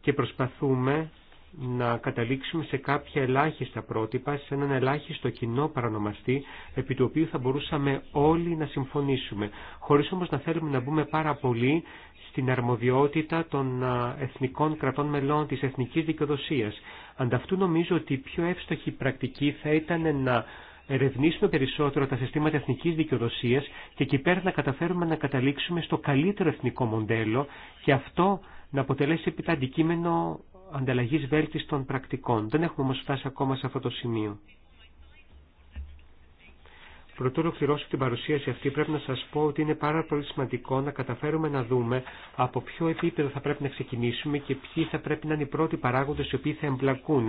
και προσπαθούμε να καταλήξουμε σε κάποια ελάχιστα πρότυπα, σε έναν ελάχιστο κοινό παρανομαστή, επί του οποίου θα μπορούσαμε όλοι να συμφωνήσουμε, χωρίς όμως να θέλουμε να μπούμε πάρα πολύ στην αρμοδιότητα των εθνικών κρατών μελών της εθνικής δικαιοδοσίας. Ανταυτού νομίζω ότι η πιο εύστοχη πρακτική θα ήταν να ερευνήσουμε περισσότερο τα συστήματα εθνικής δικαιοδοσίας και εκεί πέρα να καταφέρουμε να καταλήξουμε στο καλύτερο εθνικό μοντέλο και αυτό να αποτελέσει επί τα αντικείμενο ανταλλαγής βέλτιστων πρακτικών. Δεν έχουμε όμως φτάσει ακόμα σε αυτό το σημείο. Πρωτού ολοκληρώσω την παρουσίαση αυτή, πρέπει να σας πω ότι είναι πάρα πολύ σημαντικό να καταφέρουμε να δούμε από ποιο επίπεδο θα πρέπει να ξεκινήσουμε και ποιοι θα πρέπει να είναι οι πρώτοι παράγοντες οι οποίοι θα εμπλακούν.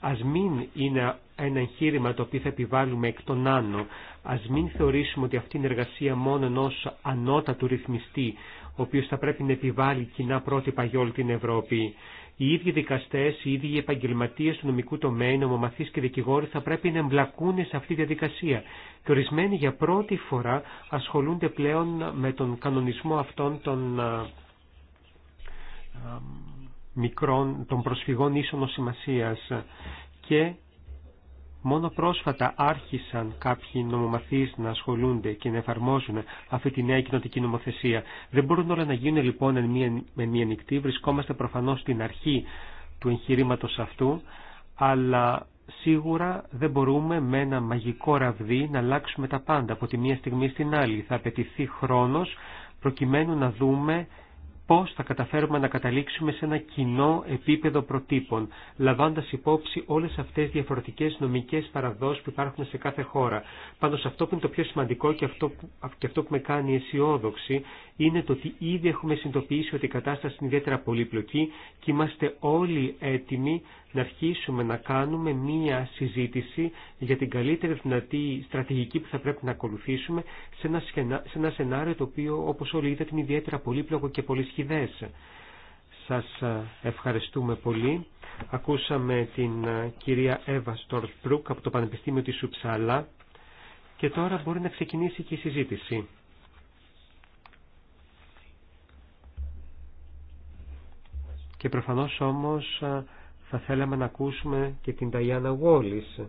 Ας μην είναι ένα εγχείρημα το οποίο θα επιβάλλουμε εκ των άνω. Ας μην θεωρήσουμε ότι αυτή είναι εργασία μόνο ενό ανώτατου ρυθμιστή, ο οποίος θα πρέπει να επιβάλλει κοινά πρότυπα για όλη την Ευρώπη οι ίδιοι δικαστέ, οι ίδιοι επαγγελματίε του νομικού τομέα, οι νομομαθεί και δικηγόροι θα πρέπει να εμπλακούν σε αυτή τη διαδικασία. Και ορισμένοι για πρώτη φορά ασχολούνται πλέον με τον κανονισμό αυτών των μικρών, των προσφυγών ίσονο σημασία. Και Μόνο πρόσφατα άρχισαν κάποιοι νομομαθείς να ασχολούνται και να εφαρμόζουν αυτή τη νέα κοινοτική νομοθεσία. Δεν μπορούν όλα να γίνουν λοιπόν με μία νυχτή. Βρισκόμαστε προφανώς στην αρχή του εγχειρήματο αυτού, αλλά σίγουρα δεν μπορούμε με ένα μαγικό ραβδί να αλλάξουμε τα πάντα από τη μία στιγμή στην άλλη. Θα απαιτηθεί χρόνος προκειμένου να δούμε πώς θα καταφέρουμε να καταλήξουμε σε ένα κοινό επίπεδο προτύπων, λαμβάνοντας υπόψη όλες αυτές τις διαφορετικές νομικές παραδόσεις που υπάρχουν σε κάθε χώρα. Πάντω αυτό που είναι το πιο σημαντικό και αυτό που, και αυτό που με κάνει αισιόδοξη είναι το ότι ήδη έχουμε συνειδητοποιήσει ότι η κατάσταση είναι ιδιαίτερα πολύπλοκη και είμαστε όλοι έτοιμοι να αρχίσουμε να κάνουμε μία συζήτηση για την καλύτερη δυνατή στρατηγική που θα πρέπει να ακολουθήσουμε σε ένα, σενάριο το οποίο όπως όλοι είδατε είναι ιδιαίτερα πολύπλοκο και πολύ σχηδές. Σας ε, ευχαριστούμε πολύ. Ακούσαμε την ε, κυρία Εύα Στορτπρουκ από το Πανεπιστήμιο της Σουψάλα και τώρα μπορεί να ξεκινήσει και η συζήτηση. Και προφανώς όμως ε, θα θέλαμε να ακούσουμε και την Ταϊάννα Γόλης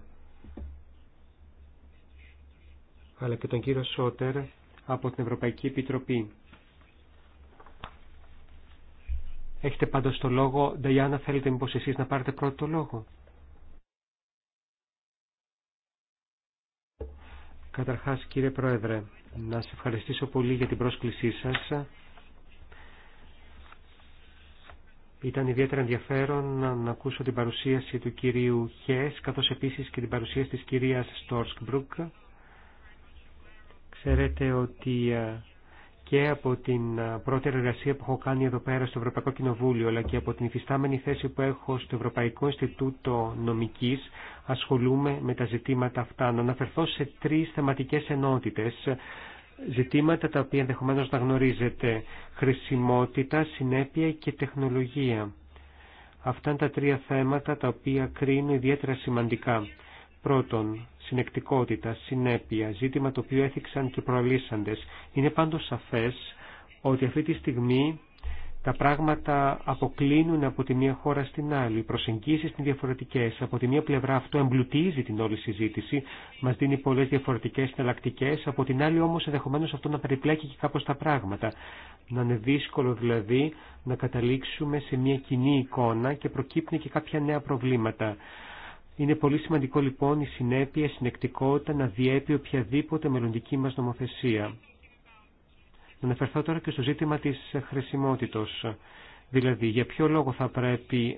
αλλά και τον κύριο Σότερ από την Ευρωπαϊκή Επιτροπή. Έχετε πάντως το λόγο. Νταϊάννα, θέλετε μήπως εσείς να πάρετε πρώτο το λόγο. Καταρχάς, κύριε Πρόεδρε, να σε ευχαριστήσω πολύ για την πρόσκλησή σας Ήταν ιδιαίτερα ενδιαφέρον να ακούσω την παρουσίαση του κυρίου Χές, καθώς επίσης και την παρουσίαση της κυρίας Στόρσκμπρουκ. Ξέρετε ότι ε, και από την ε, πρώτη εργασία που έχω κάνει εδώ πέρα στο Ευρωπαϊκό Κοινοβούλιο, αλλά και από την υφιστάμενη θέση που έχω στο Ευρωπαϊκό Ινστιτούτο Νομικής, ασχολούμαι με τα ζητήματα αυτά. Να αναφερθώ σε τρεις θεματικές ενότητες ζητήματα τα οποία ενδεχομένως να γνωρίζετε. Χρησιμότητα, συνέπεια και τεχνολογία. Αυτά είναι τα τρία θέματα τα οποία κρίνουν ιδιαίτερα σημαντικά. Πρώτον, συνεκτικότητα, συνέπεια, ζήτημα το οποίο έθιξαν και προαλήσαντες. Είναι πάντως σαφές ότι αυτή τη στιγμή τα πράγματα αποκλίνουν από τη μία χώρα στην άλλη, οι προσεγγίσεις είναι διαφορετικές. Από τη μία πλευρά αυτό εμπλουτίζει την όλη συζήτηση, μα δίνει πολλές διαφορετικές συναλλακτικέ, από την άλλη όμως ενδεχομένω αυτό να περιπλέκει και κάπως τα πράγματα. Να είναι δύσκολο δηλαδή να καταλήξουμε σε μια κοινή εικόνα και προκύπτουν και κάποια νέα προβλήματα. Είναι πολύ σημαντικό λοιπόν η συνέπεια, η συνεκτικότητα να διέπει οποιαδήποτε μελλοντική μα νομοθεσία. Να αναφερθώ τώρα και στο ζήτημα της χρησιμότητος. Δηλαδή, για ποιο λόγο θα πρέπει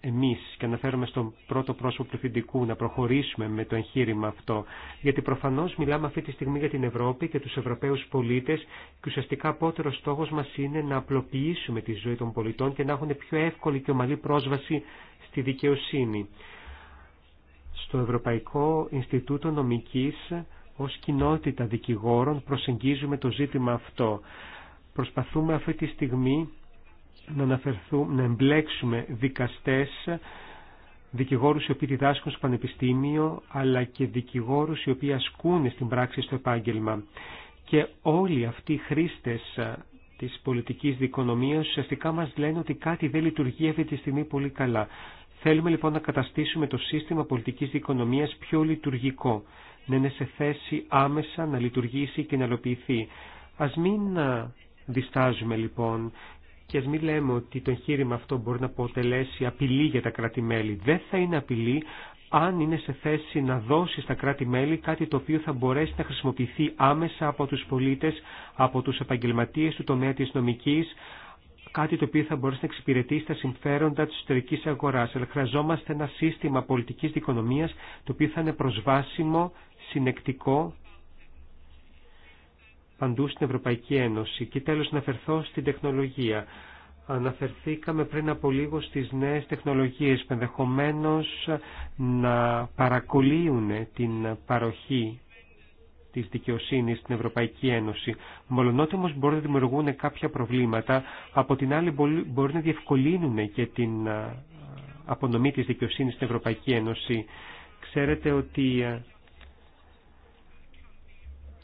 εμείς και αναφέρομαι στον πρώτο πρόσωπο του να προχωρήσουμε με το εγχείρημα αυτό. Γιατί προφανώς μιλάμε αυτή τη στιγμή για την Ευρώπη και τους Ευρωπαίους πολίτες και ουσιαστικά απότερος στόχος μας είναι να απλοποιήσουμε τη ζωή των πολιτών και να έχουν πιο εύκολη και ομαλή πρόσβαση στη δικαιοσύνη. Στο Ευρωπαϊκό Ινστιτούτο Νομικής ως κοινότητα δικηγόρων προσεγγίζουμε το ζήτημα αυτό. Προσπαθούμε αυτή τη στιγμή να, αναφερθούμε, να εμπλέξουμε δικαστές, δικηγόρους οι οποίοι διδάσκουν στο πανεπιστήμιο, αλλά και δικηγόρους οι οποίοι ασκούν στην πράξη στο επάγγελμα. Και όλοι αυτοί οι χρήστες ε, της πολιτικής δικονομίας ουσιαστικά μας λένε ότι κάτι δεν λειτουργεί αυτή τη στιγμή πολύ καλά. Θέλουμε λοιπόν να καταστήσουμε το σύστημα πολιτικής δικονομίας πιο λειτουργικό να είναι σε θέση άμεσα να λειτουργήσει και να ελοποιηθεί. Ας μην διστάζουμε λοιπόν και ας μην λέμε ότι το εγχείρημα αυτό μπορεί να αποτελέσει απειλή για τα κράτη-μέλη. Δεν θα είναι απειλή αν είναι σε θέση να δώσει στα κράτη-μέλη κάτι το οποίο θα μπορέσει να χρησιμοποιηθεί άμεσα από τους πολίτες, από τους επαγγελματίες του τομέα της νομικής, κάτι το οποίο θα μπορέσει να εξυπηρετήσει τα συμφέροντα της εσωτερικής αγοράς. Αλλά χρειαζόμαστε ένα σύστημα πολιτικής δικονομίας το οποίο θα είναι προσβάσιμο συνεκτικό παντού στην Ευρωπαϊκή Ένωση. Και τέλος να αφαιρθώ στην τεχνολογία. Αναφερθήκαμε πριν από λίγο στις νέες τεχνολογίες που ενδεχομένω να παρακολύουν την παροχή της δικαιοσύνης στην Ευρωπαϊκή Ένωση. Μολονότι όμως μπορεί να δημιουργούν κάποια προβλήματα, από την άλλη μπορεί να διευκολύνουν και την ε, απονομή της δικαιοσύνης στην Ευρωπαϊκή Ένωση. Ξέρετε ότι ε,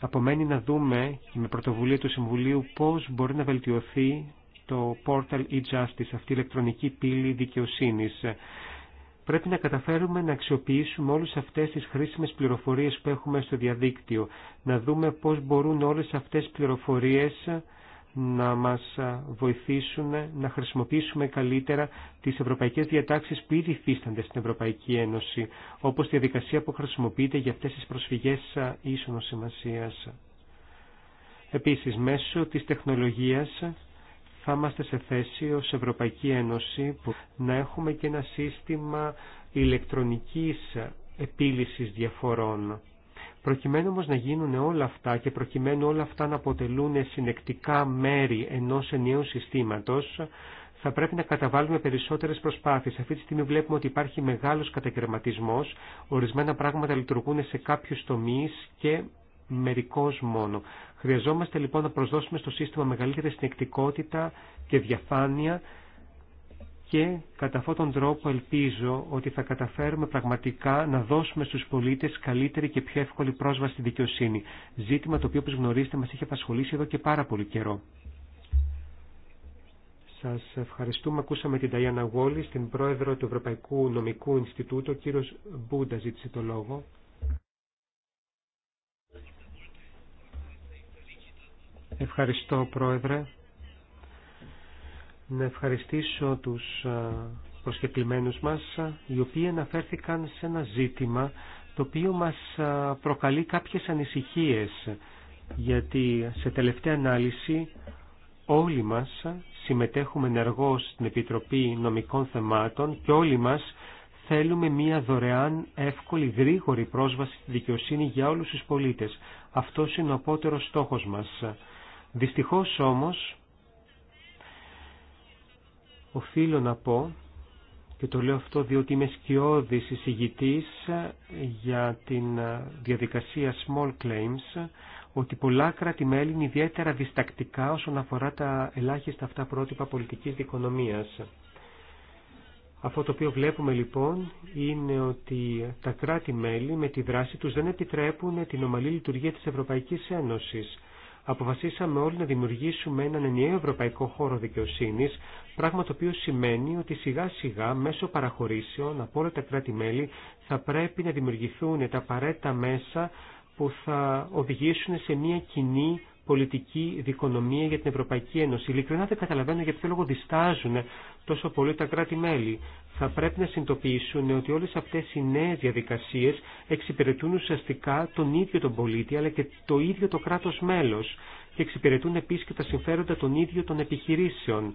Απομένει να δούμε με πρωτοβουλία του Συμβουλίου πώς μπορεί να βελτιωθεί το Portal e-Justice, αυτή η ηλεκτρονική πύλη δικαιοσύνης. Πρέπει να καταφέρουμε να αξιοποιήσουμε όλες αυτές τις χρήσιμες πληροφορίες που έχουμε στο διαδίκτυο, να δούμε πώς μπορούν όλες αυτές τις πληροφορίες να μας βοηθήσουν να χρησιμοποιήσουμε καλύτερα τις ευρωπαϊκές διατάξεις που ήδη υφίστανται στην Ευρωπαϊκή Ένωση, όπως τη διαδικασία που χρησιμοποιείται για αυτές τις προσφυγές ίσονος σημασίας. Επίσης, μέσω της τεχνολογίας θα είμαστε σε θέση ως Ευρωπαϊκή Ένωση που να έχουμε και ένα σύστημα ηλεκτρονικής επίλυσης διαφορών. Προκειμένου όμως να γίνουν όλα αυτά και προκειμένου όλα αυτά να αποτελούν συνεκτικά μέρη ενός ενιαίου συστήματος, θα πρέπει να καταβάλουμε περισσότερες προσπάθειες. Αυτή τη στιγμή βλέπουμε ότι υπάρχει μεγάλος κατακαιρματισμός, ορισμένα πράγματα λειτουργούν σε κάποιους τομείς και μερικώς μόνο. Χρειαζόμαστε λοιπόν να προσδώσουμε στο σύστημα μεγαλύτερη συνεκτικότητα και διαφάνεια και κατά αυτόν τον τρόπο ελπίζω ότι θα καταφέρουμε πραγματικά να δώσουμε στους πολίτες καλύτερη και πιο εύκολη πρόσβαση στη δικαιοσύνη. Ζήτημα το οποίο όπως γνωρίζετε μας είχε απασχολήσει εδώ και πάρα πολύ καιρό. Σας ευχαριστούμε. Ακούσαμε την Ταϊάννα Γόλη, την πρόεδρο του Ευρωπαϊκού Νομικού Ινστιτούτου. Ο κύριος Μπούντα ζήτησε το λόγο. Ευχαριστώ, πρόεδρε να ευχαριστήσω τους προσκεκλημένους μας, οι οποίοι αναφέρθηκαν σε ένα ζήτημα το οποίο μας προκαλεί κάποιες ανησυχίες, γιατί σε τελευταία ανάλυση όλοι μας συμμετέχουμε ενεργώς στην Επιτροπή Νομικών Θεμάτων και όλοι μας θέλουμε μία δωρεάν, εύκολη, γρήγορη πρόσβαση στη δικαιοσύνη για όλους τους πολίτες. Αυτός είναι ο απότερος στόχος μας. Δυστυχώς όμως Οφείλω να πω, και το λέω αυτό διότι είμαι σκιώδης εισηγητής για την διαδικασία small claims, ότι πολλά κράτη-μέλη είναι ιδιαίτερα διστακτικά όσον αφορά τα ελάχιστα αυτά πρότυπα πολιτικής δικονομίας. Αυτό το οποίο βλέπουμε λοιπόν είναι ότι τα κράτη-μέλη με τη δράση τους δεν επιτρέπουν την ομαλή λειτουργία της Ευρωπαϊκής Ένωσης αποφασίσαμε όλοι να δημιουργήσουμε έναν ενιαίο ευρωπαϊκό χώρο δικαιοσύνης, πράγμα το οποίο σημαίνει ότι σιγά σιγά μέσω παραχωρήσεων από όλα τα κράτη-μέλη θα πρέπει να δημιουργηθούν τα απαραίτητα μέσα που θα οδηγήσουν σε μια κοινή πολιτική δικονομία για την Ευρωπαϊκή Ένωση. Ειλικρινά δεν καταλαβαίνω για ποιο λόγο διστάζουν τόσο πολύ τα κράτη-μέλη. Θα πρέπει να συνειδητοποιήσουν ότι όλες αυτές οι νέες διαδικασίες εξυπηρετούν ουσιαστικά τον ίδιο τον πολίτη αλλά και το ίδιο το κράτος μέλος και εξυπηρετούν επίση και τα συμφέροντα των ίδιων των επιχειρήσεων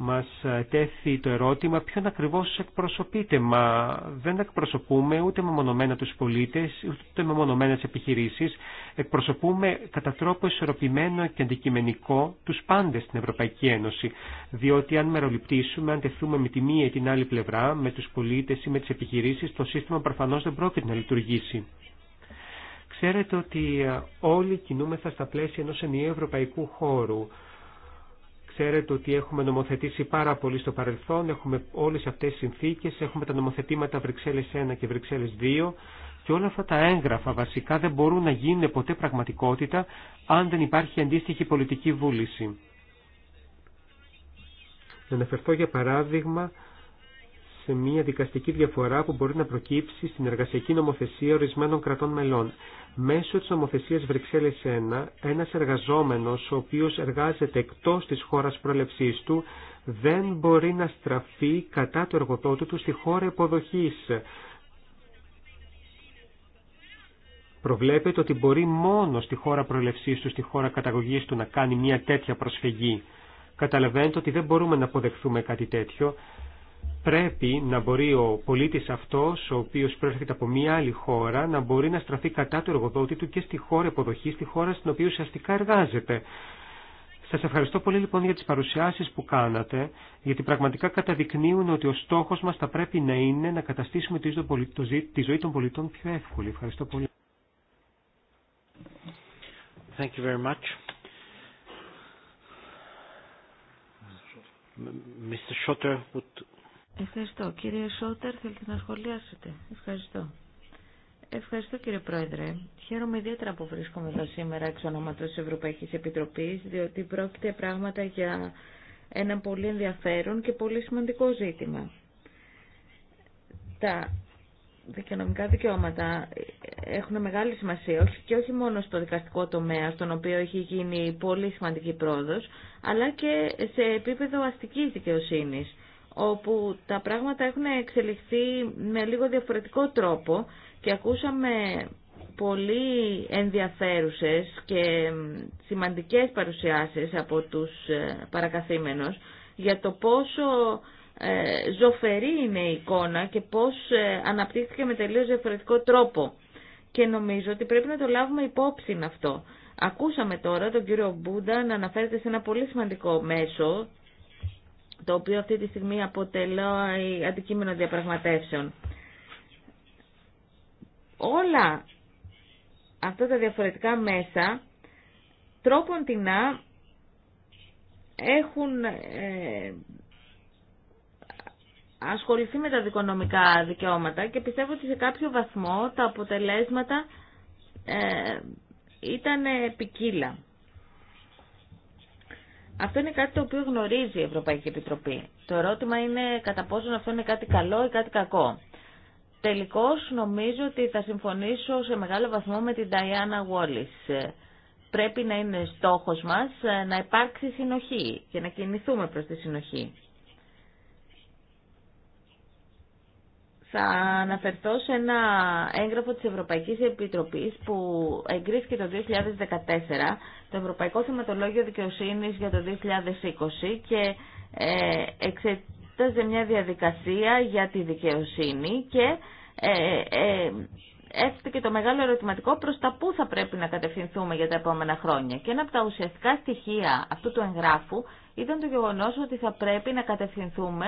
μας τέθη το ερώτημα ποιον ακριβώς εκπροσωπείτε. Μα δεν εκπροσωπούμε ούτε μεμονωμένα τους πολίτες, ούτε μεμονωμένες επιχειρήσεις. Εκπροσωπούμε κατά τρόπο ισορροπημένο και αντικειμενικό τους πάντες στην Ευρωπαϊκή Ένωση. Διότι αν μεροληπτήσουμε, αν τεθούμε με τη μία ή την άλλη πλευρά, με τους πολίτες ή με τις επιχειρήσεις, το σύστημα προφανώς δεν πρόκειται να λειτουργήσει. Ξέρετε ότι ε, όλοι κινούμεθα στα πλαίσια ενός ενιαίου ευρωπαϊκού χώρου Ξέρετε ότι έχουμε νομοθετήσει πάρα πολύ στο παρελθόν, έχουμε όλες αυτές τις συνθήκες, έχουμε τα νομοθετήματα Βρυξέλλες 1 και Βρυξέλλες 2 και όλα αυτά τα έγγραφα βασικά δεν μπορούν να γίνουν ποτέ πραγματικότητα αν δεν υπάρχει αντίστοιχη πολιτική βούληση. Να αναφερθώ για παράδειγμα σε μια δικαστική διαφορά που μπορεί να προκύψει στην εργασιακή νομοθεσία ορισμένων κρατών μελών. Μέσω της νομοθεσίας Βρυξέλλες 1, ένας εργαζόμενος ο οποίος εργάζεται εκτός της χώρας πρόλευσής του δεν μπορεί να στραφεί κατά του εργοτότη του στη χώρα υποδοχής. Προβλέπεται ότι μπορεί μόνο στη χώρα προελευσής του, στη χώρα καταγωγής του να κάνει μια τέτοια προσφυγή. Καταλαβαίνετε ότι δεν μπορούμε να αποδεχθούμε κάτι τέτοιο πρέπει να μπορεί ο πολίτης αυτός, ο οποίος προέρχεται από μια άλλη χώρα, να μπορεί να στραφεί κατά του εργοδότη του και στη χώρα υποδοχή, στη χώρα στην οποία ουσιαστικά εργάζεται. Σας ευχαριστώ πολύ λοιπόν για τις παρουσιάσεις που κάνατε, γιατί πραγματικά καταδεικνύουν ότι ο στόχος μας θα πρέπει να είναι να καταστήσουμε τη ζωή των πολιτών πιο εύκολη. Ευχαριστώ πολύ. Thank you very much. Mr. Schotter would Ευχαριστώ. Κύριε Σότερ, θέλετε να σχολιάσετε. Ευχαριστώ. Ευχαριστώ κύριε Πρόεδρε. Χαίρομαι ιδιαίτερα που βρίσκομαι εδώ σήμερα εξ ονόματος της Ευρωπαϊκής Επιτροπής, διότι πρόκειται πράγματα για ένα πολύ ενδιαφέρον και πολύ σημαντικό ζήτημα. Τα δικαιονομικά δικαιώματα έχουν μεγάλη σημασία και όχι μόνο στο δικαστικό τομέα στον οποίο έχει γίνει πολύ σημαντική πρόοδος αλλά και σε επίπεδο αστικής δικαιοσύνη όπου τα πράγματα έχουν εξελιχθεί με λίγο διαφορετικό τρόπο και ακούσαμε πολύ ενδιαφέρουσες και σημαντικές παρουσιάσεις από τους ε, παρακαθήμενους για το πόσο ε, ζωφερή είναι η εικόνα και πώς ε, αναπτύχθηκε με τελείως διαφορετικό τρόπο. Και νομίζω ότι πρέπει να το λάβουμε υπόψη αυτό. Ακούσαμε τώρα τον κύριο Μπούντα να αναφέρεται σε ένα πολύ σημαντικό μέσο, το οποίο αυτή τη στιγμή αποτελεί αντικείμενο διαπραγματεύσεων. Όλα αυτά τα διαφορετικά μέσα τρόπον την να έχουν ε, ασχοληθεί με τα δικονομικά δικαιώματα και πιστεύω ότι σε κάποιο βαθμό τα αποτελέσματα ε, ήταν ποικίλα. Αυτό είναι κάτι το οποίο γνωρίζει η Ευρωπαϊκή Επιτροπή. Το ερώτημα είναι κατά πόσο αυτό είναι κάτι καλό ή κάτι κακό. Τελικώ νομίζω ότι θα συμφωνήσω σε μεγάλο βαθμό με την Diana Wallis. Πρέπει να είναι στόχος μας ε, να υπάρξει συνοχή και να κινηθούμε προς τη συνοχή. θα αναφερθώ σε ένα έγγραφο της Ευρωπαϊκής Επιτροπής που εγκρίθηκε το 2014, το Ευρωπαϊκό Θεματολόγιο Δικαιοσύνης για το 2020 και ε, εξετάζει μια διαδικασία για τη δικαιοσύνη και έφτασε ε, το μεγάλο ερωτηματικό προς τα πού θα πρέπει να κατευθυνθούμε για τα επόμενα χρόνια. Και ένα από τα ουσιαστικά στοιχεία αυτού του εγγράφου ήταν το γεγονός ότι θα πρέπει να κατευθυνθούμε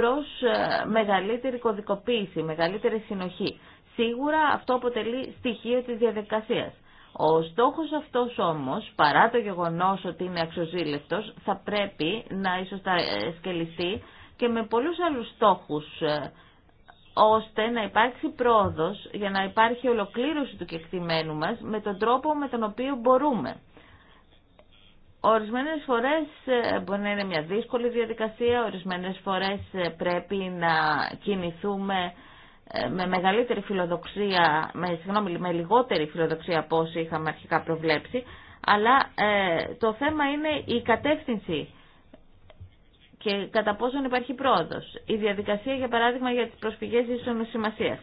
προς ε, μεγαλύτερη κωδικοποίηση, μεγαλύτερη συνοχή. Σίγουρα αυτό αποτελεί στοιχείο της διαδικασίας. Ο στόχος αυτός όμως, παρά το γεγονός ότι είναι αξιοζήλευτος, θα πρέπει να ίσως τα σκελιστεί και με πολλούς άλλους στόχους, ε, ώστε να υπάρξει πρόοδος για να υπάρχει ολοκλήρωση του κεκτημένου μας με τον τρόπο με τον οποίο μπορούμε. Ορισμένες φορές ε, μπορεί να είναι μια δύσκολη διαδικασία, ορισμένες φορές ε, πρέπει να κινηθούμε ε, με μεγαλύτερη φιλοδοξία, με, λιγότερη φιλοδοξία από όσοι είχαμε αρχικά προβλέψει, αλλά το θέμα είναι η κατεύθυνση και κατά πόσον υπάρχει πρόοδος. Η διαδικασία, για παράδειγμα, για τις προσφυγές είναι σημασία.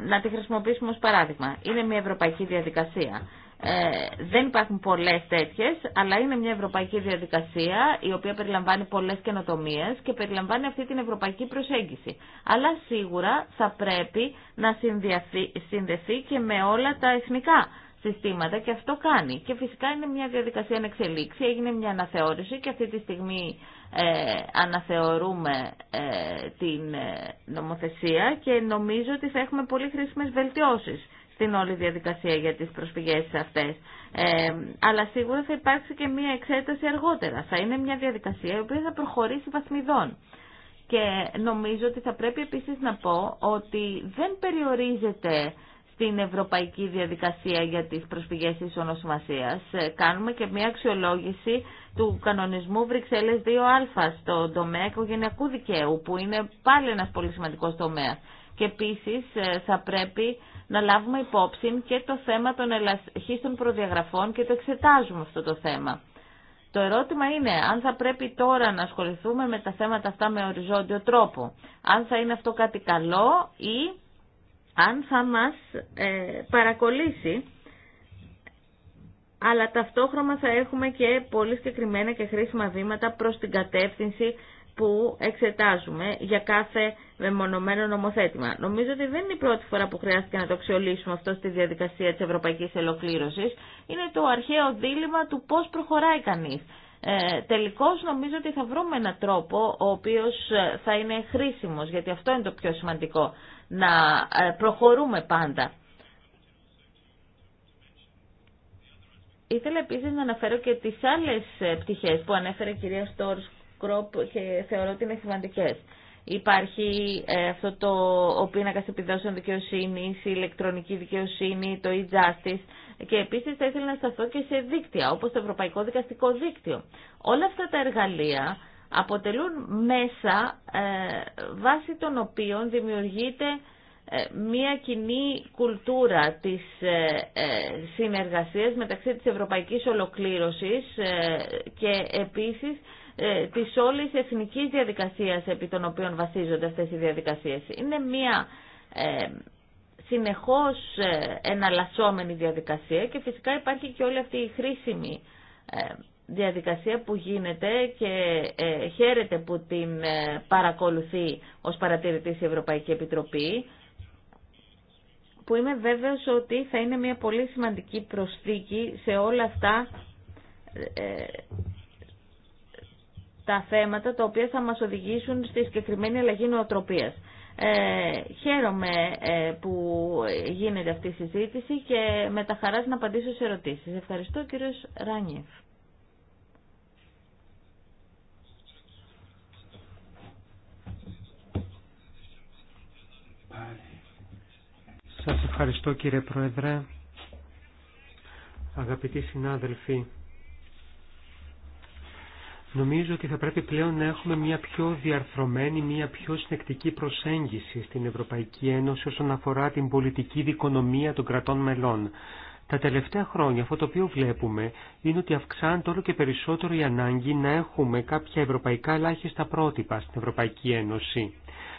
Να τη χρησιμοποιήσουμε ως παράδειγμα. Είναι μια ευρωπαϊκή διαδικασία. Ε, δεν υπάρχουν πολλές τέτοιες, αλλά είναι μια ευρωπαϊκή διαδικασία η οποία περιλαμβάνει πολλές καινοτομίε και περιλαμβάνει αυτή την ευρωπαϊκή προσέγγιση. Αλλά σίγουρα θα πρέπει να συνδεθεί και με όλα τα εθνικά συστήματα και αυτό κάνει. Και φυσικά είναι μια διαδικασία να εξελίξει. έγινε μια αναθεώρηση και αυτή τη στιγμή ε, αναθεωρούμε ε, την νομοθεσία και νομίζω ότι θα έχουμε πολύ χρήσιμες βελτιώσεις στην όλη διαδικασία για τις προσφυγές αυτές. Ε, αλλά σίγουρα θα υπάρξει και μία εξέταση αργότερα. Θα είναι μια διαδικασία η οποία θα προχωρήσει βαθμιδών. Και νομίζω ότι θα πρέπει επίσης να πω ότι δεν περιορίζεται στην ευρωπαϊκή διαδικασία για τις προσφυγές ίσονος σημασίας. Ε, κάνουμε και μια αξιολόγηση του κανονισμού Βρυξέλλες 2α στον τομέα οικογενειακού δικαίου, που είναι πάλι ένας πολύ σημαντικός τομέας. Και επίσης ε, θα πρέπει να λάβουμε υπόψη και το θέμα των ελαχίστων προδιαγραφών και το εξετάζουμε αυτό το θέμα. Το ερώτημα είναι αν θα πρέπει τώρα να ασχοληθούμε με τα θέματα αυτά με οριζόντιο τρόπο. Αν θα είναι αυτό κάτι καλό ή αν θα μας ε, παρακολύσει αλλά ταυτόχρονα θα έχουμε και πολύ συγκεκριμένα και χρήσιμα βήματα προς την κατεύθυνση που εξετάζουμε για κάθε μεμονωμένο νομοθέτημα. Νομίζω ότι δεν είναι η πρώτη φορά που χρειάστηκε να το αξιολύσουμε αυτό στη διαδικασία της ευρωπαϊκής ελοκλήρωσης. Είναι το αρχαίο δίλημα του πώς προχωράει κανείς. Ε, τελικώς νομίζω ότι θα βρούμε έναν τρόπο ο οποίος ε, θα είναι χρήσιμος, γιατί αυτό είναι το πιο σημαντικό, να ε, προχωρούμε πάντα. Ήθελα επίσης να αναφέρω και τις άλλες ε, πτυχές που ανέφερε η κυρία Στόρς Κρόπ και θεωρώ ότι είναι σημαντικές. Υπάρχει ε, αυτό το ο πίνακα επιδόσεων δικαιοσύνη, η ηλεκτρονική δικαιοσύνη, το e-justice και επίση θα ήθελα να σταθώ και σε δίκτυα όπω το Ευρωπαϊκό Δικαστικό Δίκτυο. Όλα αυτά τα εργαλεία αποτελούν μέσα ε, βάσει των οποίων δημιουργείται ε, μια κοινή κουλτούρα της ε, συνεργασίας μεταξύ της ευρωπαϊκής ολοκλήρωσης και επίσης ε, της όλης εθνικής διαδικασίας επί των οποίων βασίζονται αυτές οι διαδικασίες. Είναι μια ε, συνεχώς ε, εναλλασσόμενη διαδικασία και φυσικά υπάρχει και όλη αυτή η χρήσιμη ε, διαδικασία που γίνεται και ε, χαίρεται που την παρακολουθεί ως παρατηρητής η Ευρωπαϊκή Επιτροπή που είμαι βέβαιος ότι θα είναι μια πολύ σημαντική προσθήκη σε όλα αυτά τα θέματα τα οποία θα μας οδηγήσουν στη συγκεκριμένη αλλαγή νοοτροπίας. Ε, χαίρομαι ε, που γίνεται αυτή η συζήτηση και με τα χαρά να απαντήσω σε ερωτήσεις. Ευχαριστώ κύριος Ράνιεφ. Σας ευχαριστώ κύριε Πρόεδρε. Αγαπητοί συνάδελφοι, Νομίζω ότι θα πρέπει πλέον να έχουμε μια πιο διαρθρωμένη, μια πιο συνεκτική προσέγγιση στην Ευρωπαϊκή Ένωση όσον αφορά την πολιτική δικονομία των κρατών μελών. Τα τελευταία χρόνια αυτό το οποίο βλέπουμε είναι ότι αυξάνεται όλο και περισσότερο η ανάγκη να έχουμε κάποια ευρωπαϊκά ελάχιστα πρότυπα στην Ευρωπαϊκή Ένωση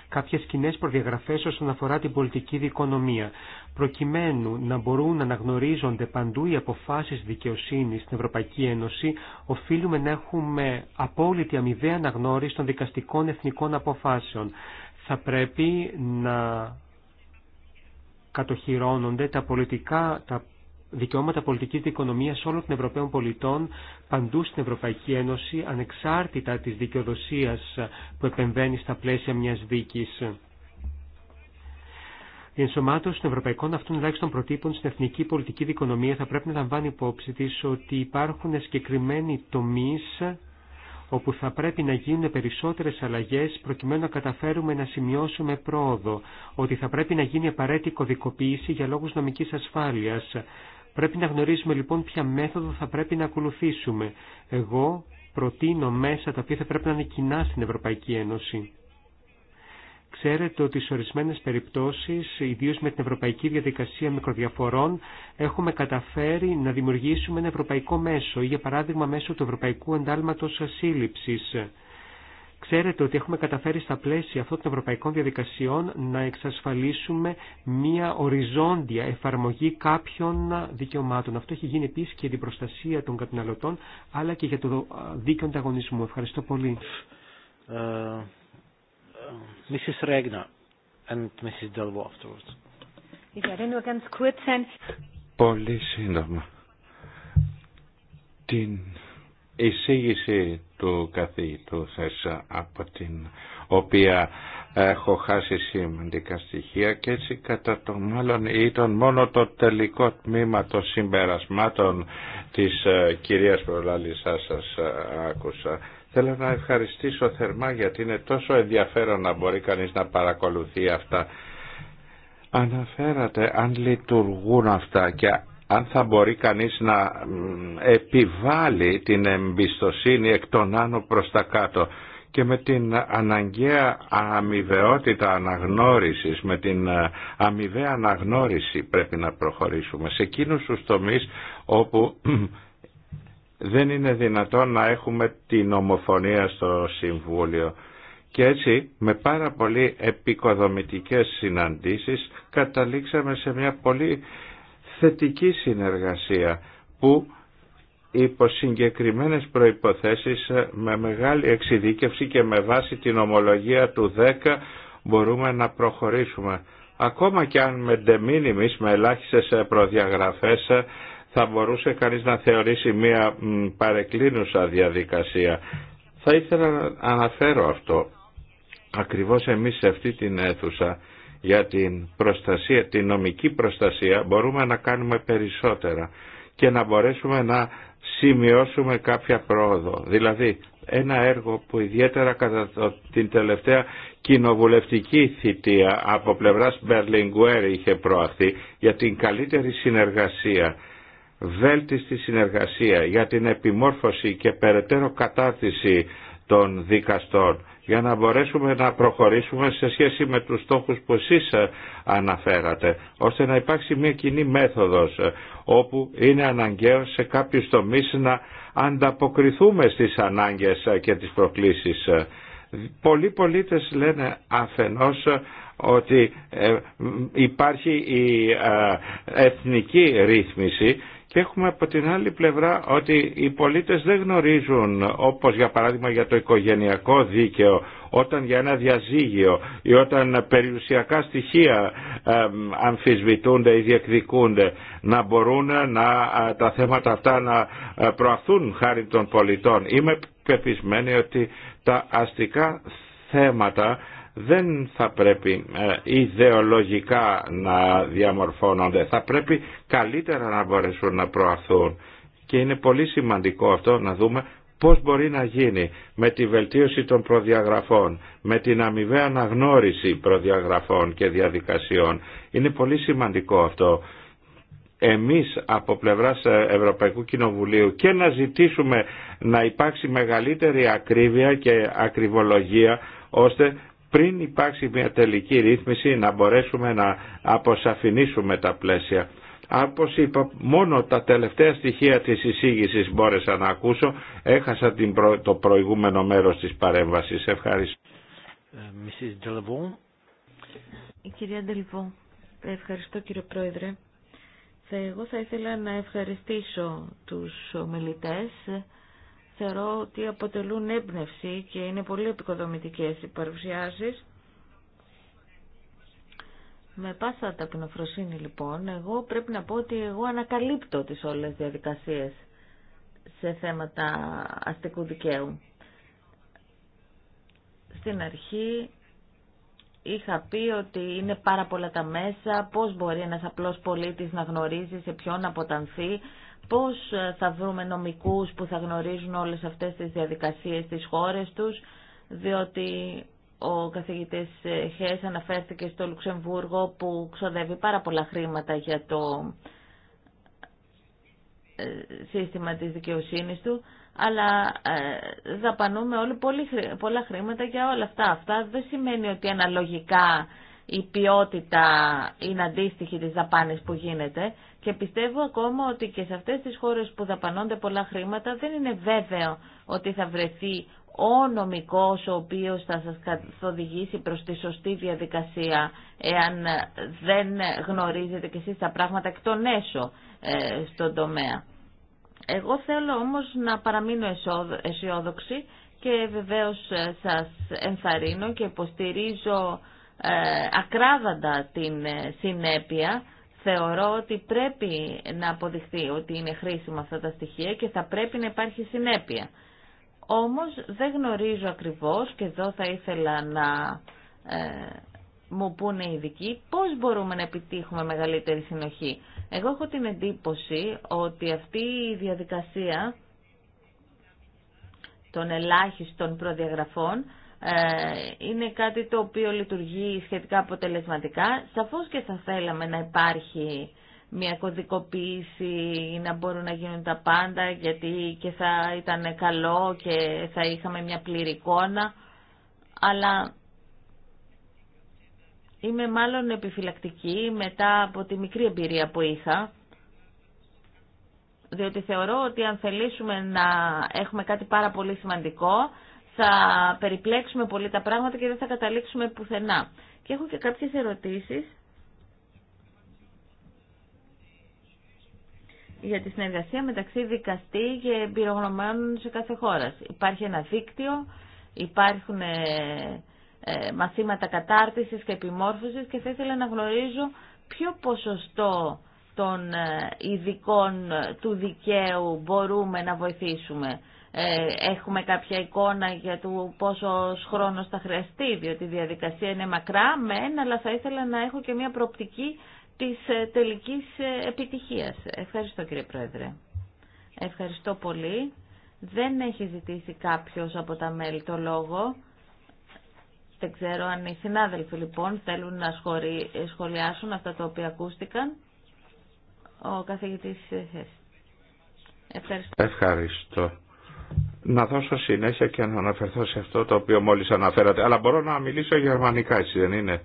κάποιες κοινέ προδιαγραφές όσον αφορά την πολιτική δικονομία, προκειμένου να μπορούν να αναγνωρίζονται παντού οι αποφάσεις δικαιοσύνης στην Ευρωπαϊκή Ένωση, οφείλουμε να έχουμε απόλυτη αμοιβαία αναγνώριση των δικαστικών εθνικών αποφάσεων. Θα πρέπει να κατοχυρώνονται τα πολιτικά, τα δικαιώματα πολιτικής δικονομίας όλων των Ευρωπαίων πολιτών παντού στην Ευρωπαϊκή Ένωση, ανεξάρτητα της δικαιοδοσίας που επεμβαίνει στα πλαίσια μιας δίκης. Η ενσωμάτωση των ευρωπαϊκών αυτών ελάχιστων προτύπων στην εθνική πολιτική δικονομία θα πρέπει να λαμβάνει υπόψη τη ότι υπάρχουν συγκεκριμένοι τομεί όπου θα πρέπει να γίνουν περισσότερε αλλαγέ προκειμένου να καταφέρουμε να σημειώσουμε πρόοδο, ότι θα πρέπει να γίνει απαραίτητη κωδικοποίηση για λόγου νομική ασφάλεια. Πρέπει να γνωρίζουμε λοιπόν ποια μέθοδο θα πρέπει να ακολουθήσουμε. Εγώ προτείνω μέσα τα οποία θα πρέπει να είναι κοινά στην Ευρωπαϊκή Ένωση. Ξέρετε ότι σε ορισμένε περιπτώσει, ιδίω με την Ευρωπαϊκή Διαδικασία Μικροδιαφορών, έχουμε καταφέρει να δημιουργήσουμε ένα ευρωπαϊκό μέσο ή, για παράδειγμα, μέσω του Ευρωπαϊκού Εντάλματο Ασύλληψη. Ξέρετε ότι έχουμε καταφέρει στα πλαίσια αυτών των ευρωπαϊκών διαδικασιών να εξασφαλίσουμε μια οριζόντια εφαρμογή κάποιων δικαιωμάτων. Αυτό έχει γίνει επίση και για την προστασία των καταναλωτών αλλά και για το δίκαιο ανταγωνισμού. Ευχαριστώ πολύ. Ε, ε, πολύ σύντομα. Την εισήγηση του καθηγητού Θέσα από την οποία έχω χάσει σημαντικά στοιχεία και έτσι κατά το μάλλον ήταν μόνο το τελικό τμήμα των συμπερασμάτων της ε, κυρίας προλαλήσάς σας ε, άκουσα. Θέλω να ευχαριστήσω θερμά γιατί είναι τόσο ενδιαφέρον να μπορεί κανείς να παρακολουθεί αυτά. Αναφέρατε αν λειτουργούν αυτά και αν θα μπορεί κανείς να επιβάλλει την εμπιστοσύνη εκ των άνω προς τα κάτω και με την αναγκαία αμοιβαιότητα αναγνώρισης, με την ε, αμοιβαία αναγνώριση πρέπει να προχωρήσουμε σε εκείνους τους τομείς όπου δεν είναι δυνατόν να έχουμε την ομοφωνία στο Συμβούλιο. Και έτσι με πάρα πολύ επικοδομητικές συναντήσεις καταλήξαμε σε μια πολύ θετική συνεργασία που υπό συγκεκριμένες προϋποθέσεις ε, με μεγάλη εξειδίκευση και με βάση την ομολογία του 10 μπορούμε να προχωρήσουμε. Ακόμα και αν με ντεμίνιμις, με ελάχιστες ε, προδιαγραφές, ε, θα μπορούσε κανείς να θεωρήσει μία παρεκκλίνουσα διαδικασία. Θα ήθελα να αναφέρω αυτό. Ακριβώς εμείς σε αυτή την αίθουσα για την προστασία, την νομική προστασία μπορούμε να κάνουμε περισσότερα και να μπορέσουμε να σημειώσουμε κάποια πρόοδο. Δηλαδή ένα έργο που ιδιαίτερα κατά την τελευταία κοινοβουλευτική θητεία από πλευράς Μπερλιγκουέρη είχε προαχθεί για την καλύτερη συνεργασία βέλτιστη συνεργασία για την επιμόρφωση και περαιτέρω κατάρτιση των δικαστών για να μπορέσουμε να προχωρήσουμε σε σχέση με τους στόχους που εσείς ε, αναφέρατε, ώστε να υπάρξει μια κοινή μέθοδος ε, όπου είναι αναγκαίο σε κάποιους τομείς να ανταποκριθούμε στις ανάγκες ε, και τις προκλήσεις. Πολλοί πολίτες λένε αφενός ότι υπάρχει η εθνική ρύθμιση και έχουμε από την άλλη πλευρά ότι οι πολίτες δεν γνωρίζουν όπως για παράδειγμα για το οικογενειακό δίκαιο όταν για ένα διαζύγιο ή όταν περιουσιακά στοιχεία αμφισβητούνται ή διεκδικούνται να μπορούν να, τα θέματα αυτά να προαθούν χάρη των πολιτών. Είμαι πεπισμένη ότι τα αστικά θέματα δεν θα πρέπει ε, ιδεολογικά να διαμορφώνονται, θα πρέπει καλύτερα να μπορέσουν να προαθούν. Και είναι πολύ σημαντικό αυτό να δούμε πώς μπορεί να γίνει με τη βελτίωση των προδιαγραφών, με την αμοιβαία αναγνώριση προδιαγραφών και διαδικασιών. Είναι πολύ σημαντικό αυτό εμείς από πλευράς ε, Ευρωπαϊκού Κοινοβουλίου και να ζητήσουμε να υπάρξει μεγαλύτερη ακρίβεια και ακριβολογία ώστε πριν υπάρξει μια τελική ρύθμιση να μπορέσουμε να αποσαφηνίσουμε τα πλαίσια. Όπως είπα, μόνο τα τελευταία στοιχεία της εισήγησης μπόρεσα να ακούσω. Έχασα την το προηγούμενο μέρος της παρέμβασης. Ευχαριστώ. Ε, Η κυρία Ντελβό, ευχαριστώ κύριε Πρόεδρε. Εγώ θα ήθελα να ευχαριστήσω τους ομιλητές θεωρώ ότι αποτελούν έμπνευση και είναι πολύ επικοδομητικές οι παρουσιάσεις. Με πάσα ταπεινοφροσύνη λοιπόν, εγώ πρέπει να πω ότι εγώ ανακαλύπτω τις όλες διαδικασίες σε θέματα αστικού δικαίου. Στην αρχή είχα πει ότι είναι πάρα πολλά τα μέσα, πώς μπορεί ένας απλός πολίτης να γνωρίζει σε ποιον αποτανθεί, πώς ε, θα βρούμε νομικούς που θα γνωρίζουν όλες αυτές τις διαδικασίες στις χώρες τους, διότι ο καθηγητής ε, Χές αναφέρθηκε στο Λουξεμβούργο που ξοδεύει πάρα πολλά χρήματα για το ε, σύστημα της δικαιοσύνης του, αλλά δαπανούμε όλοι πολλά χρήματα για όλα αυτά. Αυτά δεν σημαίνει ότι αναλογικά η ποιότητα είναι αντίστοιχη της δαπάνης που γίνεται και πιστεύω ακόμα ότι και σε αυτές τις χώρες που δαπανώνται πολλά χρήματα δεν είναι βέβαιο ότι θα βρεθεί ο νομικός ο οποίος θα σας καθοδηγήσει προς τη σωστή διαδικασία εάν δεν γνωρίζετε κι εσείς τα πράγματα εκ των έσω ε, στον τομέα. Εγώ θέλω όμως να παραμείνω αισιόδοξη και βεβαίως ε, σας ενθαρρύνω και υποστηρίζω ε, ακράδαντα την ε, συνέπεια θεωρώ ότι πρέπει να αποδειχθεί ότι είναι χρήσιμα αυτά τα στοιχεία και θα πρέπει να υπάρχει συνέπεια. Όμως δεν γνωρίζω ακριβώς και εδώ θα ήθελα να ε, μου πούνε οι ειδικοί πώς μπορούμε να επιτύχουμε μεγαλύτερη συνοχή. Εγώ έχω την εντύπωση ότι αυτή η διαδικασία των ελάχιστων προδιαγραφών ε, είναι κάτι το οποίο λειτουργεί σχετικά αποτελεσματικά. Σαφώς και θα θέλαμε να υπάρχει μια κωδικοποίηση να μπορούν να γίνουν τα πάντα γιατί και θα ήταν καλό και θα είχαμε μια πλήρη εικόνα αλλά είμαι μάλλον επιφυλακτική μετά από τη μικρή εμπειρία που είχα διότι θεωρώ ότι αν θελήσουμε να έχουμε κάτι πάρα πολύ σημαντικό θα περιπλέξουμε πολύ τα πράγματα και δεν θα καταλήξουμε πουθενά. Και έχω και κάποιες ερωτήσεις για τη συνεργασία μεταξύ δικαστή και εμπειρογνωμένων σε κάθε χώρα. Υπάρχει ένα δίκτυο, υπάρχουν ε, ε, μαθήματα κατάρτισης και επιμόρφωσης και θα ήθελα να γνωρίζω ποιο ποσοστό των ε, ειδικών του δικαίου μπορούμε να βοηθήσουμε. Ε, έχουμε κάποια εικόνα για το πόσο χρόνο θα χρειαστεί, διότι η διαδικασία είναι μακρά, μεν, αλλά θα ήθελα να έχω και μια προοπτική της ε, τελικής ε, επιτυχίας. Ευχαριστώ κύριε Πρόεδρε. Ευχαριστώ πολύ. Δεν έχει ζητήσει κάποιος από τα μέλη το λόγο. Δεν ξέρω αν οι συνάδελφοι λοιπόν θέλουν να σχολιάσουν αυτά τα οποία ακούστηκαν. Ο καθηγητής Ευχαριστώ. Ευχαριστώ να δώσω συνέχεια και να αναφερθώ σε αυτό το οποίο μόλις αναφέρατε. Αλλά μπορώ να μιλήσω γερμανικά, έτσι δεν είναι.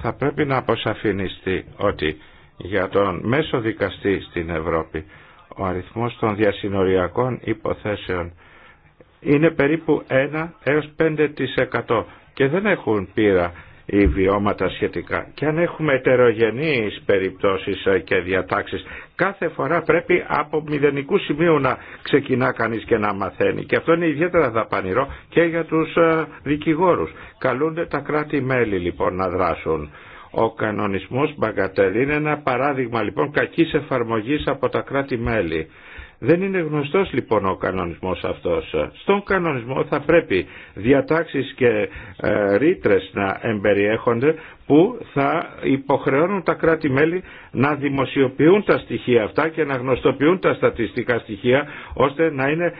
Θα πρέπει να αποσαφινιστεί ότι για τον μέσο δικαστή στην Ευρώπη ο αριθμός των διασυνοριακών υποθέσεων είναι περίπου 1 έως 5% και δεν έχουν πείρα ή βιώματα σχετικά. Και αν έχουμε ετερογενείς περιπτώσεις ε, και διατάξεις, κάθε φορά πρέπει από μηδενικού σημείου να ξεκινά κανείς και να μαθαίνει. Και αυτό είναι ιδιαίτερα δαπανηρό και για τους ε, δικηγόρους. Καλούνται τα κράτη-μέλη λοιπόν να δράσουν. Ο κανονισμός Μπαγκατέλη είναι ένα παράδειγμα λοιπόν κακής εφαρμογής από τα κράτη-μέλη. Δεν είναι γνωστός λοιπόν ο κανονισμός αυτός. Στον κανονισμό θα πρέπει διατάξεις και ε, ρήτρε να εμπεριέχονται που θα υποχρεώνουν τα κράτη-μέλη να δημοσιοποιούν τα στοιχεία αυτά και να γνωστοποιούν τα στατιστικά στοιχεία ώστε να είναι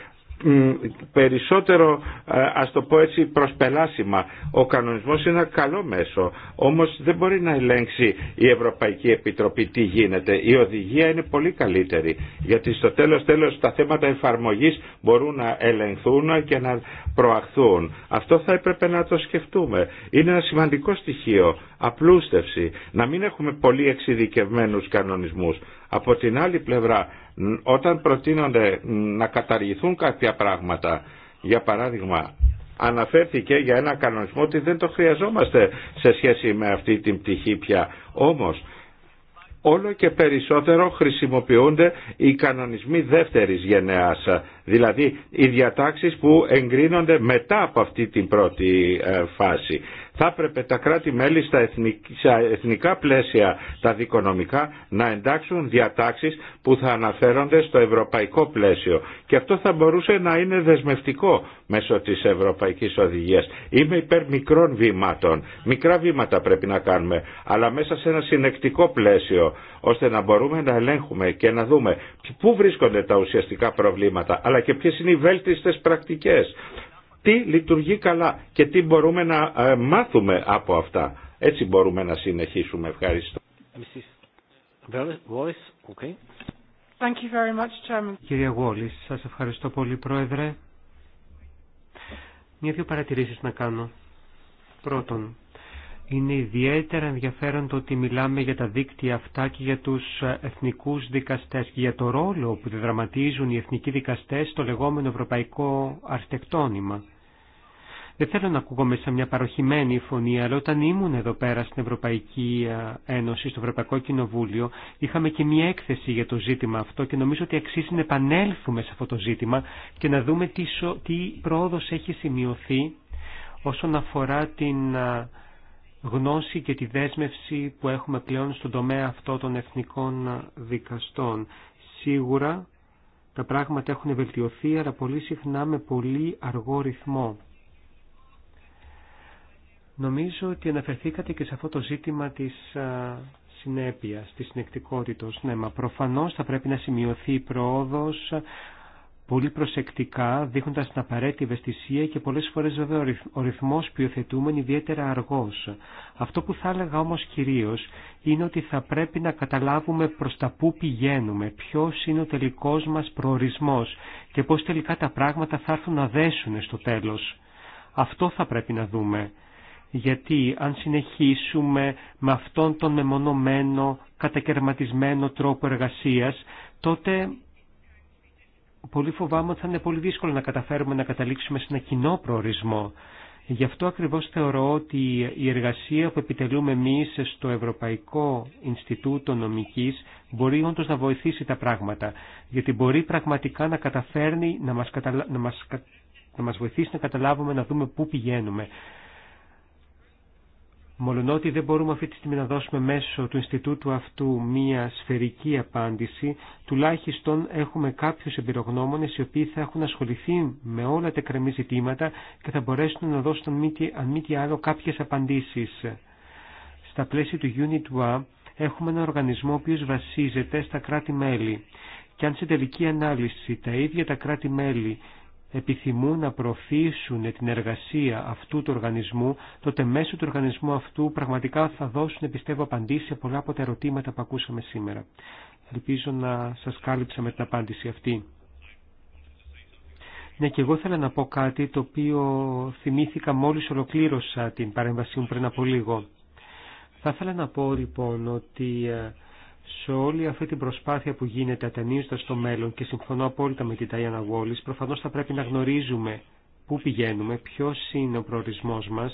περισσότερο ας το πω έτσι προσπελάσιμα ο κανονισμός είναι ένα καλό μέσο όμως δεν μπορεί να ελέγξει η Ευρωπαϊκή Επιτροπή τι γίνεται η οδηγία είναι πολύ καλύτερη γιατί στο τέλος τέλος τα θέματα εφαρμογής μπορούν να ελεγχθούν και να προαχθούν αυτό θα έπρεπε να το σκεφτούμε είναι ένα σημαντικό στοιχείο απλούστευση να μην έχουμε πολύ εξειδικευμένους κανονισμούς από την άλλη πλευρά όταν προτείνονται να καταργηθούν κάποια πράγματα, για παράδειγμα αναφέρθηκε για ένα κανονισμό ότι δεν το χρειαζόμαστε σε σχέση με αυτή την πτυχή πια. Όμως όλο και περισσότερο χρησιμοποιούνται οι κανονισμοί δεύτερης γενεάς, δηλαδή οι διατάξεις που εγκρίνονται μετά από αυτή την πρώτη ε, φάση θα έπρεπε τα κράτη-μέλη στα εθνικά πλαίσια τα δικονομικά να εντάξουν διατάξεις που θα αναφέρονται στο ευρωπαϊκό πλαίσιο και αυτό θα μπορούσε να είναι δεσμευτικό μέσω της ευρωπαϊκής οδηγίας. Είμαι υπέρ μικρών βήματων. Μικρά βήματα πρέπει να κάνουμε, αλλά μέσα σε ένα συνεκτικό πλαίσιο, ώστε να μπορούμε να ελέγχουμε και να δούμε πού βρίσκονται τα ουσιαστικά προβλήματα, αλλά και ποιες είναι οι βέλτιστες πρακτικές τι λειτουργεί καλά και τι μπορούμε να ε, μάθουμε από αυτά. Έτσι μπορούμε να συνεχίσουμε. Ευχαριστώ. Κυρία Thank you σας ευχαριστώ πολύ Πρόεδρε. Μια-δυο παρατηρήσεις να κάνω. Πρώτον, είναι ιδιαίτερα ενδιαφέρον το ότι μιλάμε για τα δίκτυα αυτά και για τους εθνικούς δικαστές και για το ρόλο που διδραματίζουν οι εθνικοί δικαστές στο λεγόμενο ευρωπαϊκό αρχιτεκτόνημα. Δεν θέλω να ακούγομαι σαν μια παροχημένη φωνή, αλλά όταν ήμουν εδώ πέρα στην Ευρωπαϊκή ε, Ένωση, στο Ευρωπαϊκό Κοινοβούλιο, είχαμε και μια έκθεση για το ζήτημα αυτό και νομίζω ότι αξίζει να επανέλθουμε σε αυτό το ζήτημα και να δούμε τι, τι πρόοδος έχει σημειωθεί όσον αφορά την ε, γνώση και τη δέσμευση που έχουμε πλέον στον τομέα αυτό των εθνικών δικαστών. Σίγουρα τα πράγματα έχουν βελτιωθεί, αλλά πολύ συχνά με πολύ αργό ρυθμό. Νομίζω ότι αναφερθήκατε και σε αυτό το ζήτημα της συνέπειας, της συνεκτικότητος. Ναι, μα προφανώς θα πρέπει να σημειωθεί η προόδος πολύ προσεκτικά, δείχνοντας την απαραίτητη ευαισθησία και πολλές φορές βέβαια ο ρυθμός που υιοθετούμε είναι ιδιαίτερα αργός. Αυτό που θα έλεγα όμως κυρίως είναι ότι θα πρέπει να καταλάβουμε προς τα πού πηγαίνουμε, ποιος είναι ο τελικός μας προορισμός και πώς τελικά τα πράγματα θα έρθουν να δέσουν στο τέλος. Αυτό θα πρέπει να δούμε. Γιατί αν συνεχίσουμε με αυτόν τον μεμονωμένο, κατακαιρματισμένο τρόπο εργασίας, τότε πολύ φοβάμαι ότι θα είναι πολύ δύσκολο να καταφέρουμε να καταλήξουμε σε ένα κοινό προορισμό. Γι' αυτό ακριβώς θεωρώ ότι η εργασία που επιτελούμε εμείς στο Ευρωπαϊκό Ινστιτούτο Νομικής μπορεί όντως να βοηθήσει τα πράγματα, γιατί μπορεί πραγματικά να καταφέρνει να μας, να μας... Να μας βοηθήσει να καταλάβουμε, να δούμε πού πηγαίνουμε. Μολονότι δεν μπορούμε αυτή τη στιγμή να δώσουμε μέσω του Ινστιτούτου αυτού μία σφαιρική απάντηση, τουλάχιστον έχουμε κάποιους εμπειρογνώμονες οι οποίοι θα έχουν ασχοληθεί με όλα τα κρεμή ζητήματα και θα μπορέσουν να δώσουν αν μη τι άλλο κάποιες απαντήσεις. Στα πλαίσια του Unit 1 έχουμε ένα οργανισμό ο οποίος βασίζεται στα κράτη-μέλη και αν σε τελική ανάλυση τα ίδια τα κράτη-μέλη επιθυμούν να προωθήσουν την εργασία αυτού του οργανισμού, τότε μέσω του οργανισμού αυτού πραγματικά θα δώσουν, πιστεύω, απαντήσει σε πολλά από τα ερωτήματα που ακούσαμε σήμερα. Ελπίζω να σας κάλυψα με την απάντηση αυτή. Ναι, και εγώ θέλω να πω κάτι το οποίο θυμήθηκα μόλις ολοκλήρωσα την παρέμβασή μου πριν από λίγο. Θα ήθελα να πω λοιπόν ότι ε, σε όλη αυτή την προσπάθεια που γίνεται ατενίζοντα το μέλλον και συμφωνώ απόλυτα με την Ταϊάννα Γόλη, προφανώ θα πρέπει να γνωρίζουμε πού πηγαίνουμε, ποιο είναι ο προορισμό μα.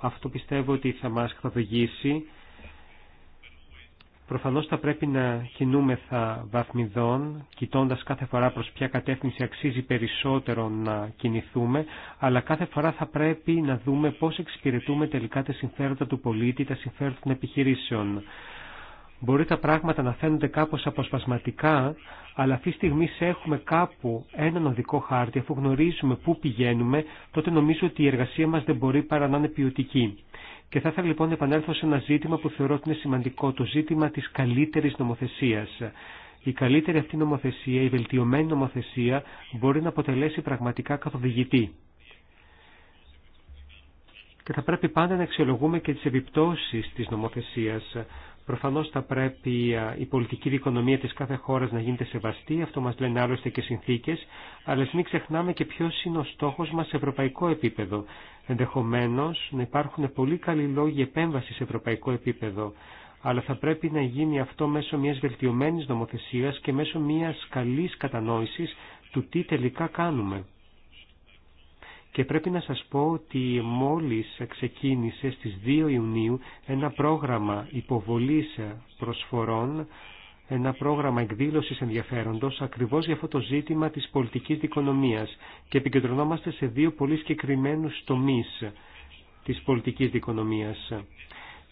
Αυτό πιστεύω ότι θα μα καθοδηγήσει. Προφανώ θα πρέπει να κινούμεθα βαθμιδών, κοιτώντα κάθε φορά προ ποια κατεύθυνση αξίζει περισσότερο να κινηθούμε, αλλά κάθε φορά θα πρέπει να δούμε πώ εξυπηρετούμε τελικά τα συμφέροντα του πολίτη, τα συμφέροντα των επιχειρήσεων. Μπορεί τα πράγματα να φαίνονται κάπως αποσπασματικά, αλλά αυτή τη στιγμή έχουμε κάπου έναν οδικό χάρτη, αφού γνωρίζουμε πού πηγαίνουμε, τότε νομίζω ότι η εργασία μας δεν μπορεί παρά να είναι ποιοτική. Και θα ήθελα λοιπόν να επανέλθω σε ένα ζήτημα που θεωρώ ότι είναι σημαντικό, το ζήτημα της καλύτερης νομοθεσίας. Η καλύτερη αυτή νομοθεσία, η βελτιωμένη νομοθεσία, μπορεί να αποτελέσει πραγματικά καθοδηγητή. Και θα πρέπει πάντα να αξιολογούμε και τις επιπτώσεις της νομοθεσίας. Προφανώς θα πρέπει η πολιτική δικονομία της κάθε χώρας να γίνεται σεβαστή, αυτό μας λένε άλλωστε και συνθήκες, αλλά μην ξεχνάμε και ποιος είναι ο στόχος μας σε ευρωπαϊκό επίπεδο. Ενδεχομένως να υπάρχουν πολύ καλοί λόγοι επέμβαση σε ευρωπαϊκό επίπεδο, αλλά θα πρέπει να γίνει αυτό μέσω μιας βελτιωμένης νομοθεσίας και μέσω μιας καλής κατανόησης του τι τελικά κάνουμε και πρέπει να σας πω ότι μόλις ξεκίνησε στις 2 Ιουνίου ένα πρόγραμμα υποβολής προσφορών, ένα πρόγραμμα εκδήλωσης ενδιαφέροντος ακριβώς για αυτό το ζήτημα της πολιτικής δικονομίας και επικεντρωνόμαστε σε δύο πολύ συγκεκριμένου τομείς της πολιτικής δικονομίας.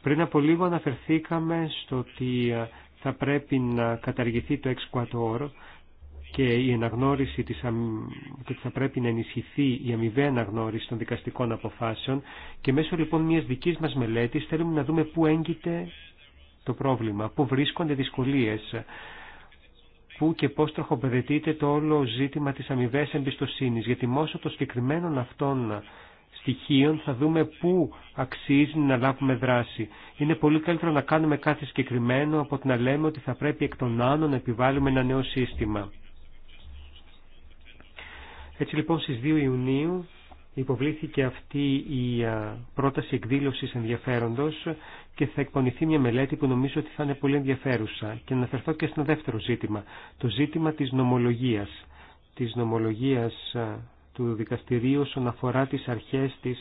Πριν από λίγο αναφερθήκαμε στο ότι θα πρέπει να καταργηθεί το εξκουατόρ, και η αναγνώριση της, ότι θα πρέπει να ενισχυθεί η αμοιβαία αναγνώριση των δικαστικών αποφάσεων και μέσω λοιπόν μιας δικής μας μελέτης θέλουμε να δούμε πού έγκυται το πρόβλημα, πού βρίσκονται δυσκολίες, πού και πώς τροχοπεδετείται το όλο ζήτημα της αμοιβαίας εμπιστοσύνης, γιατί μόσο των συγκεκριμένων αυτών στοιχείων θα δούμε πού αξίζει να λάβουμε δράση. Είναι πολύ καλύτερο να κάνουμε κάτι συγκεκριμένο από το να λέμε ότι θα πρέπει εκ των άνω να επιβάλλουμε ένα νέο σύστημα. Έτσι λοιπόν στις 2 Ιουνίου υποβλήθηκε αυτή η πρόταση εκδήλωσης ενδιαφέροντος και θα εκπονηθεί μια μελέτη που νομίζω ότι θα είναι πολύ ενδιαφέρουσα και να αναφερθώ και στο δεύτερο ζήτημα, το ζήτημα της νομολογίας, της νομολογίας του δικαστηρίου όσον αφορά τις αρχές της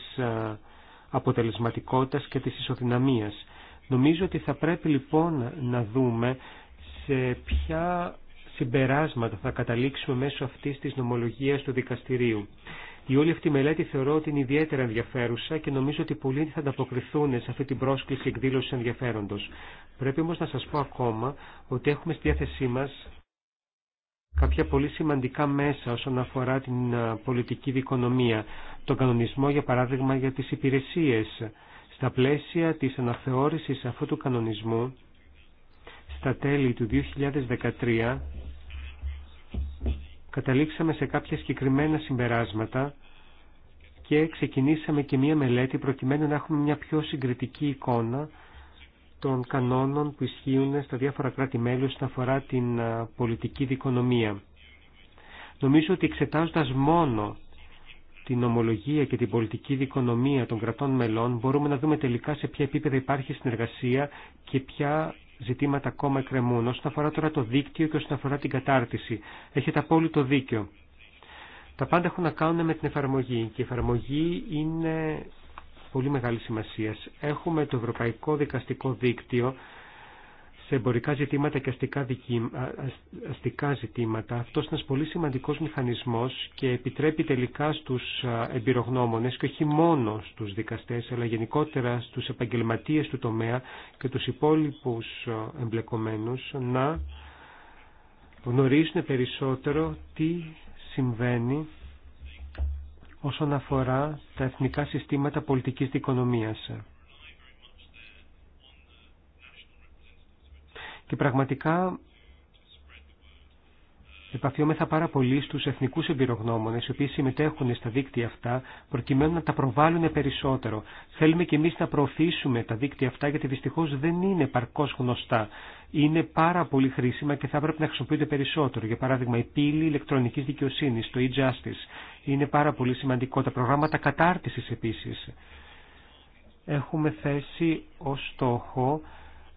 αποτελεσματικότητας και της ισοδυναμίας. Νομίζω ότι θα πρέπει λοιπόν να δούμε σε ποια συμπεράσματα θα καταλήξουμε μέσω αυτής της νομολογίας του δικαστηρίου. Η όλη αυτή μελέτη θεωρώ ότι είναι ιδιαίτερα ενδιαφέρουσα και νομίζω ότι πολλοί θα ανταποκριθούν σε αυτή την πρόσκληση εκδήλωση ενδιαφέροντο. Πρέπει όμω να σα πω ακόμα ότι έχουμε στη διάθεσή μα κάποια πολύ σημαντικά μέσα όσον αφορά την πολιτική δικονομία. Τον κανονισμό, για παράδειγμα, για τι υπηρεσίε. Στα πλαίσια τη αναθεώρηση αυτού του κανονισμού, στα τέλη του 2013 καταλήξαμε σε κάποια συγκεκριμένα συμπεράσματα και ξεκινήσαμε και μία μελέτη προκειμένου να έχουμε μια πιο συγκριτική εικόνα των κανόνων που ισχύουν στα διάφορα κράτη-μέλη όσον αφορά την πολιτική δικονομία. Νομίζω ότι εξετάζοντας μόνο την ομολογία και την πολιτική δικονομία των κρατών μελών μπορούμε να δούμε τελικά σε ποια επίπεδα υπάρχει συνεργασία και ποια ζητήματα ακόμα εκκρεμούν. Όσον αφορά τώρα το δίκτυο και όσον αφορά την κατάρτιση. Έχετε απόλυτο δίκιο. Τα πάντα έχουν να κάνουν με την εφαρμογή και η εφαρμογή είναι πολύ μεγάλη σημασία. Έχουμε το Ευρωπαϊκό Δικαστικό Δίκτυο σε εμπορικά ζητήματα και αστικά, δική, αστικά ζητήματα. Αυτός είναι ένας πολύ σημαντικός μηχανισμός και επιτρέπει τελικά στους εμπειρογνώμονες και όχι μόνο στους δικαστές αλλά γενικότερα στους επαγγελματίες του τομέα και τους υπόλοιπους εμπλεκομένους να γνωρίζουν περισσότερο τι συμβαίνει όσον αφορά τα εθνικά συστήματα πολιτικής δικονομίας. και πραγματικά επαφιόμεθα πάρα πολύ στους εθνικούς εμπειρογνώμονες οι οποίοι συμμετέχουν στα δίκτυα αυτά προκειμένου να τα προβάλλουν περισσότερο. Θέλουμε κι εμείς να προωθήσουμε τα δίκτυα αυτά γιατί δυστυχώς δεν είναι παρκώς γνωστά. Είναι πάρα πολύ χρήσιμα και θα έπρεπε να χρησιμοποιούνται περισσότερο. Για παράδειγμα η πύλη ηλεκτρονικής δικαιοσύνης, το e-justice, είναι πάρα πολύ σημαντικό. Τα προγράμματα κατάρτισης επίσης. Έχουμε θέσει ως στόχο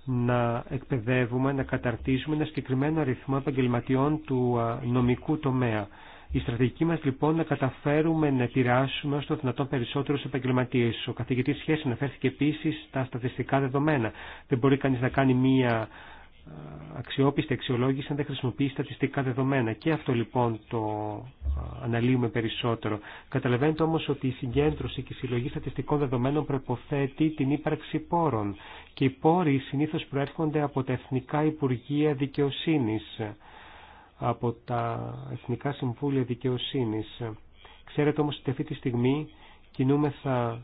να εκπαιδεύουμε, να καταρτίζουμε ένα συγκεκριμένο αριθμό επαγγελματιών του νομικού τομέα. Η στρατηγική μας λοιπόν να καταφέρουμε να επηρεάσουμε όσο το δυνατόν περισσότερους επαγγελματίες. Ο καθηγητής σχέση αναφέρθηκε επίσης στα στατιστικά δεδομένα. Δεν μπορεί κανείς να κάνει μία αξιόπιστη αξιολόγηση αν δεν χρησιμοποιεί στατιστικά δεδομένα. Και αυτό λοιπόν το αναλύουμε περισσότερο. Καταλαβαίνετε όμως ότι η συγκέντρωση και η συλλογή στατιστικών δεδομένων προποθέτει την ύπαρξη πόρων και οι πόροι συνήθως προέρχονται από τα Εθνικά Υπουργεία Δικαιοσύνης, από τα Εθνικά Συμβούλια Δικαιοσύνης. Ξέρετε όμως ότι αυτή τη στιγμή κινούμεθα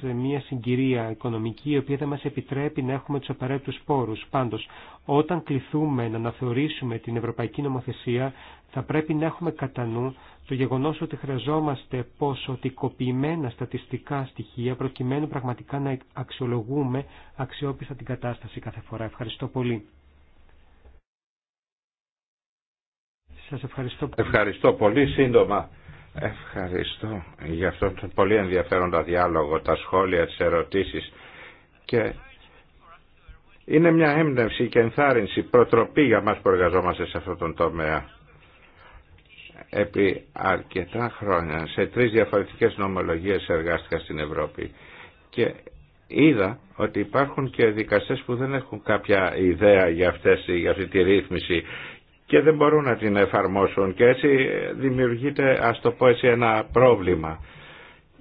σε μια συγκυρία οικονομική η οποία δεν μας επιτρέπει να έχουμε τους απαραίτητους πόρους. Πάντως, όταν κληθούμε να αναθεωρήσουμε την ευρωπαϊκή νομοθεσία θα πρέπει να έχουμε κατά νου το γεγονός ότι χρειαζόμαστε ποσοτικοποιημένα στατιστικά στοιχεία προκειμένου πραγματικά να αξιολογούμε αξιόπιστα την κατάσταση κάθε φορά. Ευχαριστώ πολύ. Σας ευχαριστώ πολύ. Ευχαριστώ πολύ σύντομα. Ευχαριστώ για αυτόν τον πολύ ενδιαφέροντα διάλογο, τα σχόλια, τις ερωτήσεις και είναι μια έμπνευση και ενθάρρυνση, προτροπή για μας που εργαζόμαστε σε αυτόν τον τομέα. Επί αρκετά χρόνια σε τρεις διαφορετικές νομολογίες εργάστηκα στην Ευρώπη και είδα ότι υπάρχουν και δικαστές που δεν έχουν κάποια ιδέα για, αυτές, για αυτή τη ρύθμιση και δεν μπορούν να την εφαρμόσουν και έτσι δημιουργείται ας το πω έτσι ένα πρόβλημα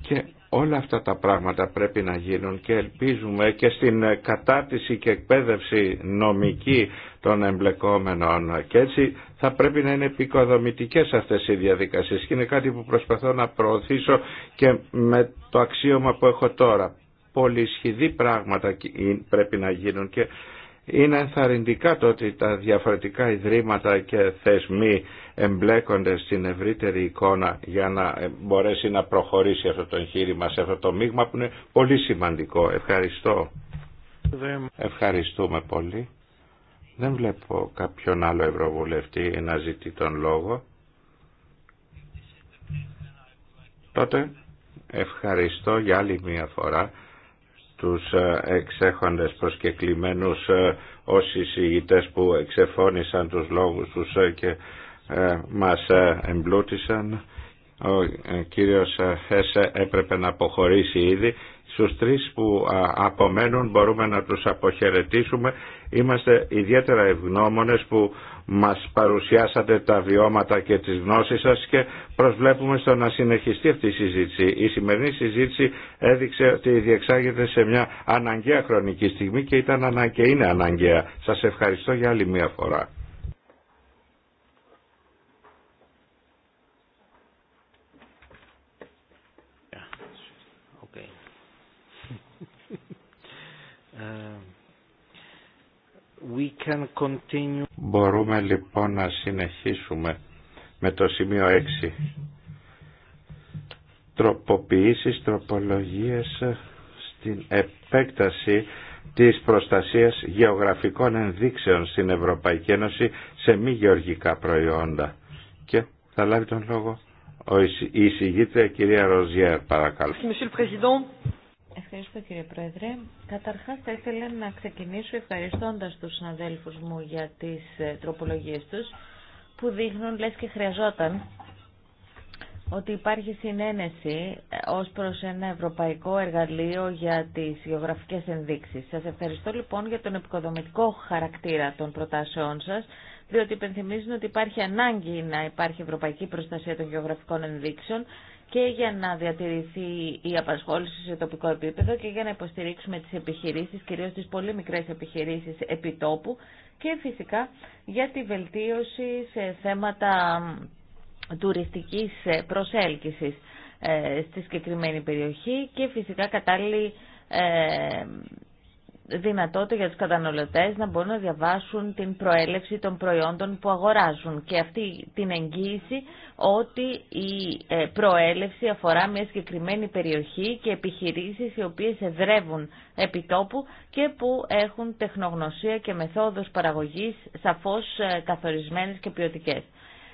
και όλα αυτά τα πράγματα πρέπει να γίνουν και ελπίζουμε και στην κατάρτιση και εκπαίδευση νομική των εμπλεκόμενων και έτσι θα πρέπει να είναι επικοδομητικές αυτές οι διαδικασίες και είναι κάτι που προσπαθώ να προωθήσω και με το αξίωμα που έχω τώρα πολυσχηδή πράγματα πρέπει να γίνουν και είναι ενθαρρυντικά το ότι τα διαφορετικά ιδρύματα και θεσμοί εμπλέκονται στην ευρύτερη εικόνα για να ε, μπορέσει να προχωρήσει αυτό το εγχείρημα σε αυτό το μείγμα που είναι πολύ σημαντικό. Ευχαριστώ. Ευχαριστούμε πολύ. Δεν βλέπω κάποιον άλλο Ευρωβουλευτή να ζητεί τον λόγο. Τότε ευχαριστώ για άλλη μία φορά τους ε, εξέχοντες προσκεκλημένους όσοι ε, συγητές που εξεφώνησαν τους λόγους τους ε, και μας εμπλούτησαν. Ο κύριος Χέσε έπρεπε να αποχωρήσει ήδη. Στους τρεις που απομένουν μπορούμε να τους αποχαιρετήσουμε. Είμαστε ιδιαίτερα ευγνώμονες που μας παρουσιάσατε τα βιώματα και τις γνώσεις σας και προσβλέπουμε στο να συνεχιστεί αυτή η συζήτηση. Η σημερινή συζήτηση έδειξε ότι διεξάγεται σε μια αναγκαία χρονική στιγμή και, ήταν, και είναι αναγκαία. Σας ευχαριστώ για άλλη μια φορά. Μπορούμε λοιπόν να συνεχίσουμε με το σημείο 6. Τροποποιήσεις, τροπολογίες στην επέκταση της προστασίας γεωγραφικών ενδείξεων στην Ευρωπαϊκή Ένωση σε μη γεωργικά προϊόντα. Και θα λάβει τον λόγο η εισηγήτρια κυρία Ροζιέρ παρακαλώ. Ευχαριστώ κύριε Πρόεδρε. Καταρχάς θα ήθελα να ξεκινήσω ευχαριστώντας τους συναδέλφους μου για τις ε, τροπολογίες τους που δείχνουν λες και χρειαζόταν ότι υπάρχει συνένεση ε, ως προς ένα ευρωπαϊκό εργαλείο για τις γεωγραφικές ενδείξεις. Σας ευχαριστώ λοιπόν για τον επικοδομητικό χαρακτήρα των προτάσεών σας, διότι υπενθυμίζουν ότι υπάρχει ανάγκη να υπάρχει ευρωπαϊκή προστασία των γεωγραφικών ενδείξεων και για να διατηρηθεί η απασχόληση σε τοπικό επίπεδο και για να υποστηρίξουμε τις επιχειρήσεις, κυρίως τις πολύ μικρές επιχειρήσεις επιτόπου και φυσικά για τη βελτίωση σε θέματα τουριστικής προσέλκυσης ε, στη συγκεκριμένη περιοχή και φυσικά κατάλληλη ε, δυνατότητα για τους καταναλωτές να μπορούν να διαβάσουν την προέλευση των προϊόντων που αγοράζουν και αυτή την εγγύηση ότι η ε, προέλευση αφορά μια συγκεκριμένη περιοχή και επιχειρήσεις οι οποίες εδρεύουν επί τόπου και που έχουν τεχνογνωσία και μεθόδους παραγωγής σαφώς ε, καθορισμένες και ποιοτικέ.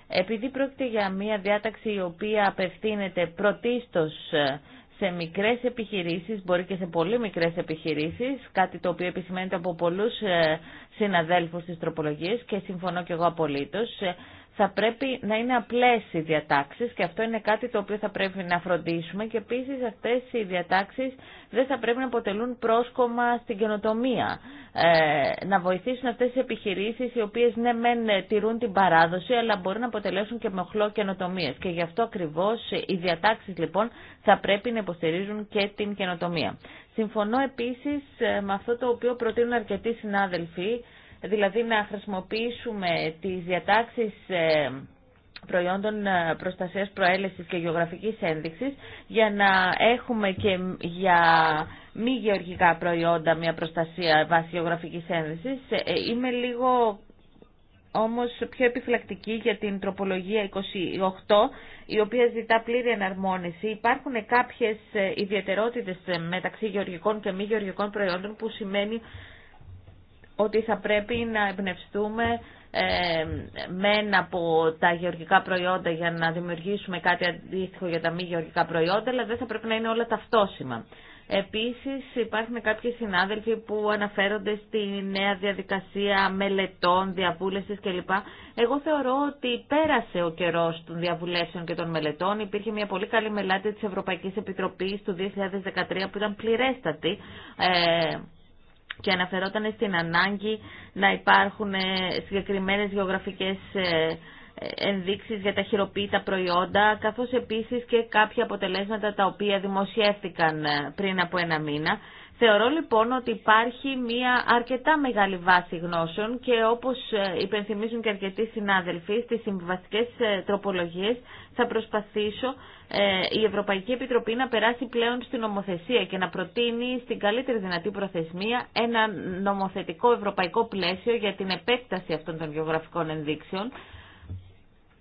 Επειδή πρόκειται για μια διάταξη η οποία απευθύνεται πρωτίστως ε, σε μικρές επιχειρήσεις, μπορεί και σε πολύ μικρές επιχειρήσεις, κάτι το οποίο επισημαίνεται από πολλούς ε, συναδέλφους της τροπολογίας και συμφωνώ κι εγώ απολύτως. Ε, θα πρέπει να είναι απλές οι διατάξεις και αυτό είναι κάτι το οποίο θα πρέπει να φροντίσουμε και επίσης αυτές οι διατάξεις δεν θα πρέπει να αποτελούν πρόσκομα στην καινοτομία. Ε, να βοηθήσουν αυτές τις επιχειρήσεις οι οποίες ναι μεν ε, τηρούν την παράδοση αλλά μπορεί να αποτελέσουν και μοχλό καινοτομίες και γι' αυτό ακριβώς οι διατάξεις λοιπόν θα πρέπει να υποστηρίζουν και την καινοτομία. Συμφωνώ επίσης ε, με αυτό το οποίο προτείνουν αρκετοί συνάδελφοι δηλαδή να χρησιμοποιήσουμε τις διατάξεις ε, προϊόντων ε, προστασίας προέλευσης και γεωγραφικής ένδειξης για να έχουμε και για μη γεωργικά προϊόντα μια προστασία βάσει γεωγραφικής ένδειξης. Ε, είμαι λίγο όμως πιο επιφυλακτική για την τροπολογία 28, η οποία ζητά πλήρη εναρμόνιση. Υπάρχουν κάποιες ιδιαιτερότητες μεταξύ γεωργικών και μη γεωργικών προϊόντων που σημαίνει ότι θα πρέπει να εμπνευστούμε ε, μεν από τα γεωργικά προϊόντα για να δημιουργήσουμε κάτι αντίστοιχο για τα μη γεωργικά προϊόντα, αλλά δεν θα πρέπει να είναι όλα ταυτόσιμα. Επίσης υπάρχουν κάποιοι συνάδελφοι που αναφέρονται στη νέα διαδικασία μελετών, διαβούλευσης κλπ. Εγώ θεωρώ ότι πέρασε ο καιρός των διαβουλεύσεων και των μελετών. Υπήρχε μια πολύ καλή μελάτη της Ευρωπαϊκής Επιτροπής του 2013 που ήταν πληρέστατη. Ε, και αναφερόταν στην ανάγκη να υπάρχουν ε, συγκεκριμένες γεωγραφικές ε, ε, ενδείξεις για τα χειροποίητα προϊόντα, καθώς επίσης και κάποια αποτελέσματα τα οποία δημοσιεύτηκαν πριν από ένα μήνα Θεωρώ λοιπόν ότι υπάρχει μια αρκετά μεγάλη βάση γνώσεων και όπως ε, υπενθυμίζουν και αρκετοί συνάδελφοι στις συμβαστικές ε, τροπολογίες θα προσπαθήσω ε, η Ευρωπαϊκή Επιτροπή να περάσει πλέον στην νομοθεσία και να προτείνει στην καλύτερη δυνατή προθεσμία ένα νομοθετικό ευρωπαϊκό πλαίσιο για την επέκταση αυτών των γεωγραφικών ενδείξεων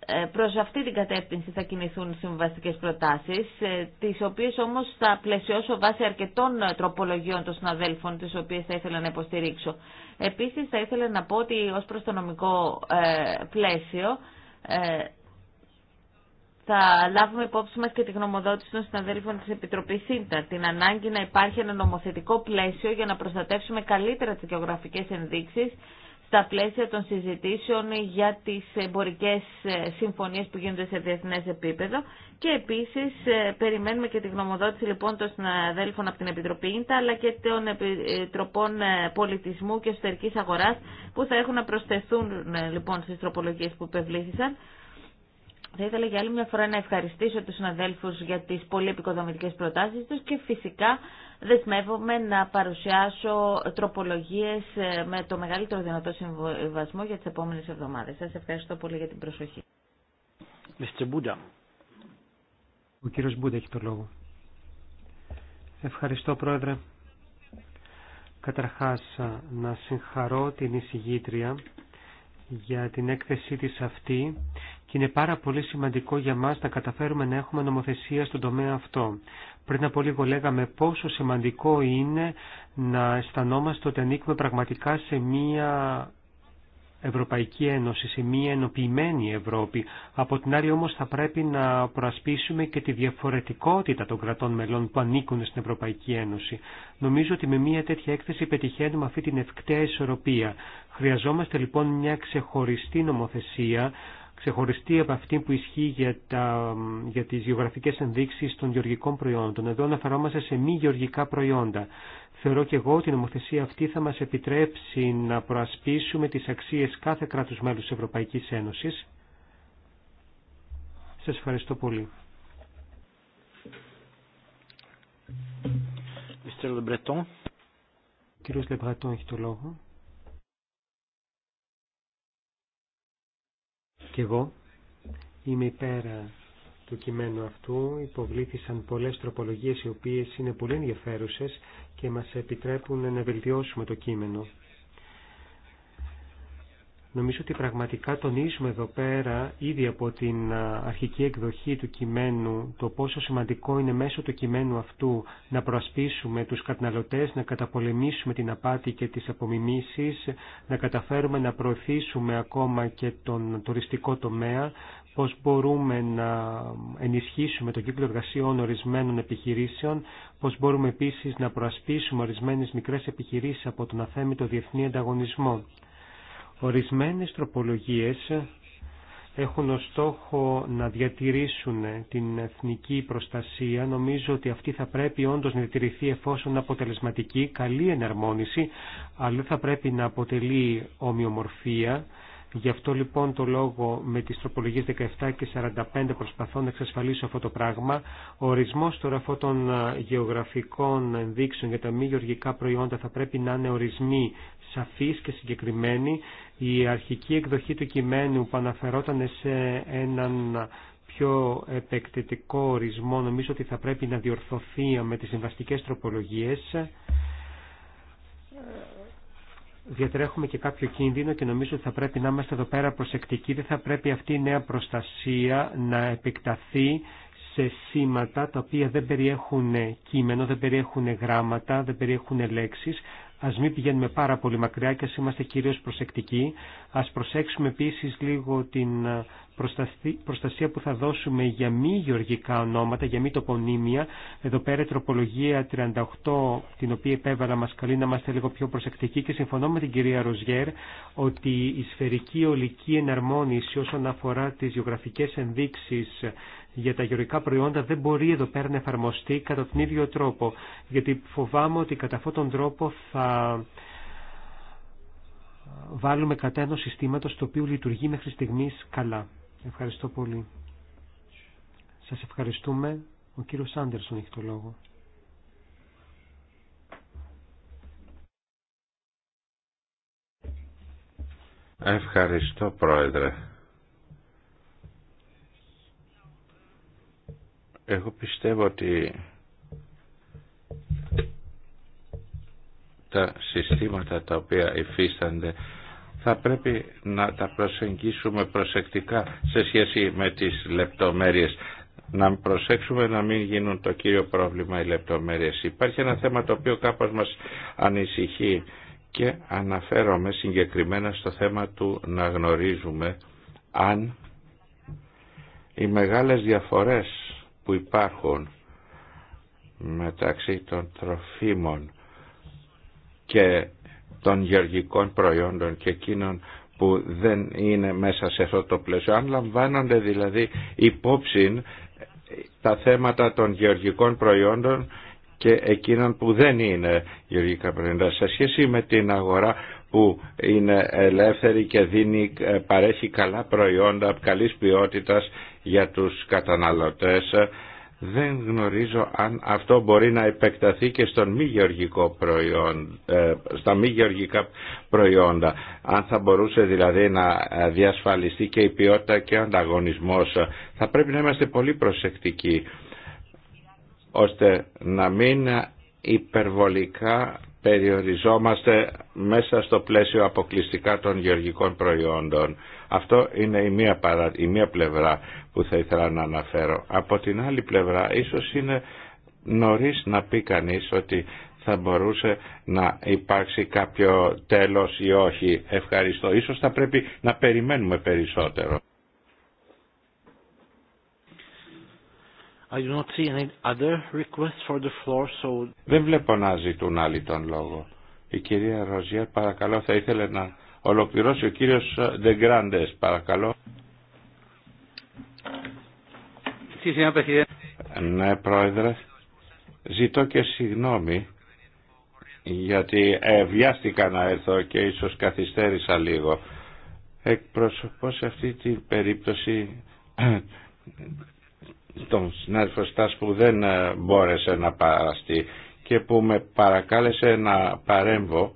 ε, προς αυτή την κατεύθυνση θα κινηθούν συμβαστικές προτάσεις, ε, τις οποίες όμως θα πλαισιώσω βάσει αρκετών ε, τροπολογιών των συναδέλφων, τις οποίες θα ήθελα να υποστηρίξω. Επίσης θα ήθελα να πω ότι ως προς το νομικό πλαίσιο θα λάβουμε υπόψη μας και τη γνωμοδότηση των συναδέλφων της Επιτροπής ΣΥΝΤΑ, την ανάγκη να υπάρχει ένα νομοθετικό πλαίσιο για να προστατεύσουμε καλύτερα τις γεωγραφικέ ενδείξεις στα πλαίσια των συζητήσεων για τις εμπορικές ε, συμφωνίες που γίνονται σε διεθνές επίπεδο και επίσης ε, περιμένουμε και τη γνωμοδότηση λοιπόν των συναδέλφων από την Επιτροπή Ίντα αλλά και των Επιτροπών ε, Πολιτισμού και Εσωτερικής Αγοράς που θα έχουν να προσθεθούν λοιπόν στις τροπολογίες που υπευλήθησαν. Θα ήθελα για άλλη μια φορά να ευχαριστήσω τους συναδέλφους για τις πολύ επικοδομητικές προτάσεις τους και φυσικά δεσμεύομαι να παρουσιάσω τροπολογίες ε, με το μεγαλύτερο δυνατό συμβασμό για τις επόμενες εβδομάδες. Σας ευχαριστώ πολύ για την προσοχή. Ο κύριος Μπούντα έχει το λόγο. Ευχαριστώ πρόεδρε. Καταρχάς ε, να συγχαρώ την εισηγήτρια για την έκθεσή της αυτή και είναι πάρα πολύ σημαντικό για μας να καταφέρουμε να έχουμε νομοθεσία στον τομέα αυτό. Πριν από λίγο λέγαμε πόσο σημαντικό είναι να αισθανόμαστε ότι ανήκουμε πραγματικά σε μία Ευρωπαϊκή Ένωση, σε μία ενοποιημένη Ευρώπη. Από την άλλη όμως θα πρέπει να προασπίσουμε και τη διαφορετικότητα των κρατών μελών που ανήκουν στην Ευρωπαϊκή Ένωση. Νομίζω ότι με μία τέτοια έκθεση πετυχαίνουμε αυτή την ευκταία ισορροπία. Χρειαζόμαστε λοιπόν μια ξεχωριστή νομοθεσία ξεχωριστή από αυτή που ισχύει για, τα, για τις γεωγραφικές ενδείξεις των γεωργικών προϊόντων. Εδώ αναφερόμαστε σε μη γεωργικά προϊόντα. Θεωρώ και εγώ ότι η νομοθεσία αυτή θα μας επιτρέψει να προασπίσουμε τις αξίες κάθε κράτους μέλους της Ευρωπαϊκής Ένωσης. Σας ευχαριστώ πολύ. Κύριε έχει το λόγο. Και εγώ είμαι υπέρα του κειμένου αυτού. Υποβλήθησαν πολλές τροπολογίες οι οποίες είναι πολύ ενδιαφέρουσες και μας επιτρέπουν να βελτιώσουμε το κείμενο. Νομίζω ότι πραγματικά τονίζουμε εδώ πέρα ήδη από την αρχική εκδοχή του κειμένου το πόσο σημαντικό είναι μέσω του κειμένου αυτού να προασπίσουμε τους καταναλωτές, να καταπολεμήσουμε την απάτη και τις απομιμήσεις, να καταφέρουμε να προωθήσουμε ακόμα και τον τουριστικό τομέα, πώς μπορούμε να ενισχύσουμε τον κύκλο εργασιών ορισμένων επιχειρήσεων, πώς μπορούμε επίσης να προασπίσουμε ορισμένες μικρές επιχειρήσεις από τον αθέμητο διεθνή ανταγωνισμό. Ορισμένες τροπολογίες έχουν ως στόχο να διατηρήσουν την εθνική προστασία. Νομίζω ότι αυτή θα πρέπει όντως να διατηρηθεί εφόσον αποτελεσματική, καλή εναρμόνιση, αλλά θα πρέπει να αποτελεί ομοιομορφία. Γι' αυτό λοιπόν το λόγο με τις τροπολογίες 17 και 45 προσπαθώ να εξασφαλίσω αυτό το πράγμα. Ο ορισμός τώρα αυτών των γεωγραφικών ενδείξεων για τα μη γεωργικά προϊόντα θα πρέπει να είναι ορισμοί σαφείς και συγκεκριμένη, η αρχική εκδοχή του κειμένου που αναφερόταν σε έναν πιο επεκτετικό ορισμό νομίζω ότι θα πρέπει να διορθωθεί με τις συμβαστικές τροπολογίες. Διατρέχουμε και κάποιο κίνδυνο και νομίζω ότι θα πρέπει να είμαστε εδώ πέρα προσεκτικοί. Δεν θα πρέπει αυτή η νέα προστασία να επεκταθεί σε σήματα τα οποία δεν περιέχουν κείμενο, δεν περιέχουν γράμματα, δεν περιέχουν λέξεις, Ας μην πηγαίνουμε πάρα πολύ μακριά και ας είμαστε κυρίως προσεκτικοί. Ας προσέξουμε επίσης λίγο την ε, προστασία που θα δώσουμε για μη γεωργικά ονόματα, για μη τοπονύμια. Εδώ πέρα η τροπολογία 38, την οποία επέβαλα μας καλεί να είμαστε λίγο πιο προσεκτικοί και συμφωνώ με την κυρία Ροζιέρ ότι η σφαιρική ολική εναρμόνιση όσον αφορά τις γεωγραφικές ενδείξεις για τα γεωργικά προϊόντα δεν μπορεί εδώ πέρα να εφαρμοστεί κατά τον ίδιο τρόπο, γιατί φοβάμαι ότι κατά αυτόν τον τρόπο θα βάλουμε κατά ενό συστήματος το οποίο λειτουργεί μέχρι στιγμής καλά. Ευχαριστώ πολύ. Σας ευχαριστούμε. Ο κύριος Άντερσον έχει το λόγο. Ευχαριστώ Πρόεδρε. Εγώ πιστεύω ότι τα συστήματα τα οποία υφίστανται θα πρέπει να τα προσεγγίσουμε προσεκτικά σε σχέση με τις λεπτομέρειες. Να προσέξουμε να μην γίνουν το κύριο πρόβλημα οι λεπτομέρειες. Υπάρχει ένα θέμα το οποίο κάπως μας ανησυχεί και αναφέρομαι συγκεκριμένα στο θέμα του να γνωρίζουμε αν οι μεγάλες διαφορές που υπάρχουν μεταξύ των τροφίμων και των γεωργικών προϊόντων και εκείνων που δεν είναι μέσα σε αυτό το πλαίσιο. Αν λαμβάνονται δηλαδή υπόψη τα θέματα των γεωργικών προϊόντων και εκείνων που δεν είναι γεωργικά προϊόντα σε σχέση με την αγορά που είναι ελεύθερη και δίνει, ε, παρέχει καλά προϊόντα καλής ποιότητας για τους καταναλωτές. Δεν γνωρίζω αν αυτό μπορεί να επεκταθεί και στον μη γεωργικό προϊόν, ε, στα μη γεωργικά προϊόντα. Αν θα μπορούσε δηλαδή να διασφαλιστεί και η ποιότητα και ο ανταγωνισμός. Θα πρέπει να είμαστε πολύ προσεκτικοί ώστε να μην υπερβολικά περιοριζόμαστε μέσα στο πλαίσιο αποκλειστικά των γεωργικών προϊόντων. Αυτό είναι μία, η μία πλευρά που θα ήθελα να αναφέρω. Από την άλλη πλευρά, ίσως είναι νωρίς να πει κανείς ότι θα μπορούσε να υπάρξει κάποιο τέλος ή όχι. Ευχαριστώ. Ίσως θα πρέπει να περιμένουμε περισσότερο. Δεν βλέπω να ζητούν άλλοι τον λόγο. Η κυρία Ροζιέρ παρακαλώ θα ήθελε να ολοκληρώσει ο κύριος Δεγκράντες παρακαλώ. Ναι, Πρόεδρε. Ζητώ και συγγνώμη γιατί ε, βιάστηκα να έρθω και ίσως καθυστέρησα λίγο. Εκπροσωπώ σε αυτή την περίπτωση ε, τον συνάδελφο Στάς που δεν ε, μπόρεσε να παραστεί και που με παρακάλεσε να παρέμβω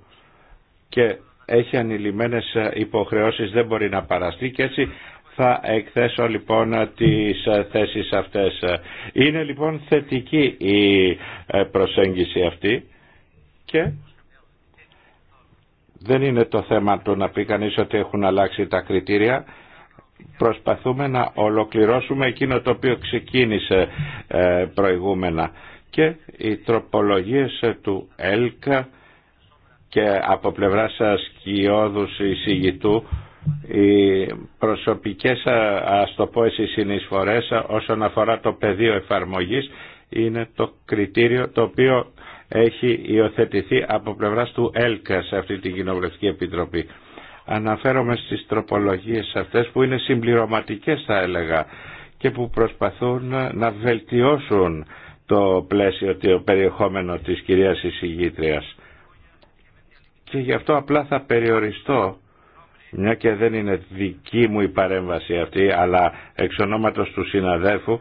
και έχει ανηλυμένες ε, υποχρεώσεις δεν μπορεί να παραστεί και έτσι θα εκθέσω λοιπόν τις θέσεις αυτές. Είναι λοιπόν θετική η ε, προσέγγιση αυτή και δεν είναι το θέμα του να πει κανείς ότι έχουν αλλάξει τα κριτήρια. Προσπαθούμε να ολοκληρώσουμε εκείνο το οποίο ξεκίνησε ε, προηγούμενα. Και οι τροπολογίες του ΕΛΚΑ και από πλευράς σας κοιόδους εισηγητού οι προσωπικές ας το πω εσύ συνεισφορές όσον αφορά το πεδίο εφαρμογής είναι το κριτήριο το οποίο έχει υιοθετηθεί από πλευράς του ΕΛΚΑ σε αυτή την Κοινοβουλευτική Επιτροπή. Αναφέρομαι στις τροπολογίες αυτές που είναι συμπληρωματικές θα έλεγα και που προσπαθούν να βελτιώσουν το πλαίσιο, το περιεχόμενο της κυρίας εισηγήτριας. Και γι' αυτό απλά θα περιοριστώ μια και δεν είναι δική μου η παρέμβαση αυτή, αλλά εξ ονόματος του συναδέλφου,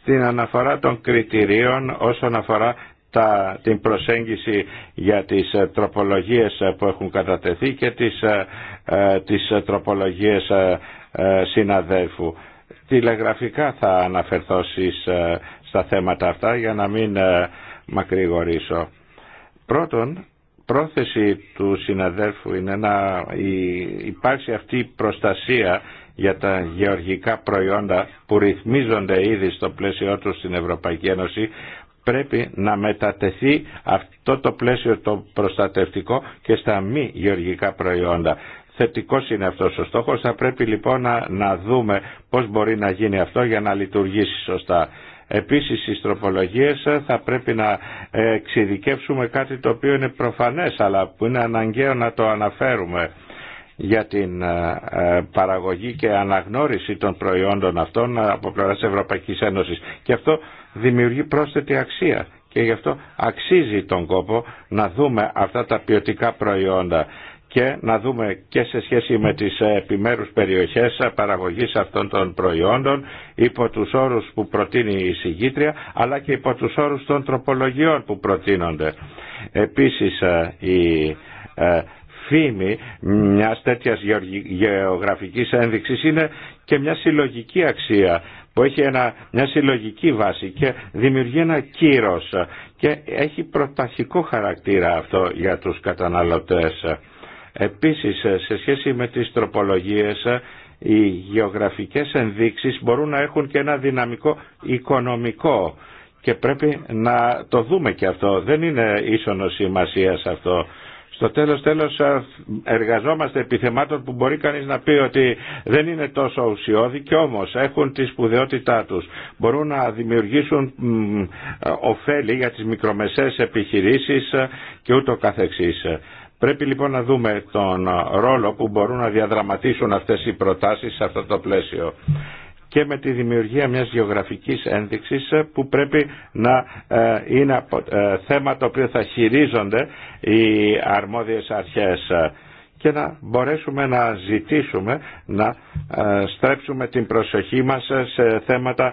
στην αναφορά των κριτηρίων όσον αφορά τα, την προσέγγιση για τις ε, τροπολογίες ε, που έχουν κατατεθεί και τις, ε, τις τροπολογίες συναδέλφου. Τηλεγραφικά θα αναφερθώ στα θέματα αυτά για να μην μακρηγορήσω. Πρώτον, πρόθεση του συναδέλφου είναι να υπάρξει αυτή η προστασία για τα γεωργικά προϊόντα που ρυθμίζονται ήδη στο πλαίσιο του στην Ευρωπαϊκή Ένωση πρέπει να μετατεθεί αυτό το πλαίσιο το προστατευτικό και στα μη γεωργικά προϊόντα. Θετικό είναι αυτό ο στόχος, θα πρέπει λοιπόν να, να δούμε πώς μπορεί να γίνει αυτό για να λειτουργήσει σωστά. Επίσης στις τροπολογίες θα πρέπει να εξειδικεύσουμε κάτι το οποίο είναι προφανές αλλά που είναι αναγκαίο να το αναφέρουμε για την ε, παραγωγή και αναγνώριση των προϊόντων αυτών από πλευράς Ευρωπαϊκής Ένωσης. Και αυτό δημιουργεί πρόσθετη αξία και γι' αυτό αξίζει τον κόπο να δούμε αυτά τα ποιοτικά προϊόντα και να δούμε και σε σχέση με τις επιμέρους περιοχές παραγωγής αυτών των προϊόντων υπό τους όρους που προτείνει η συγκήτρια αλλά και υπό τους όρους των τροπολογιών που προτείνονται. Επίσης ε, η ε, φήμη μιας τέτοιας γεωγραφικής ένδειξης είναι και μια συλλογική αξία που έχει ένα, μια συλλογική βάση και δημιουργεί ένα κύρος και έχει προταχικό χαρακτήρα αυτό για τους καταναλωτές. Επίσης, σε σχέση με τις τροπολογίες, οι γεωγραφικές ενδείξεις μπορούν να έχουν και ένα δυναμικό οικονομικό και πρέπει να το δούμε και αυτό. Δεν είναι ίσονος σημασία αυτό. Στο τέλος τέλος εργαζόμαστε επιθεμάτων που μπορεί κανείς να πει ότι δεν είναι τόσο ουσιώδη και όμως έχουν τη σπουδαιότητά τους. Μπορούν να δημιουργήσουν ε, ωφέλη για τις μικρομεσαίες επιχειρήσεις και ούτω καθεξής. Πρέπει λοιπόν να δούμε τον ρόλο που μπορούν να διαδραματίσουν αυτές οι προτάσεις σε αυτό το πλαίσιο και με τη δημιουργία μιας γεωγραφικής ένδειξης που πρέπει να ε, είναι ε, θέμα το οποίο θα χειρίζονται οι αρμόδιες αρχές και να μπορέσουμε να ζητήσουμε να ε, στρέψουμε την προσοχή μας σε θέματα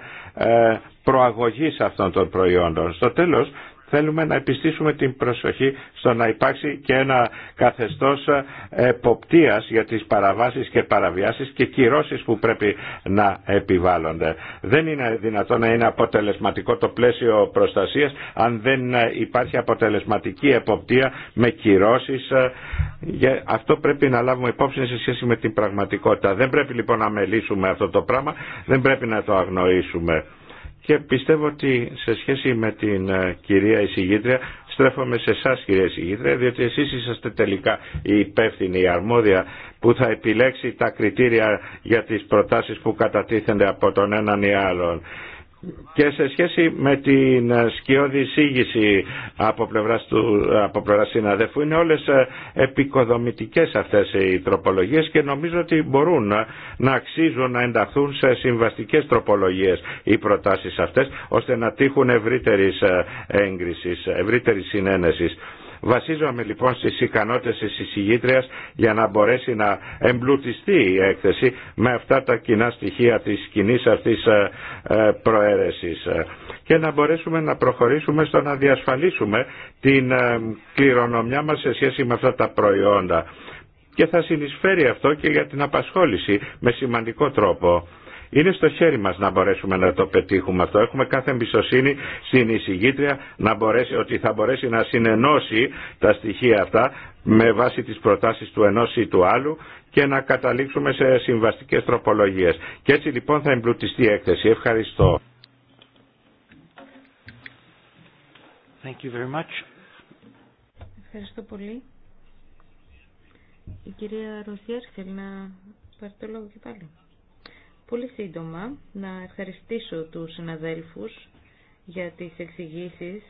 προαγωγής αυτών των προϊόντων. Στο τέλος θέλουμε να επιστήσουμε την προσοχή στο να υπάρξει και ένα καθεστώς ε, εποπτείας για τις παραβάσεις και παραβιάσεις και κυρώσεις που πρέπει να επιβάλλονται. Δεν είναι δυνατόν να είναι αποτελεσματικό το πλαίσιο προστασίας αν δεν ε, υπάρχει αποτελεσματική εποπτεία με κυρώσεις. Ε, αυτό πρέπει να λάβουμε υπόψη σε σχέση με την πραγματικότητα. Δεν πρέπει λοιπόν να μελήσουμε αυτό το πράγμα, δεν πρέπει να το αγνοήσουμε. Και πιστεύω ότι σε σχέση με την ε, κυρία εισηγήτρια, στρέφομαι σε εσά κυρία εισηγήτρια, διότι εσείς είσαστε τελικά η υπεύθυνη, αρμόδια που θα επιλέξει τα κριτήρια για τις προτάσεις που κατατίθενται από τον έναν ή άλλον. Και σε σχέση με την ε, σκιώδη εισήγηση από πλευράς, του, από συναδέφου είναι όλες ε, επικοδομητικές αυτές οι τροπολογίες και νομίζω ότι μπορούν ε, να αξίζουν να ενταχθούν σε συμβαστικές τροπολογίες οι προτάσεις αυτές ώστε να τύχουν ευρύτερης έγκρισης, ευρύτερης συνένεσης. Βασίζομαι λοιπόν στις ικανότητες της εισηγήτριας για να μπορέσει να εμπλουτιστεί η έκθεση με αυτά τα κοινά στοιχεία της κοινή αυτής ε, ε, προαίρεσης και να μπορέσουμε να προχωρήσουμε στο να διασφαλίσουμε την ε, κληρονομιά μας σε σχέση με αυτά τα προϊόντα. Και θα συνεισφέρει αυτό και για την απασχόληση με σημαντικό τρόπο. Είναι στο χέρι μας να μπορέσουμε να το πετύχουμε αυτό. Έχουμε κάθε εμπιστοσύνη στην εισηγήτρια να μπορέσει, ότι θα μπορέσει να συνενώσει τα στοιχεία αυτά με βάση τις προτάσεις του ενός ή του άλλου και να καταλήξουμε σε συμβαστικές τροπολογίες. Και έτσι λοιπόν θα εμπλουτιστεί η έκθεση. Ευχαριστώ. Thank you very much. Ευχαριστώ πολύ. Η κυρία θέλει να πάρει το λόγο και πάλι. Πολύ σύντομα να ευχαριστήσω τους συναδέλφους για τις εξηγήσει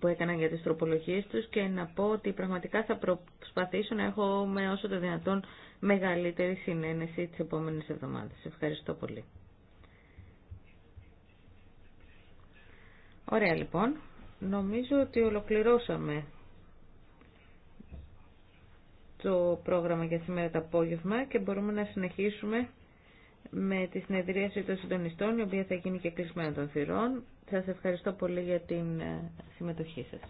που έκαναν για τις τροπολογίες τους και να πω ότι πραγματικά θα προσπαθήσω να έχω με όσο το δυνατόν μεγαλύτερη συνένεση τις επόμενες εβδομάδες. Ευχαριστώ πολύ. Ωραία λοιπόν. Νομίζω ότι ολοκληρώσαμε το πρόγραμμα για σήμερα το απόγευμα και μπορούμε να συνεχίσουμε με τη συνεδρίαση των συντονιστών, η οποία θα γίνει και κλεισμένα των θυρών. Σας ευχαριστώ πολύ για την ε, συμμετοχή σας.